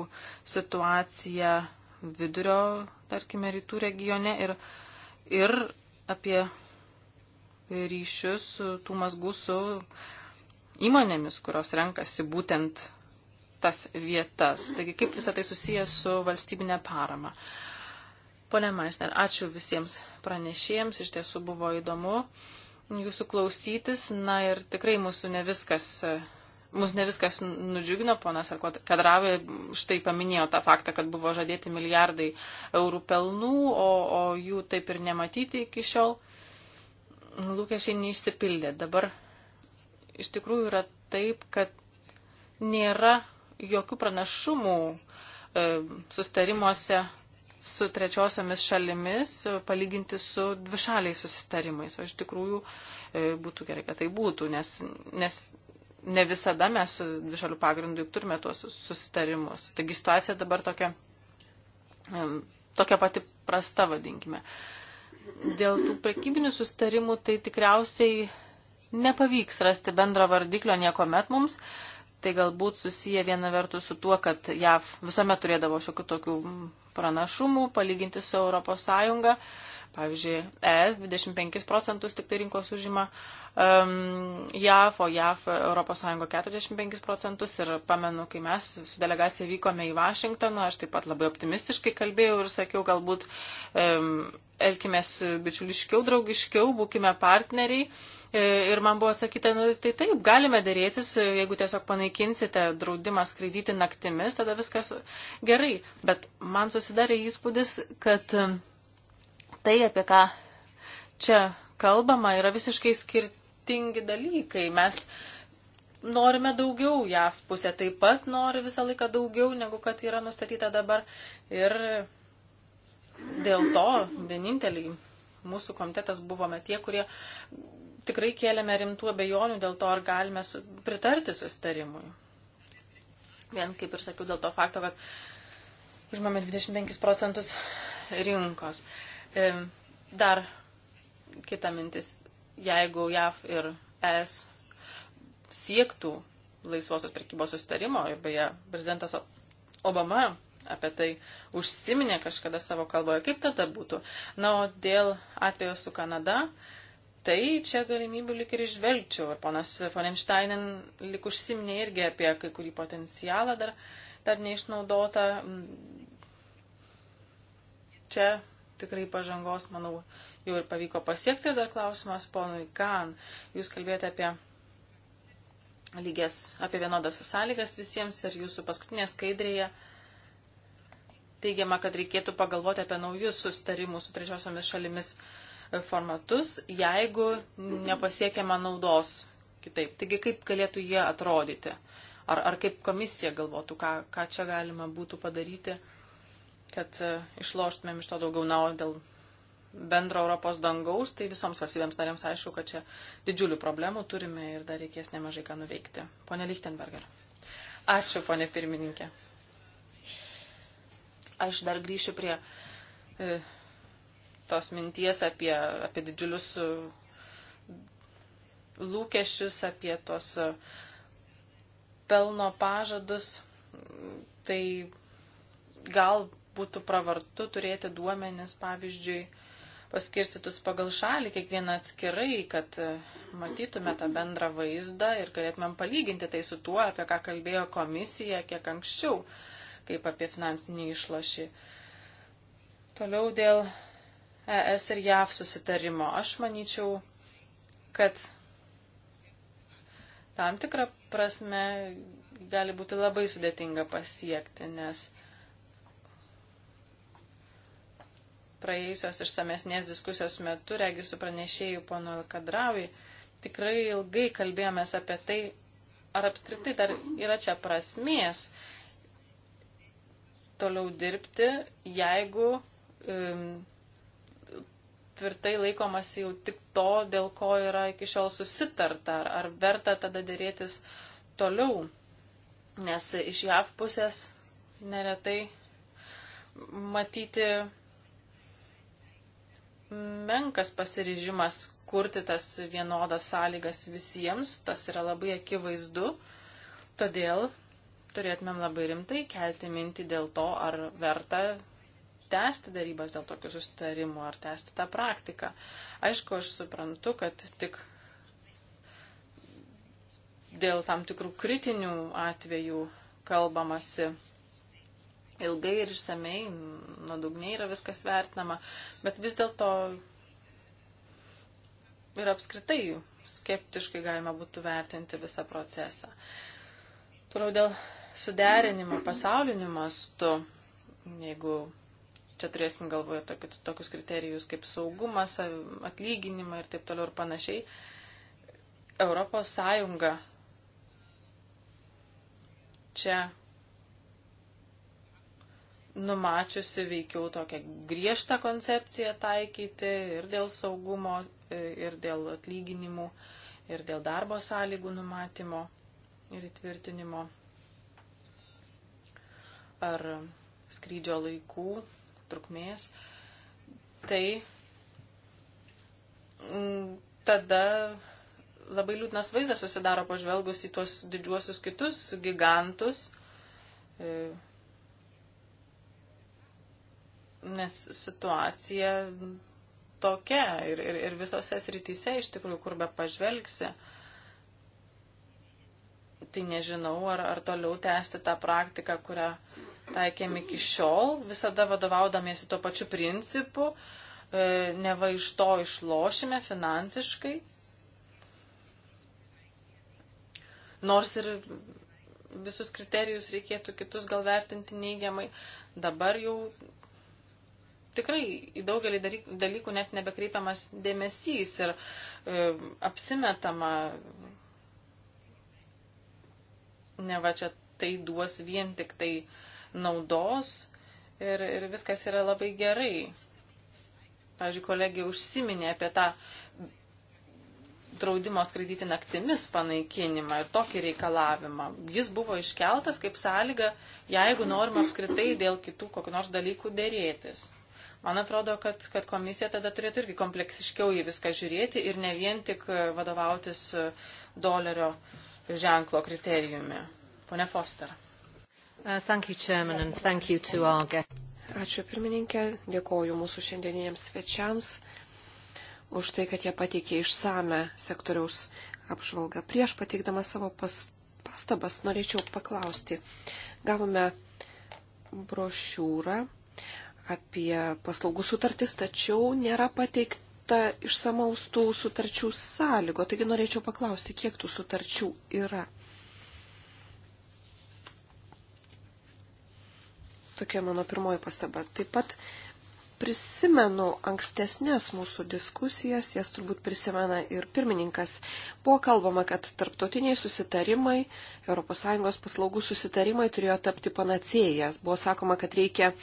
situaciją vidurio, tarkime, rytų regione ir, ir apie ryšius tų mazgų su įmonėmis, kurios renkasi būtent tas vietas. Taigi, kaip visą tai susijęs su valstybinė parama. Pone Maisner, ačiū visiems pranešėjams, iš tiesų buvo įdomu jūsų klausytis. Na ir tikrai mūsų ne viskas, mūsų ne viskas nudžiugino, ponas Kadravė štai paminėjo tą faktą, kad buvo žadėti milijardai eurų pelnų, o, o jų taip ir nematyti iki šiol. Lūkesčiai neišsipildė. Dabar iš tikrųjų yra taip, kad nėra jokių pranašumų e, sustarimuose su trečiosiomis šalimis e, palyginti su dvišaliais susitarimais. O iš tikrųjų e, būtų gerai, kad tai būtų, nes, nes ne visada mes su dvišalių pagrindu juk turime tuos susitarimus. Taigi situacija dabar tokia, e, tokia pati prasta, vadinkime. Dėl tų prekybinių susitarimų tai tikriausiai nepavyks rasti bendro vardiklio nieko met mums. E, tai galbūt susiję viena vertus su tuo, kad JAV visuomet turėdavo šiokių tokių pranašumų palyginti su ES. Pavyzdžiui, ES 25 procentus tik tai rinkos užima, um, JAF, o JAF ES 45 procentus. Ir pamenu, kai mes su delegacija vykome į Vašingtoną, aš taip pat labai optimistiškai kalbėjau ir sakiau, galbūt um, elkimės bičiuliškiau, draugiškiau, būkime partneriai. E, ir man buvo atsakyta, nu, tai taip, galime dėrėtis, jeigu tiesiog panaikinsite draudimą skraidyti naktimis, tada viskas gerai. Bet man susidarė įspūdis, kad tai, apie ką čia kalbama, yra visiškai skirti skirtingi dalykai. Mes norime daugiau, JAV pusė taip pat nori visą laiką daugiau, negu kad yra nustatyta dabar. Ir dėl to vieninteliai mūsų komitetas buvome tie, kurie tikrai kėlėme rimtų abejonių dėl to, ar galime su, pritarti sustarimui. Vien kaip ir sakiau, dėl to fakto, kad užmame 25 procentus rinkos. Dar kita mintis jeigu JAV ir ES siektų laisvosios prekybos sustarimo, ir beje, prezidentas Obama apie tai užsiminė kažkada savo kalboje, kaip tada būtų. Na, o dėl atvejo su Kanada, tai čia galimybių lik ir išvelgčiau. Ir ponas Fonensteinen lik užsiminė irgi apie kai kurį potencialą dar, dar neišnaudotą. Čia tikrai pažangos, manau, jau ir pavyko pasiekti. Dar klausimas ponui Gan. Jūs kalbėjote apie lygės, apie vienodas sąlygas visiems ir jūsų paskutinė skaidrėje teigiama, kad reikėtų pagalvoti apie naujus sustarimų su trečiosiomis šalimis formatus, jeigu nepasiekiama naudos kitaip. Taigi, kaip galėtų jie atrodyti? Ar, ar kaip komisija galvotų, ką, ką čia galima būtų padaryti, kad e, išloštumėm iš to daugiau naudą dėl bendro Europos dangaus, tai visoms valstybėms narėms aišku, kad čia didžiulių problemų turime ir dar reikės nemažai ką nuveikti. Pone Lichtenberger. Ačiū, ponė pirmininkė. Aš dar grįšiu prie e, tos minties apie, apie didžiulius e, lūkesčius, apie tos e, pelno pažadus. Tai gal būtų pravartu turėti duomenis, pavyzdžiui, paskirstytus pagal šalį, kiekvieną atskirai, kad e, matytume tą bendrą vaizdą ir galėtumėm palyginti tai su tuo, apie ką kalbėjo komisija kiek anksčiau, kaip apie finansinį išlošį. Toliau dėl ES ir JAV susitarimo. Aš manyčiau, kad tam tikrą prasme gali būti labai sudėtinga pasiekti, nes praėjusios išsamesnės diskusijos metu, regi su pranešėjų ponu Kadravi, tikrai ilgai kalbėjomės apie tai, ar apskritai dar yra čia prasmės toliau dirbti, jeigu um, tvirtai laikomas jau tik to, dėl ko yra iki šiol susitarta, ar, ar verta tada dėrėtis toliau. Nes iš JAV pusės neretai matyti menkas pasiryžimas kurti tas vienodas sąlygas visiems, tas yra labai akivaizdu, todėl turėtumėm labai rimtai kelti mintį dėl to, ar verta tęsti darybas dėl tokių sustarimų, ar tęsti tą praktiką. Aišku, aš suprantu, kad tik dėl tam tikrų kritinių atvejų kalbamasi ilgai ir išsamei, nuodugniai yra viskas vertinama, bet vis dėlto ir apskritai skeptiškai galima būtų vertinti visą procesą. Toliau dėl suderinimo pasauliniu mastu, jeigu čia turėsim galvoje tokius, tokius kriterijus kaip saugumas, atlyginimai ir taip toliau ir panašiai, Europos Sąjunga čia numačiusi veikiau tokią griežtą koncepciją taikyti ir dėl saugumo, e, ir dėl atlyginimų, ir dėl darbo sąlygų numatymo ir įtvirtinimo. Ar skrydžio laikų, trukmės. Tai mm, tada labai liūdnas vaizdas susidaro pažvelgus į tuos didžiuosius kitus gigantus e, nes situacija tokia ir, ir, ir visose srityse iš tikrųjų, kur be pažvelgsi, tai nežinau, ar, ar toliau tęsti tą praktiką, kurią taikėm iki šiol, visada vadovaudamiesi tuo pačiu principu, e, neva iš to išlošime finansiškai. Nors ir visus kriterijus reikėtų kitus gal vertinti neigiamai, dabar jau tikrai į daugelį dalykų net nebekreipiamas dėmesys ir e, apsimetama, ne va čia tai duos vien tik tai naudos ir, ir viskas yra labai gerai. Pavyzdžiui, kolegija užsiminė apie tą draudimo skraidyti naktimis panaikinimą ir tokį reikalavimą. Jis buvo iškeltas kaip sąlyga, jeigu norima apskritai dėl kitų kokių nors dalykų dėrėtis. Man atrodo, kad, kad komisija tada turėtų irgi kompleksiškiau į viską žiūrėti ir ne vien tik e, vadovautis e, dolerio ženklo kriterijumi. Pone Foster. Uh, thank you, Chairman, and thank you to our guest. Ačiū pirmininkė, dėkoju mūsų šiandieniniams svečiams už tai, kad jie pateikė išsame sektoriaus apžvalgą. Prieš pateikdama savo pas, pastabas norėčiau paklausti. Gavome brošiūrą apie paslaugų sutartis, tačiau nėra pateikta išsamaus tų sutarčių sąlygo. Taigi norėčiau paklausti, kiek tų sutarčių yra. Tokia mano pirmoji pastaba. Taip pat prisimenu ankstesnės mūsų diskusijas, jas turbūt prisimena ir pirmininkas. Buvo kalbama, kad tarptautiniai susitarimai, ES paslaugų susitarimai turėjo tapti panacėjas. Buvo sakoma, kad reikia uh,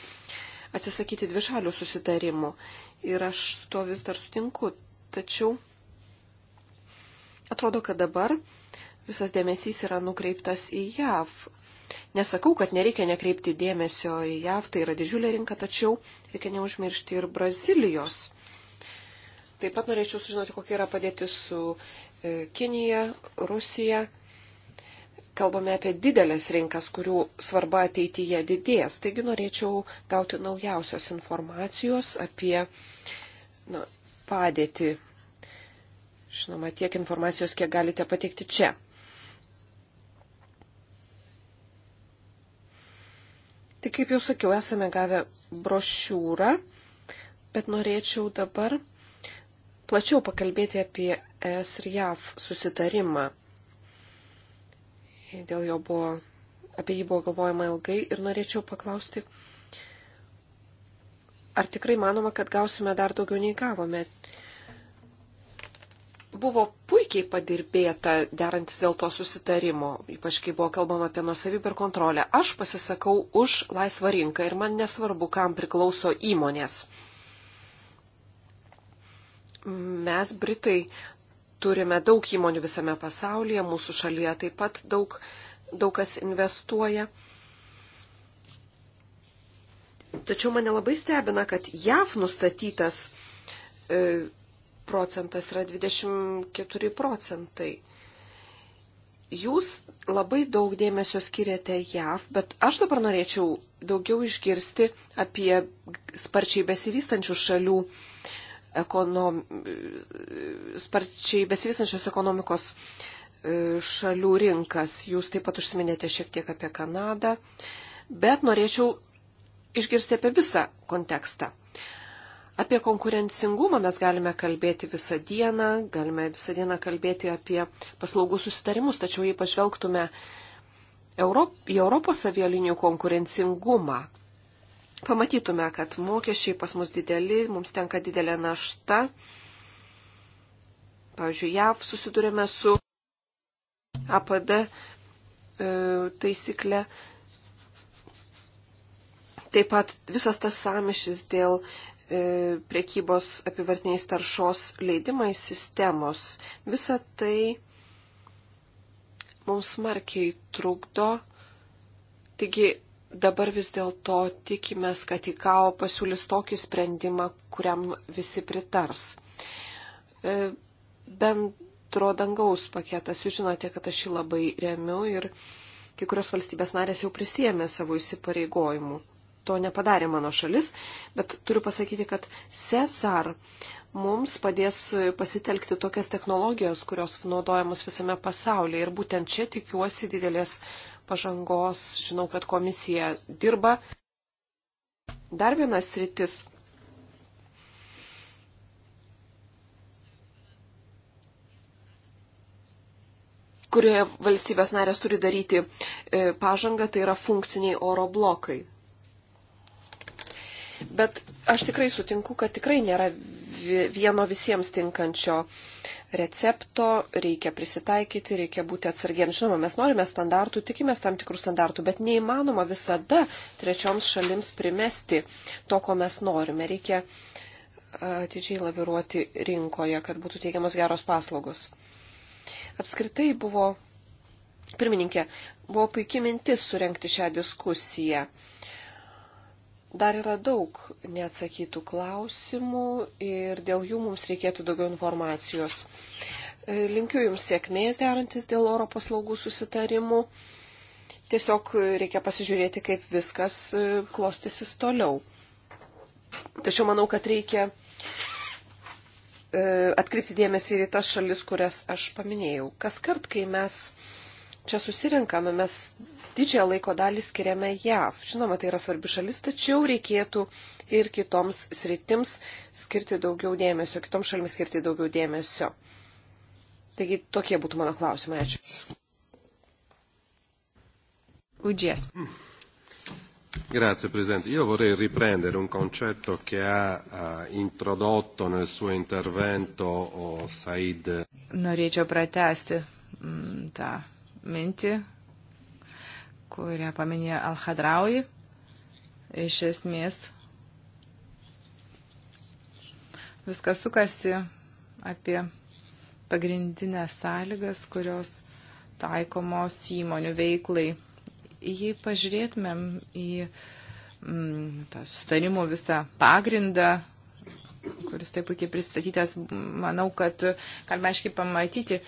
atsisakyti dvišalių susitarimų. Ir aš su to vis dar sutinku. Tačiau atrodo, kad dabar visas dėmesys yra nukreiptas į JAV. Nesakau, kad nereikia nekreipti dėmesio į JAV, tai yra didžiulė rinka, tačiau reikia neužmiršti ir Brazilijos. Taip pat norėčiau sužinoti, kokia yra padėtis su e, Kinija, Rusija kalbame apie didelės rinkas, kurių svarba ateityje didės. Taigi norėčiau gauti naujausios informacijos apie na, padėtį. Žinoma, tiek informacijos, kiek galite pateikti čia. Tai kaip jau sakiau, esame gavę brošiūrą, bet norėčiau dabar plačiau pakalbėti apie ES ir JAV susitarimą Dėl jo buvo, apie jį buvo galvojama ilgai ir norėčiau paklausti, ar tikrai manoma, kad gausime dar daugiau nei gavome. Buvo puikiai padirbėta derantis dėl to susitarimo, ypač kai buvo kalbama apie nusavybę ir kontrolę. Aš pasisakau už laisvą rinką ir man nesvarbu, kam priklauso įmonės mes, Britai, turime daug įmonių visame pasaulyje, mūsų šalyje taip pat daug, daug kas investuoja. Tačiau mane labai stebina, kad JAV nustatytas e, procentas yra 24 procentai. Jūs labai daug dėmesio skiriate JAV, bet aš dabar norėčiau daugiau išgirsti apie sparčiai besivystančių šalių uh, ekonom, sparčiai besivysančios ekonomikos e, šalių rinkas. Jūs taip pat užsiminėte šiek tiek apie Kanadą, bet norėčiau išgirsti apie visą kontekstą. Apie konkurencingumą mes galime kalbėti visą dieną, galime visą dieną kalbėti apie paslaugų susitarimus, tačiau jei pažvelgtume Europ, į Europos avialinių konkurencingumą, pamatytume, kad mokesčiai pas mus dideli, mums tenka didelė našta. Pavyzdžiui, JAV susidurėme su APD e, taisykle. Taip pat visas tas samišis dėl e, priekybos apivartiniais taršos leidimais sistemos. Visa tai mums smarkiai trukdo. Taigi dabar vis dėlto tikimės, kad IKAO pasiūlys tokį sprendimą, kuriam visi pritars. E, bendro dangaus paketas, jūs žinote, kad aš jį labai remiu ir kai kurios valstybės narės jau prisėmė savo įsipareigojimų. To nepadarė mano šalis, bet turiu pasakyti, kad Cesar mums padės pasitelkti tokias technologijos, kurios naudojamos visame pasaulyje. Ir būtent čia tikiuosi didelės pažangos, žinau, kad komisija dirba. Dar vienas rytis. kurioje valstybės narės turi daryti e, pažangą, tai yra funkciniai oro blokai. Bet aš tikrai sutinku, kad tikrai nėra vieno visiems tinkančio recepto, reikia prisitaikyti, reikia būti atsargiems. Žinoma, mes norime standartų, tikimės tam tikrų standartų, bet neįmanoma visada trečioms šalims primesti to, ko mes norime. Reikia atidžiai laviruoti rinkoje, kad būtų teikiamas geros paslaugos. Apskritai buvo, pirmininkė, buvo puikia mintis surenkti šią diskusiją. Uh, dar yra daug neatsakytų klausimų ir dėl jų mums reikėtų daugiau informacijos. E, linkiu Jums sėkmės derantis dėl oro paslaugų susitarimų. Tiesiog reikia pasižiūrėti, kaip viskas e, klostysis toliau. Tačiau manau, kad reikia e, atkreipti dėmesį ir į tas šalis, kurias aš paminėjau. Kas kart, kai mes čia susirinkame, mes didžiąją laiko dalį skiriame JAV. Žinoma, tai yra svarbi šalis, tačiau reikėtų ir kitoms sritims skirti daugiau dėmesio, kitoms šalims skirti daugiau dėmesio. Taigi tokie būtų mano klausimai. Ačiū. Udžies. Grazie Presidente. Io vorrei riprendere un concetto che ha uh, introdotto nel suo intervento oh, Said. Norėčiau pratesti mm, tą mintį, kurią paminėjo Alhadraui, iš esmės viskas sukasi apie pagrindinės sąlygas, kurios taikomos įmonių veiklai. Jei pažiūrėtumėm į mm, tą sustarimų visą pagrindą, kuris taip puikiai pristatytas, manau, kad galime aiškiai pamatyti,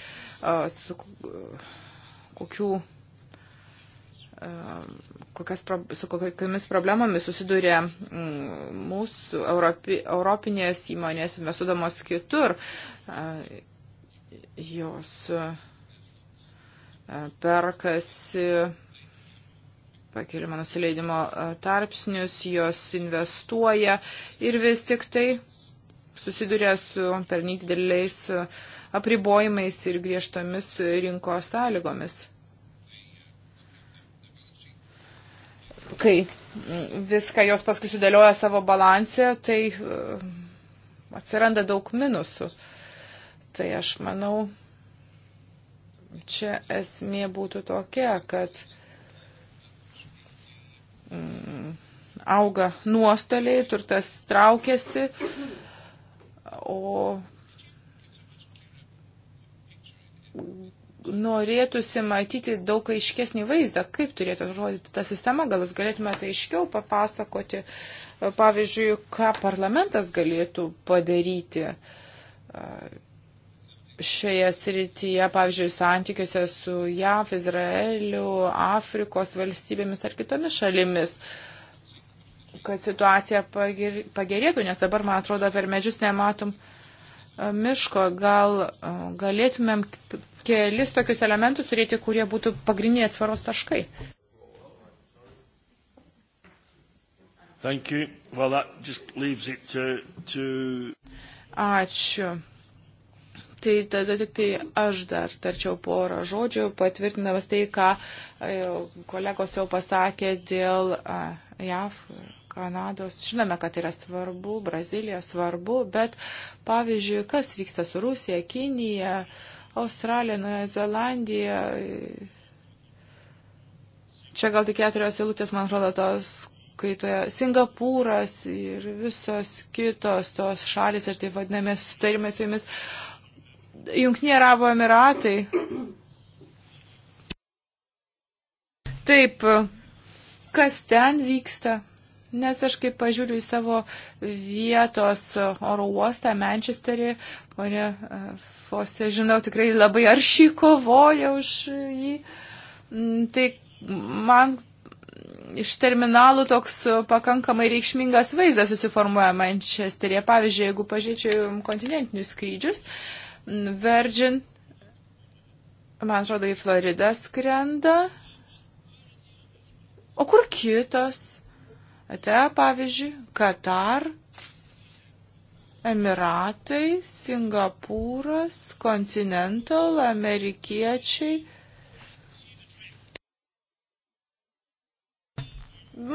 su kokiu kokias, su kokiamis problemomis susiduria mm, mūsų Europi, europinės įmonės investuodamos kitur. E, jos e, perkasi pakilimo nusileidimo e, tarpsnius, jos investuoja ir vis tik tai susiduria su pernyti dėliais apribojimais ir griežtomis rinkos sąlygomis. kai viską jos paskui sudėlioja savo balansę, tai e, atsiranda daug minusų. Tai aš manau, čia esmė būtų tokia, kad mm, auga nuostoliai, turtas traukiasi, o norėtųsi matyti daug aiškesnį vaizdą, kaip turėtų atrodyti ta sistema, gal jūs galėtumėte aiškiau papasakoti, pavyzdžiui, ką parlamentas galėtų padaryti šioje srityje, pavyzdžiui, santykiuose su JAV, Izraeliu, Afrikos valstybėmis ar kitomis šalimis, kad situacija pagerėtų, nes dabar, man atrodo, per medžius nematom uh, miško. Gal galėtumėm kelis tokius elementus turėti, kurie būtų pagrindiniai atsvaros taškai. Thank you. Well, that just leaves it to, to... Ačiū. Tai tada tik tai aš dar tarčiau porą žodžių, patvirtinamas tai, ką kolegos jau pasakė dėl JAV Kanados. Žinome, kad tai yra svarbu, Brazilija svarbu, bet pavyzdžiui, kas vyksta su Rusija, Kinija, Australija, Nuoja Zelandija. Čia gal tik keturios eilutės, man atrodo, tos kaitoje. Singapūras ir visos kitos tos šalis ir tai vadiname sustarimai su jumis. Junknie Arabo Emiratai. Taip, kas ten vyksta? Nes aš kaip pažiūriu į savo vietos oro uostą Manchesterį, ponė uh, Fose, žinau, tikrai labai aršiai kovoja už jį. Mm, tai man iš terminalų toks pakankamai reikšmingas vaizdas susiformuoja Mančesterėje. Pavyzdžiui, jeigu pažiūrėčiau kontinentinius skrydžius, mm, Virgin, man atrodo, į Floridą skrenda. O kur kitos? ETA, pavyzdžiui, Katar, Emiratai, Singapūras, Continental, amerikiečiai.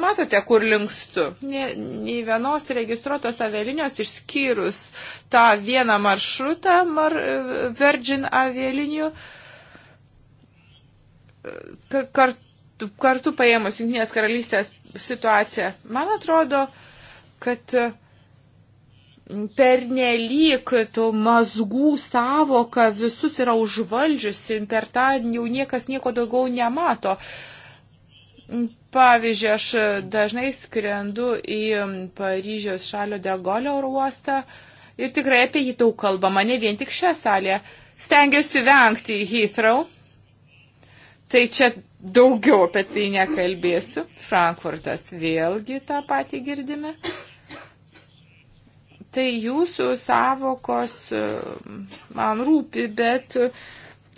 Matote, kur linkstu. Nei vienos registruotos avialinijos išskyrus tą vieną maršrutą mar, Virgin avialinijų kartu kartu paėmus Junktinės karalystės situaciją, man atrodo, kad e, pernelyg tų mazgų savoka visus yra užvaldžiusi, per tą jau niekas nieko daugiau nemato. Pavyzdžiui, aš dažnai skrendu į Paryžiaus šalio degolio oro uostą ir tikrai apie jį daug kalbama, ne vien tik šią salę. Stengiuosi vengti į Heathrow, Tai čia daugiau apie tai nekalbėsiu. Frankfurtas vėlgi tą patį girdime. Tai jūsų savokos e, man rūpi, bet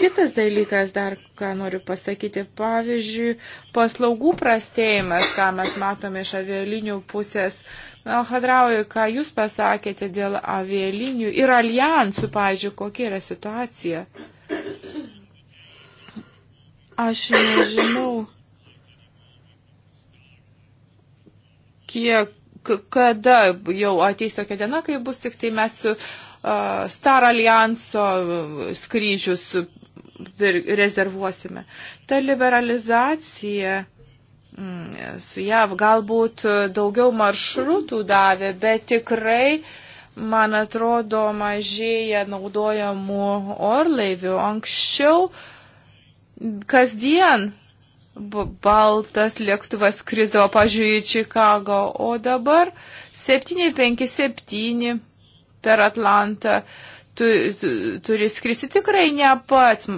kitas dalykas dar, ką noriu pasakyti, pavyzdžiui, paslaugų prastėjimas, ką mes matome iš avialinių pusės. Alhadraui, ką jūs pasakėte dėl avialinių ir alijansų, pavyzdžiui, kokia yra situacija? Aš nežinau, kiek, kada jau ateis tokia diena, kai bus tik tai mes uh, Star Alianso skrydžius rezervuosime. Ta liberalizacija mm, su JAV galbūt daugiau maršrutų davė, bet tikrai uh, man atrodo, mažėja naudojamų orlaivių. Anksčiau uh, kasdien baltas lėktuvas krisdavo, pažiūrėjau, į Čikagą, o dabar 757 per Atlantą. Tu, tu, turi skristi tikrai ne pats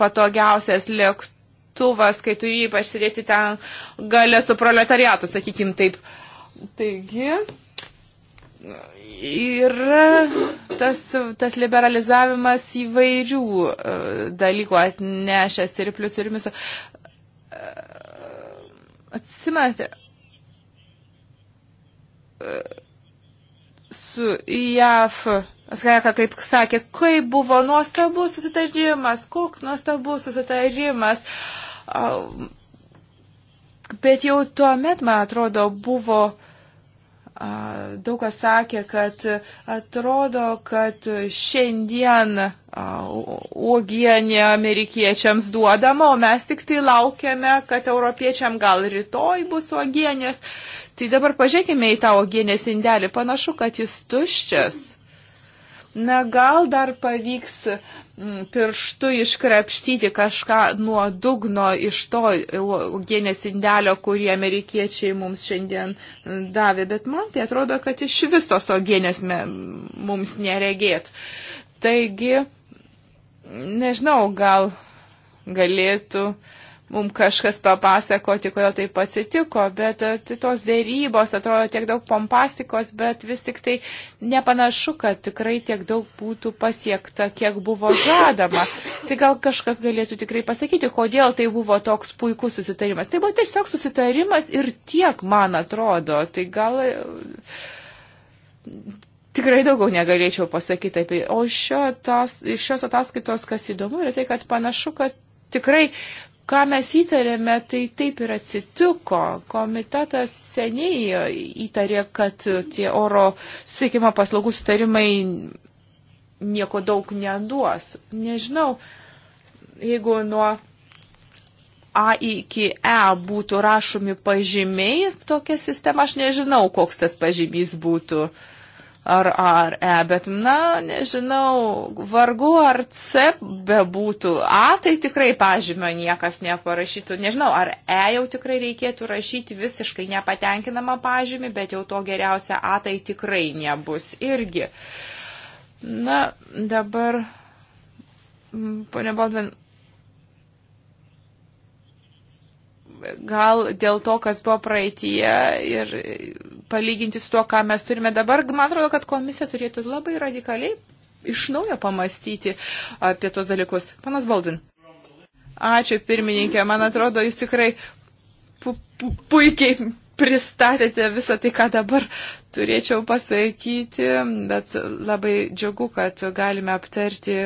patogiausias lėktuvas, kai turi ypač sėdėti ten galę su proletariatu, sakykim taip. Taigi, yra tas, tas liberalizavimas įvairių e, dalykų atnešęs ir pliusų ir minusų. E, atsimate, e, su JAF, kaip sakė, kaip buvo nuostabus susitarimas, koks nuostabus susitarimas. Bet jau tuo met, man atrodo, buvo Daug kas sakė, kad atrodo, kad šiandien uogienė amerikiečiams duodama, o mes tik tai laukiame, kad europiečiam gal rytoj bus uogienės. Tai dabar pažiūrėkime į tą uogienės indelį, panašu, kad jis tuščias. Na gal dar pavyks Mm, pirštu iškrapštyti kažką nuo dugno iš to uogienės indelio, kurį amerikiečiai mums šiandien mm, davė. Bet man tai atrodo, kad iš visos uogienės mums neregėt. Taigi, nežinau, gal galėtų uh, mums kažkas papasakoti, kodėl taip atsitiko, bet tai tos dėrybos atrodo tiek daug pompastikos, bet vis tik tai nepanašu, kad tikrai tiek daug būtų pasiekta, kiek buvo žadama. Tai gal kažkas galėtų tikrai pasakyti, kodėl tai buvo toks puikus susitarimas. Tai buvo tiesiog susitarimas ir tiek, man atrodo. Tai gal e, tikrai daugiau negalėčiau pasakyti apie. O šio tos, šios ataskaitos, kas įdomu, yra tai, kad panašu, kad tikrai ką mes įtarėme, tai taip ir atsitiko. Komitetas seniai įtarė, kad tie oro susiekimo paslaugų sutarimai nieko daug neduos. Nežinau, jeigu nuo A iki E būtų rašomi pažymiai tokia sistema, aš nežinau, koks tas pažymys būtų. Uh, ar A ar E, bet, na, nežinau, vargu ar C bebūtų. A tai tikrai pažymio niekas neparašytų. Nežinau, ar E jau tikrai reikėtų rašyti visiškai nepatenkinamą pažymį, bet jau to geriausia A tai tikrai nebus irgi. Na, dabar, ponia Baldvin, gal dėl to, kas buvo praeitie ir palyginti su tuo, ką mes turime dabar, man atrodo, kad komisija turėtų labai radikaliai iš naujo pamastyti apie tos dalykus. Panas Baldin. Ačiū pirmininkė, man atrodo, jūs tikrai pu pu puikiai pristatėte visą tai, ką dabar turėčiau pasakyti, bet labai džiugu, kad galime aptarti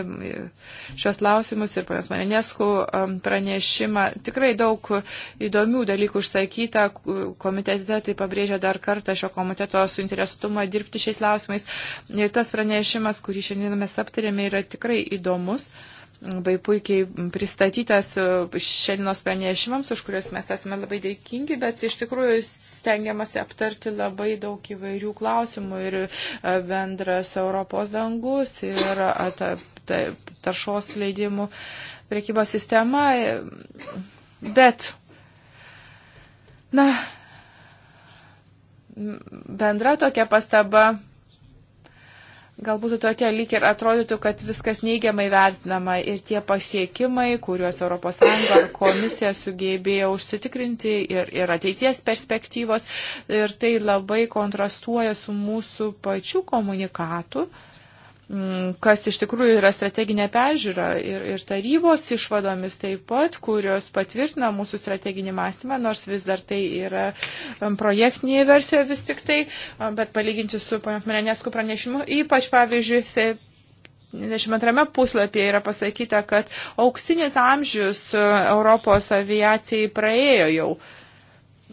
šios lausimus ir panas Marinesku um, pranešimą. Tikrai daug įdomių dalykų išsakyta. Komitete tai pabrėžia dar kartą šio komiteto suinteresuotumą dirbti šiais lausimais. Ir tas pranešimas, kurį šiandien mes aptarėme, yra tikrai įdomus. Uh, labai puikiai pristatytas e, šiandienos pranešimams, už kuriuos mes esame labai dėkingi, bet iš tikrųjų stengiamasi aptarti labai daug įvairių klausimų ir e, bendras Europos dangus ir e, taršos leidimų priekybos sistema. Bet, na, bendra tokia pastaba galbūt tokia lyg ir atrodytų, kad viskas neigiamai vertinama ir tie pasiekimai, kuriuos ES ar komisija sugebėjo užsitikrinti ir, ir ateities perspektyvos. Ir tai labai kontrastuoja su mūsų pačių komunikatu. Uh, Mm, kas iš tikrųjų yra strateginė peržiūra ir, ir tarybos išvadomis taip pat, kurios patvirtina mūsų strateginį mąstymą, nors vis dar tai yra um, projektinėje versijoje vis tik tai, um, bet palyginti su ponios Merenėskų pranešimu, ypač pavyzdžiui, 22 puslapyje yra pasakyta, kad auksinis amžius uh, Europos aviacijai praėjo jau.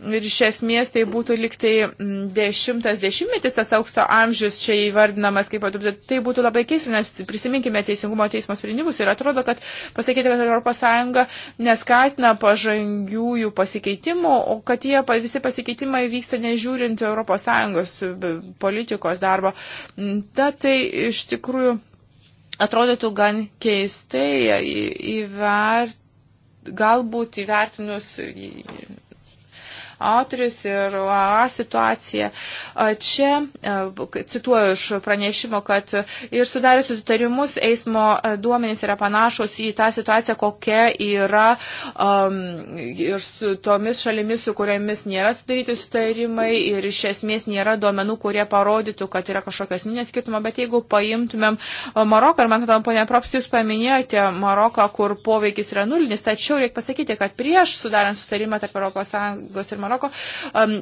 Ir iš esmės tai būtų liktai mm, dešimtas dešimtmetis tas aukso amžius čia įvardinamas kaip atrodo. Tai būtų labai keista, nes prisiminkime teisingumo teismo sprendimus ir atrodo, kad pasakyti, kad ES neskatina pažangiųjų pasikeitimų, o kad jie visi pasikeitimai vyksta nežiūrint ES politikos darbo. Mm, ta tai iš tikrųjų atrodytų gan keistai įvert galbūt įvertinus autorius ir UA situacija. Čia, e, cituoju iš pranešimo, kad ir sudarius sutarimus eismo duomenys yra panašus į tą situaciją, kokia yra um, ir su tomis šalimis, su kuriamis nėra sudaryti sutarimai ir iš esmės nėra duomenų, kurie parodytų, kad yra kažkokios minės skirtumo. Bet jeigu paimtumėm e, Maroką, ir man atrodo, ponia Propsti, jūs paminėjote Maroką, kur poveikis yra nulinis, tačiau reikia pasakyti, kad prieš sudarant sutarimą tarp ES ir Maroko, Maroko.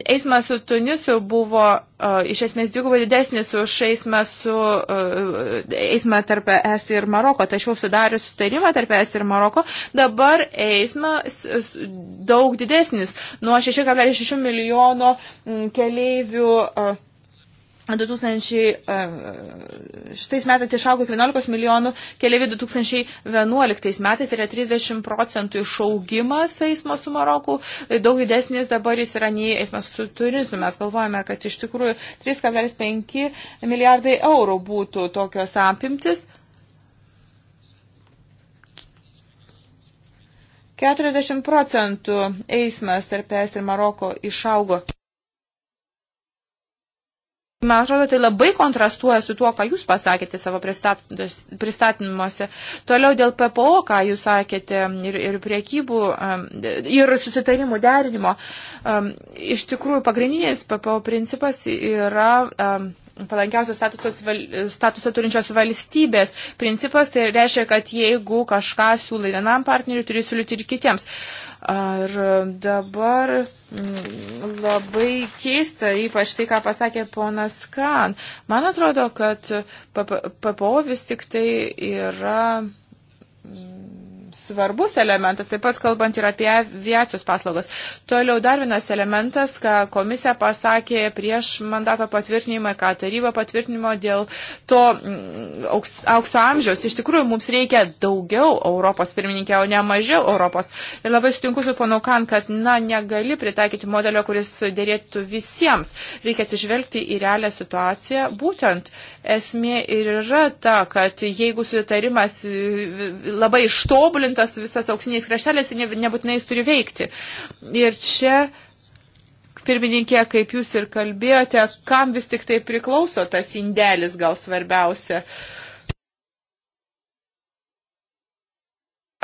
Eismas su Tunisu buvo iš esmės dvigubai didesnis už eismą, su, eismą tarp ES ir Maroko, tačiau sudarius sutarimą tarp ES ir Maroko, dabar eismas daug didesnis, nuo 6,6 milijono keleivių 2006 metais išaugo 11 milijonų, keliaivių 2011 metais yra 30 procentų išaugimas eismo su Maroku, daug didesnis dabar jis yra nei eismas su turizmu. Mes galvojame, kad iš tikrųjų 3,5 milijardai eurų būtų tokios apimtis. 40 procentų eismas tarp es ir Maroko išaugo. Man atrodo, tai labai kontrastuoja su tuo, ką jūs pasakėte savo pristatymuose. Toliau dėl PPO, ką jūs sakėte, ir, ir priekybų, um, ir susitarimų derinimo. Um, iš tikrųjų, pagrindinis PPO principas yra um, palankiausios statusą turinčios valstybės principas, tai reiškia, kad jeigu kažką siūlai vienam partneriui, turi siūlyti ir kitiems. Ar dabar mm, labai keista, ypač tai, ką pasakė ponas Kan. Man atrodo, kad PPO vis tik tai yra mm, svarbus elementas, taip pat kalbant ir apie aviacijos paslaugas. Toliau dar vienas elementas, ką komisija pasakė prieš mandato patvirtinimą ir ką taryba patvirtinimo dėl to mm, auks, aukso amžiaus. Iš tikrųjų, mums reikia daugiau Europos pirmininkė, o ne mažiau Europos. Ir labai sutinku su panu Kan, kad na, negali pritaikyti modelio, kuris dėrėtų visiems. Reikia atsižvelgti į realią situaciją. Būtent esmė ir yra ta, kad jeigu sutarimas e, labai ištobulintas, tas visas auksiniais krašteliais ir nebūtinai jis turi veikti. Ir čia pirmininkė, kaip jūs ir kalbėjote, kam vis tik tai priklauso tas indelis gal svarbiausia. Uh,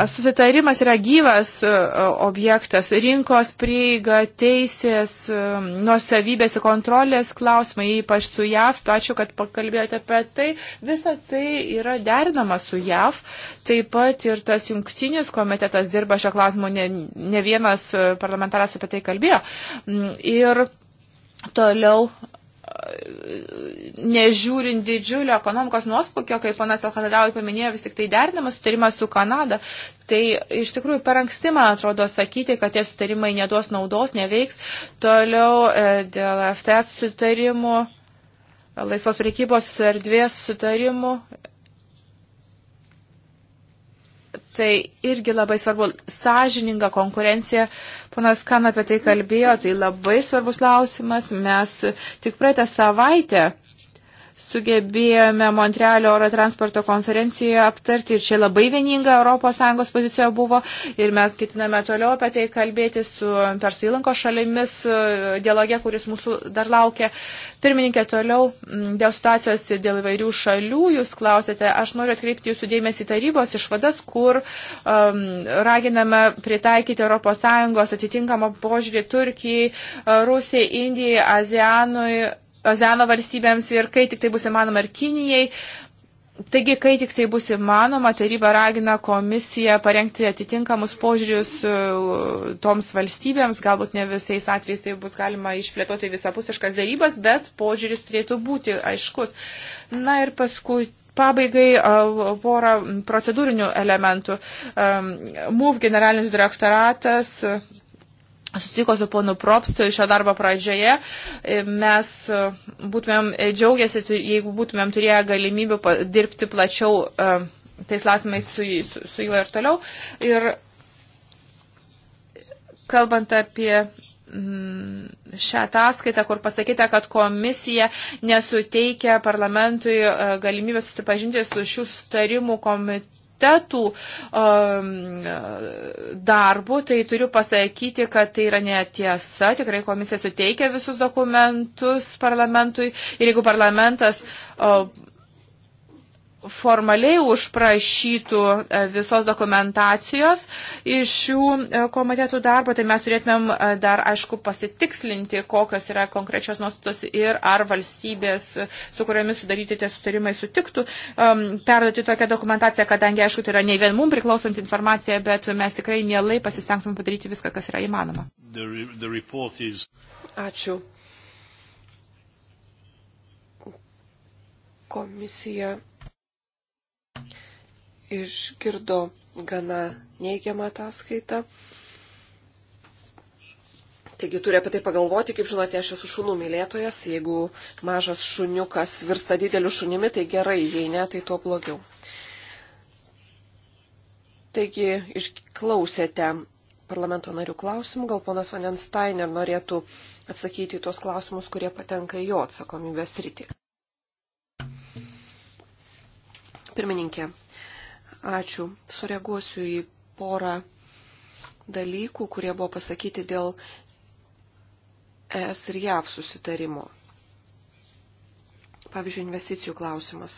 Susitarimas yra gyvas e, objektas, rinkos prieiga, teisės, e, nuosavybės ir kontrolės klausimai, ypač su JAV, ačiū, kad pakalbėjote apie tai, visa tai yra derinama su JAV, taip pat ir tas jungtinis komitetas dirba šio klausimo, ne, ne vienas e, parlamentaras apie tai kalbėjo. Mm, ir Toliau nežiūrint didžiulio ekonomikos nuospūkio, kaip ponas Alkadaraui paminėjo, vis tik tai derinamas sutarimas su Kanada, tai iš tikrųjų per anksti, man atrodo, sakyti, kad tie sutarimai neduos naudos, neveiks. Toliau e, dėl FTS sutarimų, laisvos priekybos erdvės sutarimų. Tai irgi labai svarbu, sąžininga konkurencija Ponas Kan apie tai kalbėjo, tai labai svarbus klausimas. Mes tik praeitą savaitę sugebėjome Montrealio oro transporto konferencijoje aptarti ir čia labai vieninga ES pozicija buvo ir mes ketiname toliau apie tai kalbėti su Persų įlanko šalimis e, dialoge, kuris mūsų dar laukia. Pirmininkė, toliau dėl situacijos dėl įvairių šalių jūs klausėte, aš noriu atkreipti jūsų dėmesį tarybos išvadas, kur um, raginame pritaikyti ES atitinkamą požiūrį Turkijai, Rusijai, Indijai, ASEANui Ozeno valstybėms ir kai tik tai bus įmanoma ir Kinijai. Taigi, kai tik tai bus įmanoma, taryba ragina komisiją parengti atitinkamus požiūrius e, toms valstybėms, galbūt ne visais atvejais tai bus galima išplėtoti visapusiškas darybas, bet požiūris turėtų būti aiškus. Na ir paskui. Pabaigai e, porą procedūrinių elementų. MUF generalinis direktoratas susitiko su ponu Propstu šio darbo pradžioje, e, mes e, būtumėm e, džiaugiasi, jeigu būtumėm turėję galimybę dirbti plačiau tais klausimais su, su, su juo ir toliau. Ir kalbant apie mm, šią ataskaitą, kur pasakyta, kad komisija nesuteikia parlamentui galimybę susipažinti su šių sutarimų komitetu komitetų um, darbu, tai turiu pasakyti, kad tai yra netiesa. Tikrai komisija suteikia visus dokumentus parlamentui ir jeigu parlamentas um, formaliai užprašytų e, visos dokumentacijos iš šių e, komitetų darbo, tai mes turėtumėm e, dar, aišku, pasitikslinti, kokios yra konkrečios nuostatos ir ar valstybės, su kuriomis sudaryti tie sutarimai, sutiktų um, perduoti tokią dokumentaciją, kadangi, aišku, tai yra ne vien mums priklausant informacija, bet mes tikrai mielai pasistengtumėm padaryti viską, kas yra įmanoma. The, the is... Ačiū. Komisija išgirdo gana neigiamą ataskaitą. Taigi turi apie tai pagalvoti, kaip žinote, aš esu šunų mylėtojas, jeigu mažas šuniukas virsta dideliu šunimi, tai gerai, jei ne, tai tuo blogiau. Taigi išklausėte parlamento narių klausimų, gal ponas Vandensteiner norėtų atsakyti į tuos klausimus, kurie patenka į jo atsakomybės rytį. Pirmininkė, ačiū. Sureaguosiu į porą dalykų, kurie buvo pasakyti dėl ES ir JAV susitarimo. Pavyzdžiui, investicijų klausimas.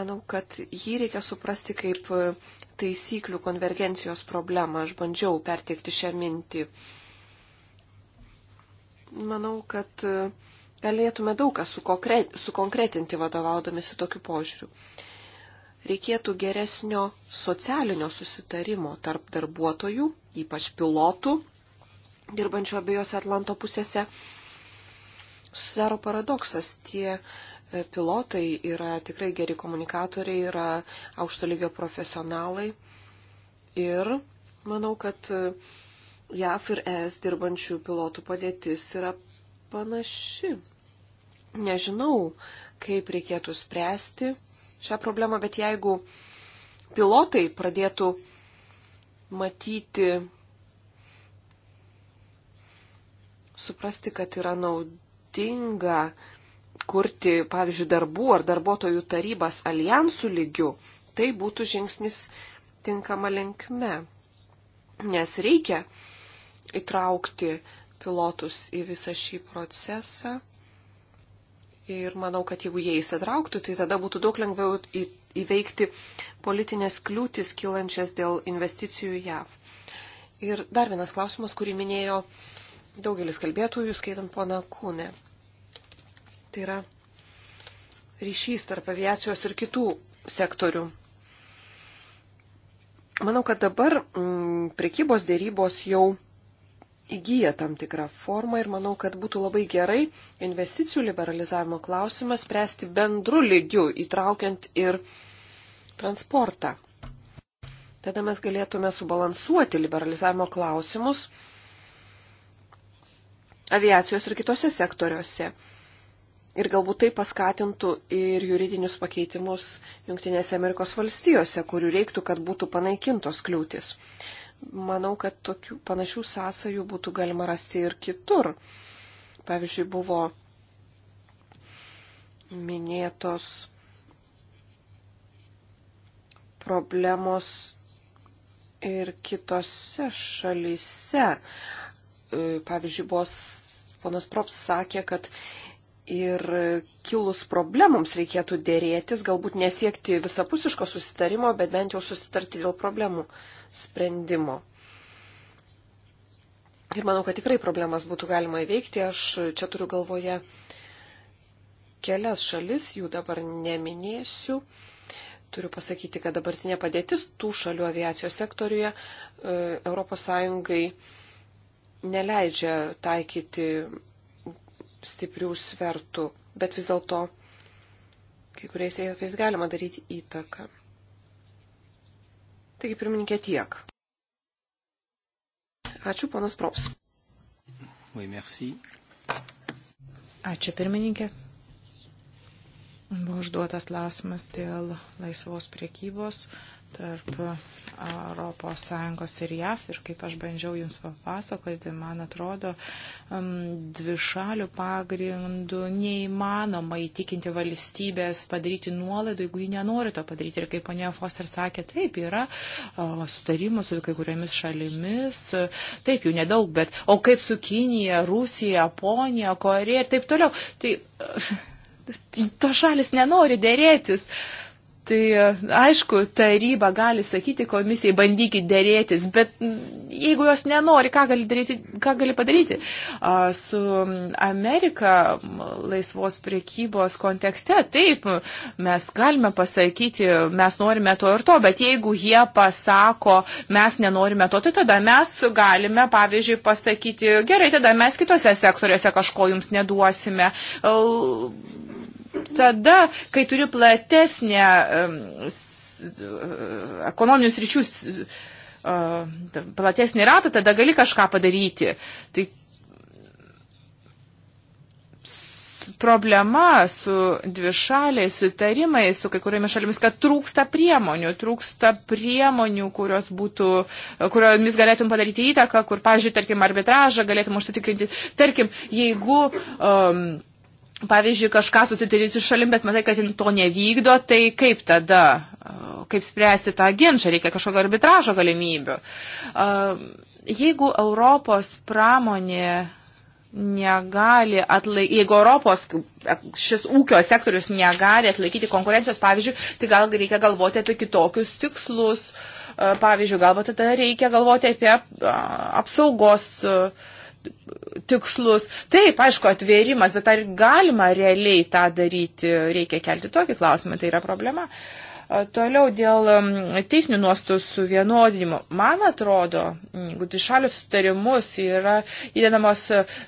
Manau, kad jį reikia suprasti kaip taisyklių konvergencijos problemą. Aš bandžiau perteikti šią mintį. Manau, kad uh, galėtume daug ką sukonkretinti vadovaudomisi tokiu požiūriu. Reikėtų geresnio socialinio susitarimo tarp darbuotojų, ypač pilotų, dirbančių abiejose Atlanto pusėse. Susidaro paradoksas, tie e, pilotai yra tikrai geri komunikatoriai, yra aukšto lygio profesionalai ir manau, kad e, JAF ir ES dirbančių pilotų padėtis yra panaši. Nežinau, kaip reikėtų spręsti šią problemą, bet jeigu pilotai pradėtų matyti, suprasti, kad yra naudinga kurti, pavyzdžiui, darbų ar darbuotojų tarybas alijansų lygių, tai būtų žingsnis tinkama linkme. Nes reikia įtraukti pilotus į visą šį procesą. Ir manau, kad jeigu jie įsitrauktų, tai tada būtų daug lengviau į, įveikti politinės kliūtis kylančias dėl investicijų JAV. Ir dar vienas klausimas, kurį minėjo daugelis kalbėtųjų, skaitant poną Kūnę. Tai yra ryšys tarp aviacijos ir kitų sektorių. Manau, kad dabar m, mm, prekybos dėrybos jau įgyja tam tikrą formą ir manau, kad būtų labai gerai investicijų liberalizavimo klausimą spręsti bendru lygiu, įtraukiant ir transportą. Tada mes galėtume subalansuoti liberalizavimo klausimus aviacijos ir kitose sektoriuose. Ir galbūt tai paskatintų ir juridinius pakeitimus Junktinėse Amerikos valstijose, kurių reiktų, kad būtų panaikintos kliūtis manau, kad tokių panašių sąsajų būtų galima rasti ir kitur. Pavyzdžiui, buvo minėtos problemos ir kitose šalyse. E, pavyzdžiui, buvo, ponas Props sakė, kad ir kilus problemoms reikėtų dėrėtis, galbūt nesiekti visapusiško susitarimo, bet bent jau susitarti dėl problemų. Uh, sprendimo. Ir manau, kad tikrai problemas būtų galima įveikti. Aš čia turiu galvoje kelias šalis, jų dabar neminėsiu. Turiu pasakyti, kad dabartinė padėtis tų šalių aviacijos sektoriuje ES neleidžia taikyti stiprių svertų, bet vis dėlto kai kuriais atvejais galima daryti įtaką. Taigi, pirmininkė, tiek. Ačiū, ponas Props. Oui, merci. Ačiū, pirmininkė. Buvo užduotas klausimas dėl laisvos priekybos. Uh, tarp ES ir JAF ir kaip aš bandžiau Jums papasakoti, man atrodo, dvi šalių pagrindų neįmanoma įtikinti valstybės padaryti nuolaidų, jeigu ji nenori to padaryti. Ir kaip ponė Foster sakė, taip, yra sutarimų su kai kuriomis šalimis, taip, jų nedaug, bet o kaip su Kinija, Rusija, Japonija, Koreja ir taip toliau. Tai, Ta šalis nenori dėrėtis. Uh, Tai e, aišku, taryba gali sakyti komisijai, bandykit dėrėtis, bet jeigu jos nenori, ką gali, daryti, ką gali padaryti? Su Amerika laisvos priekybos kontekste, taip, mes galime pasakyti, mes norime to ir to, bet jeigu jie pasako, mes nenorime to, tai tada mes galime, pavyzdžiui, pasakyti, gerai, tada mes kitose sektoriuose kažko jums neduosime tada, kai turi platesnę e, ekonominius ryčius, e, e, platesnį ratą, tada gali kažką padaryti. Tai problema su dvišaliais sutarimais, su kai kuriomis šalimis, kad trūksta priemonių, trūksta priemonių, kurios būtų, kuriomis galėtum padaryti įtaką, kur, pavyzdžiui, tarkim, arbitražą galėtum užsitikrinti. Tarkim, jeigu um, pavyzdžiui, kažką susitaryti su šalim, bet matai, kad jin to nevykdo, tai kaip tada, kaip spręsti tą ginčą, reikia kažkokio arbitražo galimybių. Jeigu Europos pramonė negali atlaikyti, jeigu Europos šis ūkio sektorius negali atlaikyti konkurencijos, pavyzdžiui, tai gal reikia galvoti apie kitokius tikslus, pavyzdžiui, galbūt tada reikia galvoti apie apsaugos tikslus. Taip, aišku, atvėrimas, bet ar galima realiai tą daryti, reikia kelti tokį klausimą, tai yra problema. Toliau dėl teisinių nuostų suvienodinimo. Man atrodo, jeigu dvišalius sutarimus yra įdedamos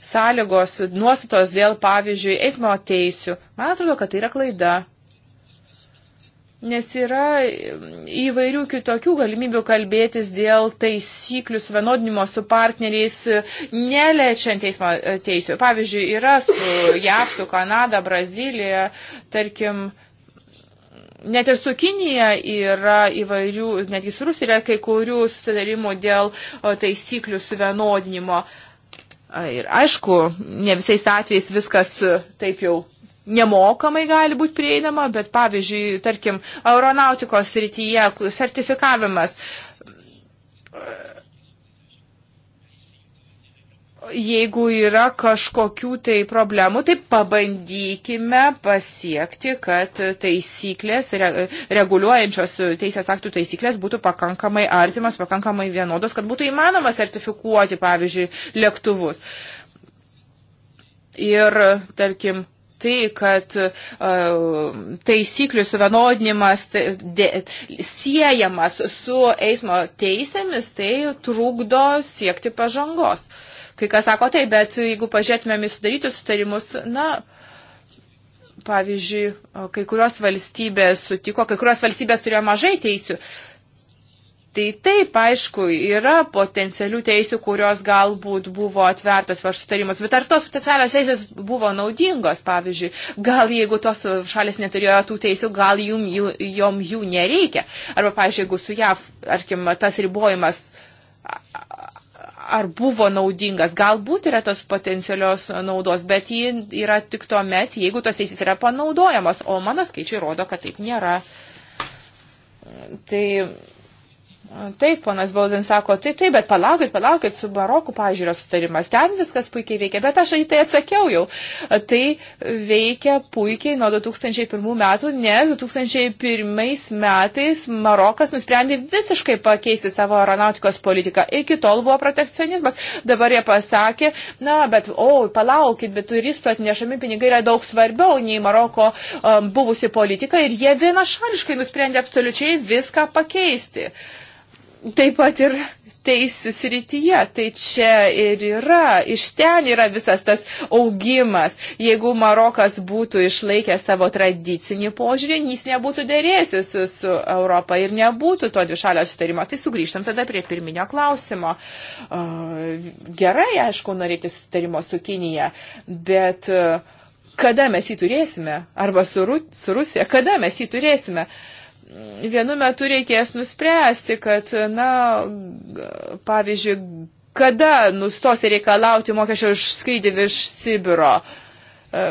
sąlygos, nuostatos dėl, pavyzdžiui, eismo teisių, man atrodo, kad tai yra klaida. Nes yra mm, įvairių kitokių galimybių kalbėtis dėl taisyklių suvienodinimo su partneriais, e, neliečiant teismo e, teisų. Pavyzdžiui, yra su JAV, su Kanada, Brazilija, tarkim, net ir su Kinija yra įvairių, netgi su Rusija yra kai kurių sutarimų dėl e, taisyklių suvienodinimo. Ir aišku, ne visais atvejais viskas taip jau nemokamai gali būti prieinama, bet pavyzdžiui, tarkim, aeronautikos rytyje sertifikavimas. Jeigu yra kažkokių tai problemų, tai pabandykime pasiekti, kad taisyklės, reguliuojančios teisės aktų taisyklės būtų pakankamai artimas, pakankamai vienodos, kad būtų įmanoma sertifikuoti, pavyzdžiui, lėktuvus. Ir, tarkim, tai, kad e, taisyklių suvienodinimas tai, siejamas su eismo teisėmis, tai trukdo siekti pažangos. Kai kas sako tai, bet jeigu pažiūrėtumėm į sudarytus sutarimus, na, pavyzdžiui, kai kurios valstybės sutiko, kai kurios valstybės turėjo mažai teisių, Tai taip, aišku, yra potencialių teisių, kurios galbūt buvo atvertos per sutarimus, bet ar tos specialios teisės buvo naudingos, pavyzdžiui, gal jeigu tos šalis neturėjo tų teisių, gal jum, jų, jom jų nereikia. Arba, pavyzdžiui, jeigu su JAV, arkim, tas ribojimas ar buvo naudingas. Galbūt yra tos potencialios naudos, bet ji yra tik tuo met, jeigu tos teisės yra panaudojamos, o mano skaičiai rodo, kad taip nėra. Tai Taip, ponas Baudin sako, taip, taip, bet palaukit, palaukit, su barokų pažiūrės sutarimas, ten viskas puikiai veikia, bet aš į tai atsakiau jau. Tai veikia puikiai nuo 2001 metų, nes 2001 metais Marokas nusprendė visiškai pakeisti savo aeronautikos politiką. Iki tol buvo protekcionizmas, dabar jie pasakė, na, bet, o, palaukit, bet turistų atnešami pinigai yra daug svarbiau nei Maroko um, buvusi politika ir jie vienašališkai nusprendė absoliučiai viską pakeisti taip pat ir teisų srityje. Tai čia ir yra, iš ten yra visas tas augimas. Jeigu Marokas būtų išlaikęs savo tradicinį požiūrį, jis nebūtų dėrėsis su, su Europą ir nebūtų to dvišalio sutarimo. Tai sugrįžtam tada prie pirminio klausimo. Gerai, aišku, norėti sutarimo su Kinija, bet kada mes jį turėsime? Arba su, Ru su Rusija, kada mes jį turėsime? Uh, vienu metu reikės nuspręsti, kad, na, pavyzdžiui, kada nustosi reikalauti mokesčio už skrydį virš Sibiro. E,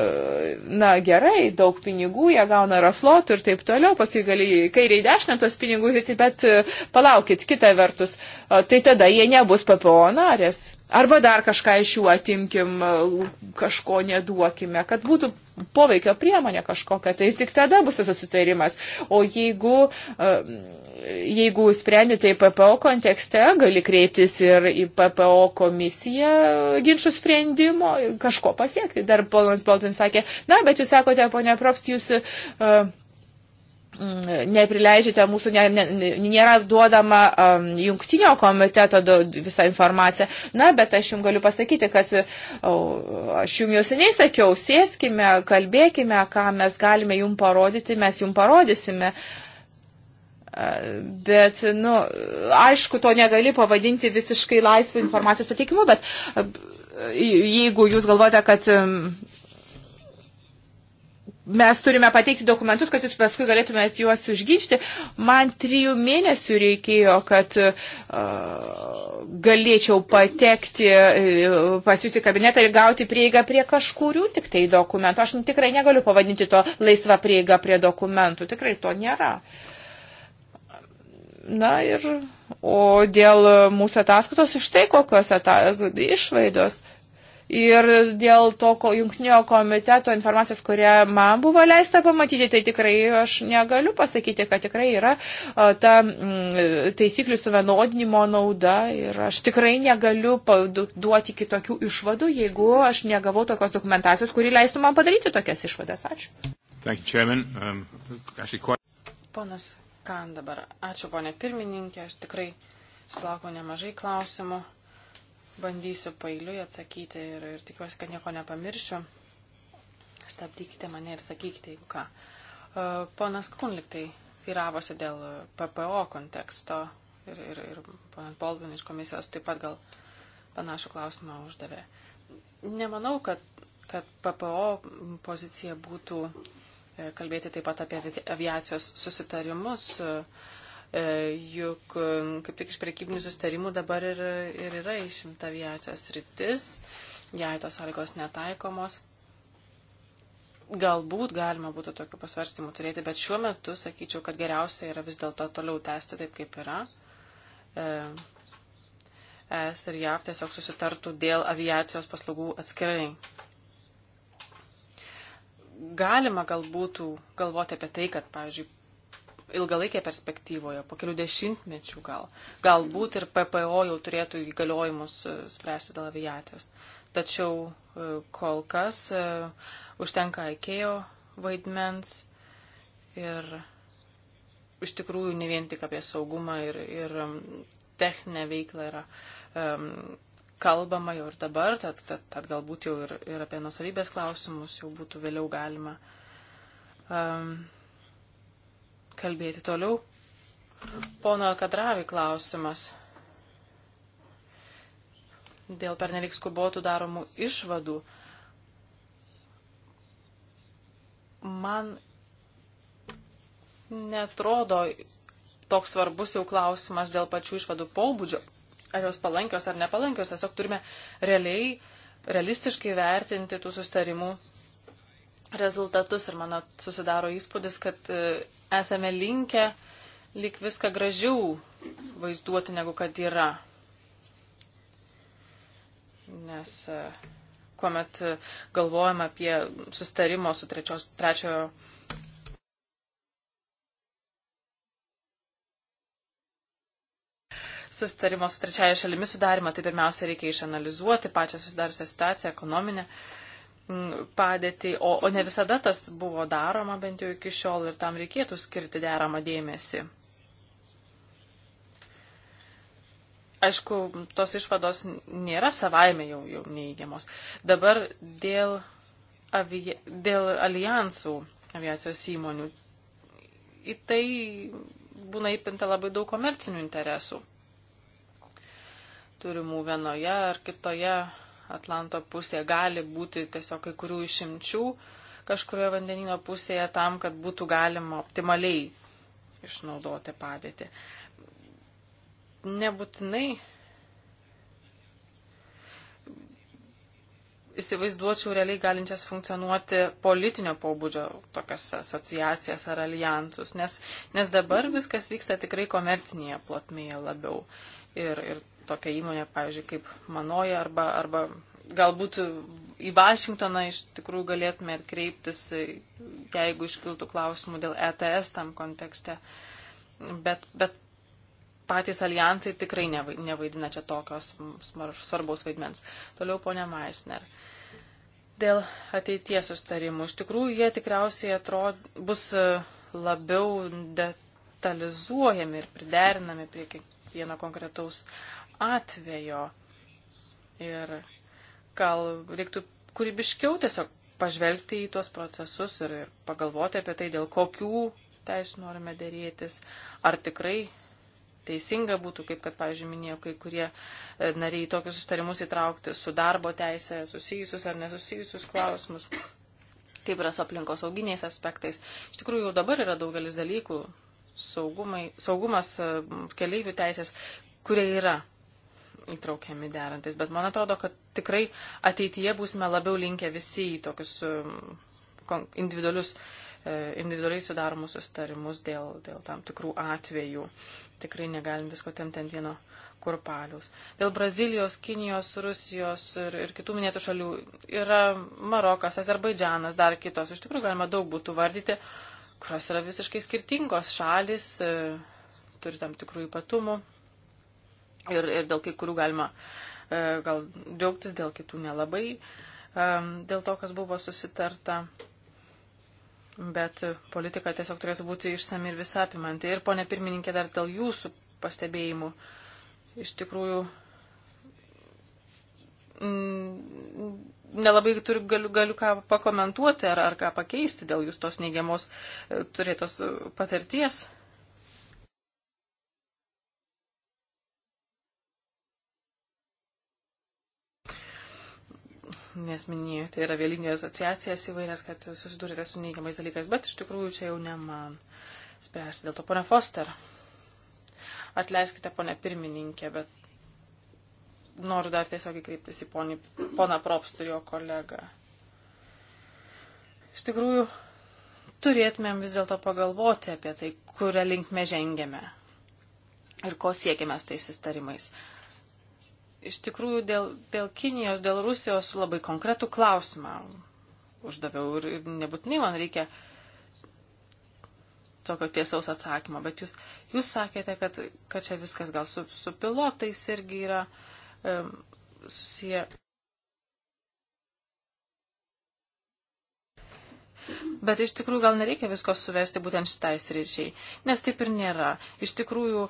na gerai, daug pinigų, jie gauna raflotų ir taip toliau, paskui gali kairiai dešinę tuos pinigus, bet e, palaukit, kita vertus, tai tada jie nebus PPO narės. Arba dar kažką iš jų atimkim, e, kažko neduokime, kad būtų poveikio priemonė kažkokia, tai tik tada bus tas susitarimas. O jeigu, e, jeigu sprendite į PPO kontekste, gali kreiptis ir į PPO komisiją ginčių sprendimo, kažko pasiekti. Dar Polas Baltin sakė, na, bet jūs sakote, ponia Props, jūs uh, Mm, neprileidžiate mūsų, ne, ne, nėra duodama um, jungtinio komiteto do, visą informaciją. Na, bet aš jums galiu pasakyti, kad o, aš jums jau seniai sakiau, sėskime, kalbėkime, ką mes galime jums parodyti, mes jums parodysime. Bet, nu, aišku, to negali pavadinti visiškai laisvų informacijos pateikimu, bet jeigu jūs galvojate, kad um, mes turime pateikti dokumentus, kad jūs paskui galėtumėt juos užginčyti. Man trijų mėnesių reikėjo, kad uh, galėčiau patekti uh, pas jūs į kabinetą ir gauti prieigą prie kažkurių tik tai dokumentų. Aš tikrai negaliu pavadinti to laisvą prieigą prie dokumentų. Tikrai to nėra. Na ir, o dėl mūsų ataskaitos iš tai kokios ata, išvaidos Ir dėl to ko, jungtinio komiteto informacijos, kurią man buvo leista pamatyti, tai tikrai aš negaliu pasakyti, kad tikrai yra ta mm, taisyklių suvienodinimo nauda. Ir aš tikrai negaliu duoti kitokių išvadų, jeigu aš negavau tokios dokumentacijos, kuri leistų man padaryti tokias išvadas. Ačiū. Thank you, Chairman. Um, actually quite... Ponas Kan dabar. Ačiū, ponė pirmininkė. Aš tikrai sulaukiau nemažai klausimų. Bandysiu pailiui atsakyti ir, ir tikiuosi, kad nieko nepamiršiu. Stabdykite mane ir sakykite, jeigu ką. E, ponas Kunliktai tyravosi dėl PPO konteksto ir, ir, ir ponas Baldvin iš komisijos taip pat gal panašų klausimą uždavė. Nemanau, kad, kad PPO pozicija būtų e, kalbėti taip pat apie aviacijos susitarimus. Uh, E, juk kaip tik iš prekybinių sustarimų dabar ir, ir yra išimta aviacijos rytis, jei tos sąlygos netaikomos. Galbūt galima būtų tokių pasvarstymų turėti, bet šiuo metu sakyčiau, kad geriausia yra vis dėlto toliau tęsti taip, kaip yra. E, ES ir JAV tiesiog susitartų dėl aviacijos paslaugų atskirai. Galima galbūt galvoti apie tai, kad, pavyzdžiui, ilgalaikėje perspektyvoje, po kelių dešimtmečių gal. Galbūt ir PPO jau turėtų įgaliojimus e, spręsti dėl aviacijos. Tačiau e, kol kas e, užtenka IKEO vaidmens ir iš tikrųjų ne vien tik apie saugumą ir, ir techninę veiklą yra um, kalbama jau ir dabar, tad, tad, tad galbūt jau ir, ir apie nusavybės klausimus jau būtų vėliau galima um, kalbėti toliau. Pono Kadravi klausimas. Dėl pernelik skubotų daromų išvadų. Man netrodo toks svarbus jau klausimas dėl pačių išvadų pobūdžio. Ar jos palankios ar nepalankios, tiesiog turime realiai, realistiškai vertinti tų sustarimų rezultatus. Ir man susidaro įspūdis, kad esame linkę lik viską gražiau vaizduoti, negu kad yra. Nes e, kuomet e, galvojame apie sustarimo su trečios, trečiojo. Sustarimo su trečiaja šalimi sudarimą, tai pirmiausia reikia išanalizuoti pačią susidariusią situaciją, ekonominę. Uh, padėtį, o, o ne visada tas buvo daroma bent jau iki šiol ir tam reikėtų skirti deramą dėmesį. Aišku, tos išvados nėra savaime jau, jau neįgiamos. Dabar dėl, avia, dėl alijansų aviacijos įmonių. Į tai būna įpinta labai daug komercinių interesų. Turimų vienoje ar kitoje Atlanto pusėje. Gali būti tiesiog kai kurių išimčių kažkurioje vandenino pusėje tam, kad būtų galima optimaliai išnaudoti padėtį. Nebūtinai įsivaizduočiau realiai galinčias funkcionuoti politinio pobūdžio tokias asociacijas ar alijansus, nes, nes dabar viskas vyksta tikrai komercinėje plotmėje labiau. Uh, ir, ir tokia įmonė, pavyzdžiui, kaip Manoja arba, arba galbūt į Vašingtoną iš tikrųjų galėtume ir kreiptis, jeigu iškiltų klausimų dėl ETS tam kontekste. Bet, bet patys alijansai tikrai nevaidina čia tokios svarbaus vaidmens. Toliau ponia Maisner. Dėl ateities sustarimų. Iš tikrųjų, jie tikriausiai atrod, bus labiau detalizuojami ir priderinami prie vieno konkretaus atvejo. Ir gal reiktų kūrybiškiau tiesiog pažvelgti į tuos procesus ir, ir pagalvoti apie tai, dėl kokių teisų norime dėrėtis, ar tikrai teisinga būtų, kaip kad, pavyzdžiui, minėjau, kai kurie e, nariai tokius sustarimus įtraukti su darbo teisė susijusius ar nesusijusius klausimus, kaip yra su aplinkos auginiais aspektais. Iš tikrųjų, jau dabar yra daugelis dalykų saugumai, saugumas, e, keleivių teisės, kurie yra įtraukiami derantis. Bet man atrodo, kad tikrai ateityje būsime labiau linkę visi į tokius e, individualius, e, individualiai sudaromus sustarimus dėl, dėl tam tikrų atvejų. Tikrai negalim visko temti ant vieno kurpalius. Dėl Brazilijos, Kinijos, Rusijos ir, ir kitų minėtų šalių yra Marokas, Azerbaidžianas, dar kitos. Iš tikrųjų galima daug būtų vardyti. Uh, kurios yra visiškai skirtingos šalis, e, turi tam tikrų ypatumų ir, ir dėl kai kurių galima e, gal džiaugtis, dėl kitų nelabai, e, dėl to, kas buvo susitarta. Bet politika tiesiog turėtų būti išsami ir visapimanti. Ir ponė pirmininkė, dar dėl jūsų pastebėjimų. Iš tikrųjų, nelabai turiu, galiu, galiu ką pakomentuoti ar, ar ką pakeisti dėl jūs tos neigiamos e, turėtos e, patirties. Nes minėjote, tai yra vėlinių asociacijas įvairias, kad susidūrėte su neigiamais dalykais, bet iš tikrųjų čia jau ne man spręsti. Dėl to, ponia Foster, atleiskite, ponia pirmininkė, bet noriu dar tiesiog įkreiptis į ponį, poną Propstą ir jo kolegą. Iš tikrųjų, turėtumėm vis dėlto pagalvoti apie tai, kurią linkme žengėme ir ko siekėme su tais įstarimais. Iš tikrųjų, dėl, dėl Kinijos, dėl Rusijos labai konkretų klausimą uždaviau ir, ir nebūtinai man reikia tokio tiesaus atsakymo, bet jūs, jūs sakėte, kad, kad čia viskas gal su, su pilotais irgi yra uh, susiję. Bet iš tikrųjų gal nereikia visko suvesti būtent šitai sričiai, nes taip ir nėra. Iš tikrųjų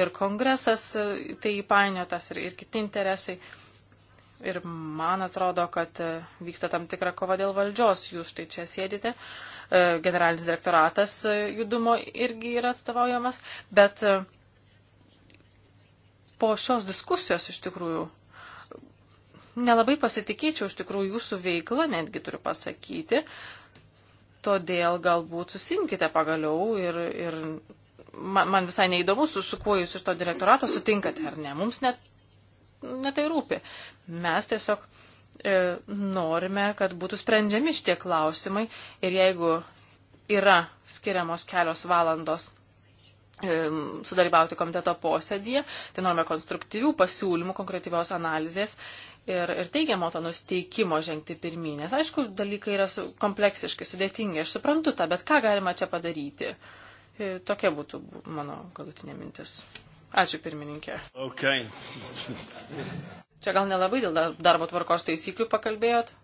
ir kongresas e, tai įpainiotas ir, ir kiti interesai. Ir man atrodo, kad e, vyksta tam tikra kova dėl valdžios. Jūs štai čia sėdite. E, generalinis direktoratas judumo irgi yra atstovaujamas, bet po šios diskusijos iš tikrųjų nelabai pasitikėčiau iš tikrųjų jūsų veikla, netgi turiu pasakyti. Todėl galbūt susimkite pagaliau ir, ir man, man visai neįdomu, su, su kuo jūs iš to direktorato sutinkate ar ne. Mums net, net tai rūpi. Mes tiesiog e, norime, kad būtų sprendžiami šitie klausimai ir jeigu yra skiriamos kelios valandos sudalyvauti komiteto posėdėje, tai norime konstruktyvių pasiūlymų, konkretyvios analizės ir, ir teigiamo to nusteikimo žengti pirminės. Aišku, dalykai yra kompleksiškai sudėtingi, aš suprantu tą, bet ką galima čia padaryti? E, tokia būtų mano galutinė mintis. Ačiū pirmininkė. Okay. čia gal nelabai dėl darbo tvarkos taisyklių pakalbėjot,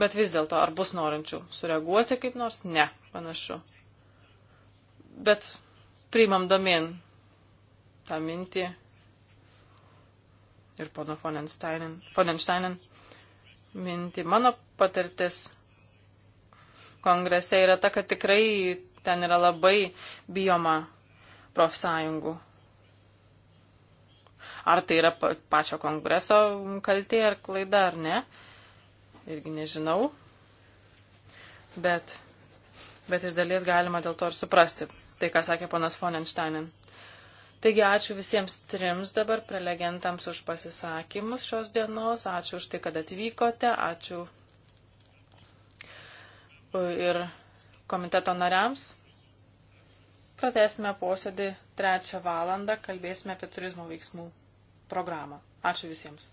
bet vis dėlto, ar bus norinčių sureaguoti kaip nors? Ne, panašu. Bet priimam domin tą mintį ir pono Fonensteinen, Fonensteinen mintį. Mano patirtis kongrese yra ta, kad tikrai ten yra labai bijoma profsąjungų. Ar tai yra pačio kongreso kaltė ar klaida ar ne, irgi nežinau. Bet, bet iš dalies galima dėl to ir suprasti tai, ką sakė ponas Fonensteinin. Taigi ačiū visiems trims dabar prelegentams už pasisakymus šios dienos, ačiū už tai, kad atvykote, ačiū ir komiteto nariams. Pratesime posėdį trečią valandą, kalbėsime apie turizmo veiksmų programą. Ačiū visiems.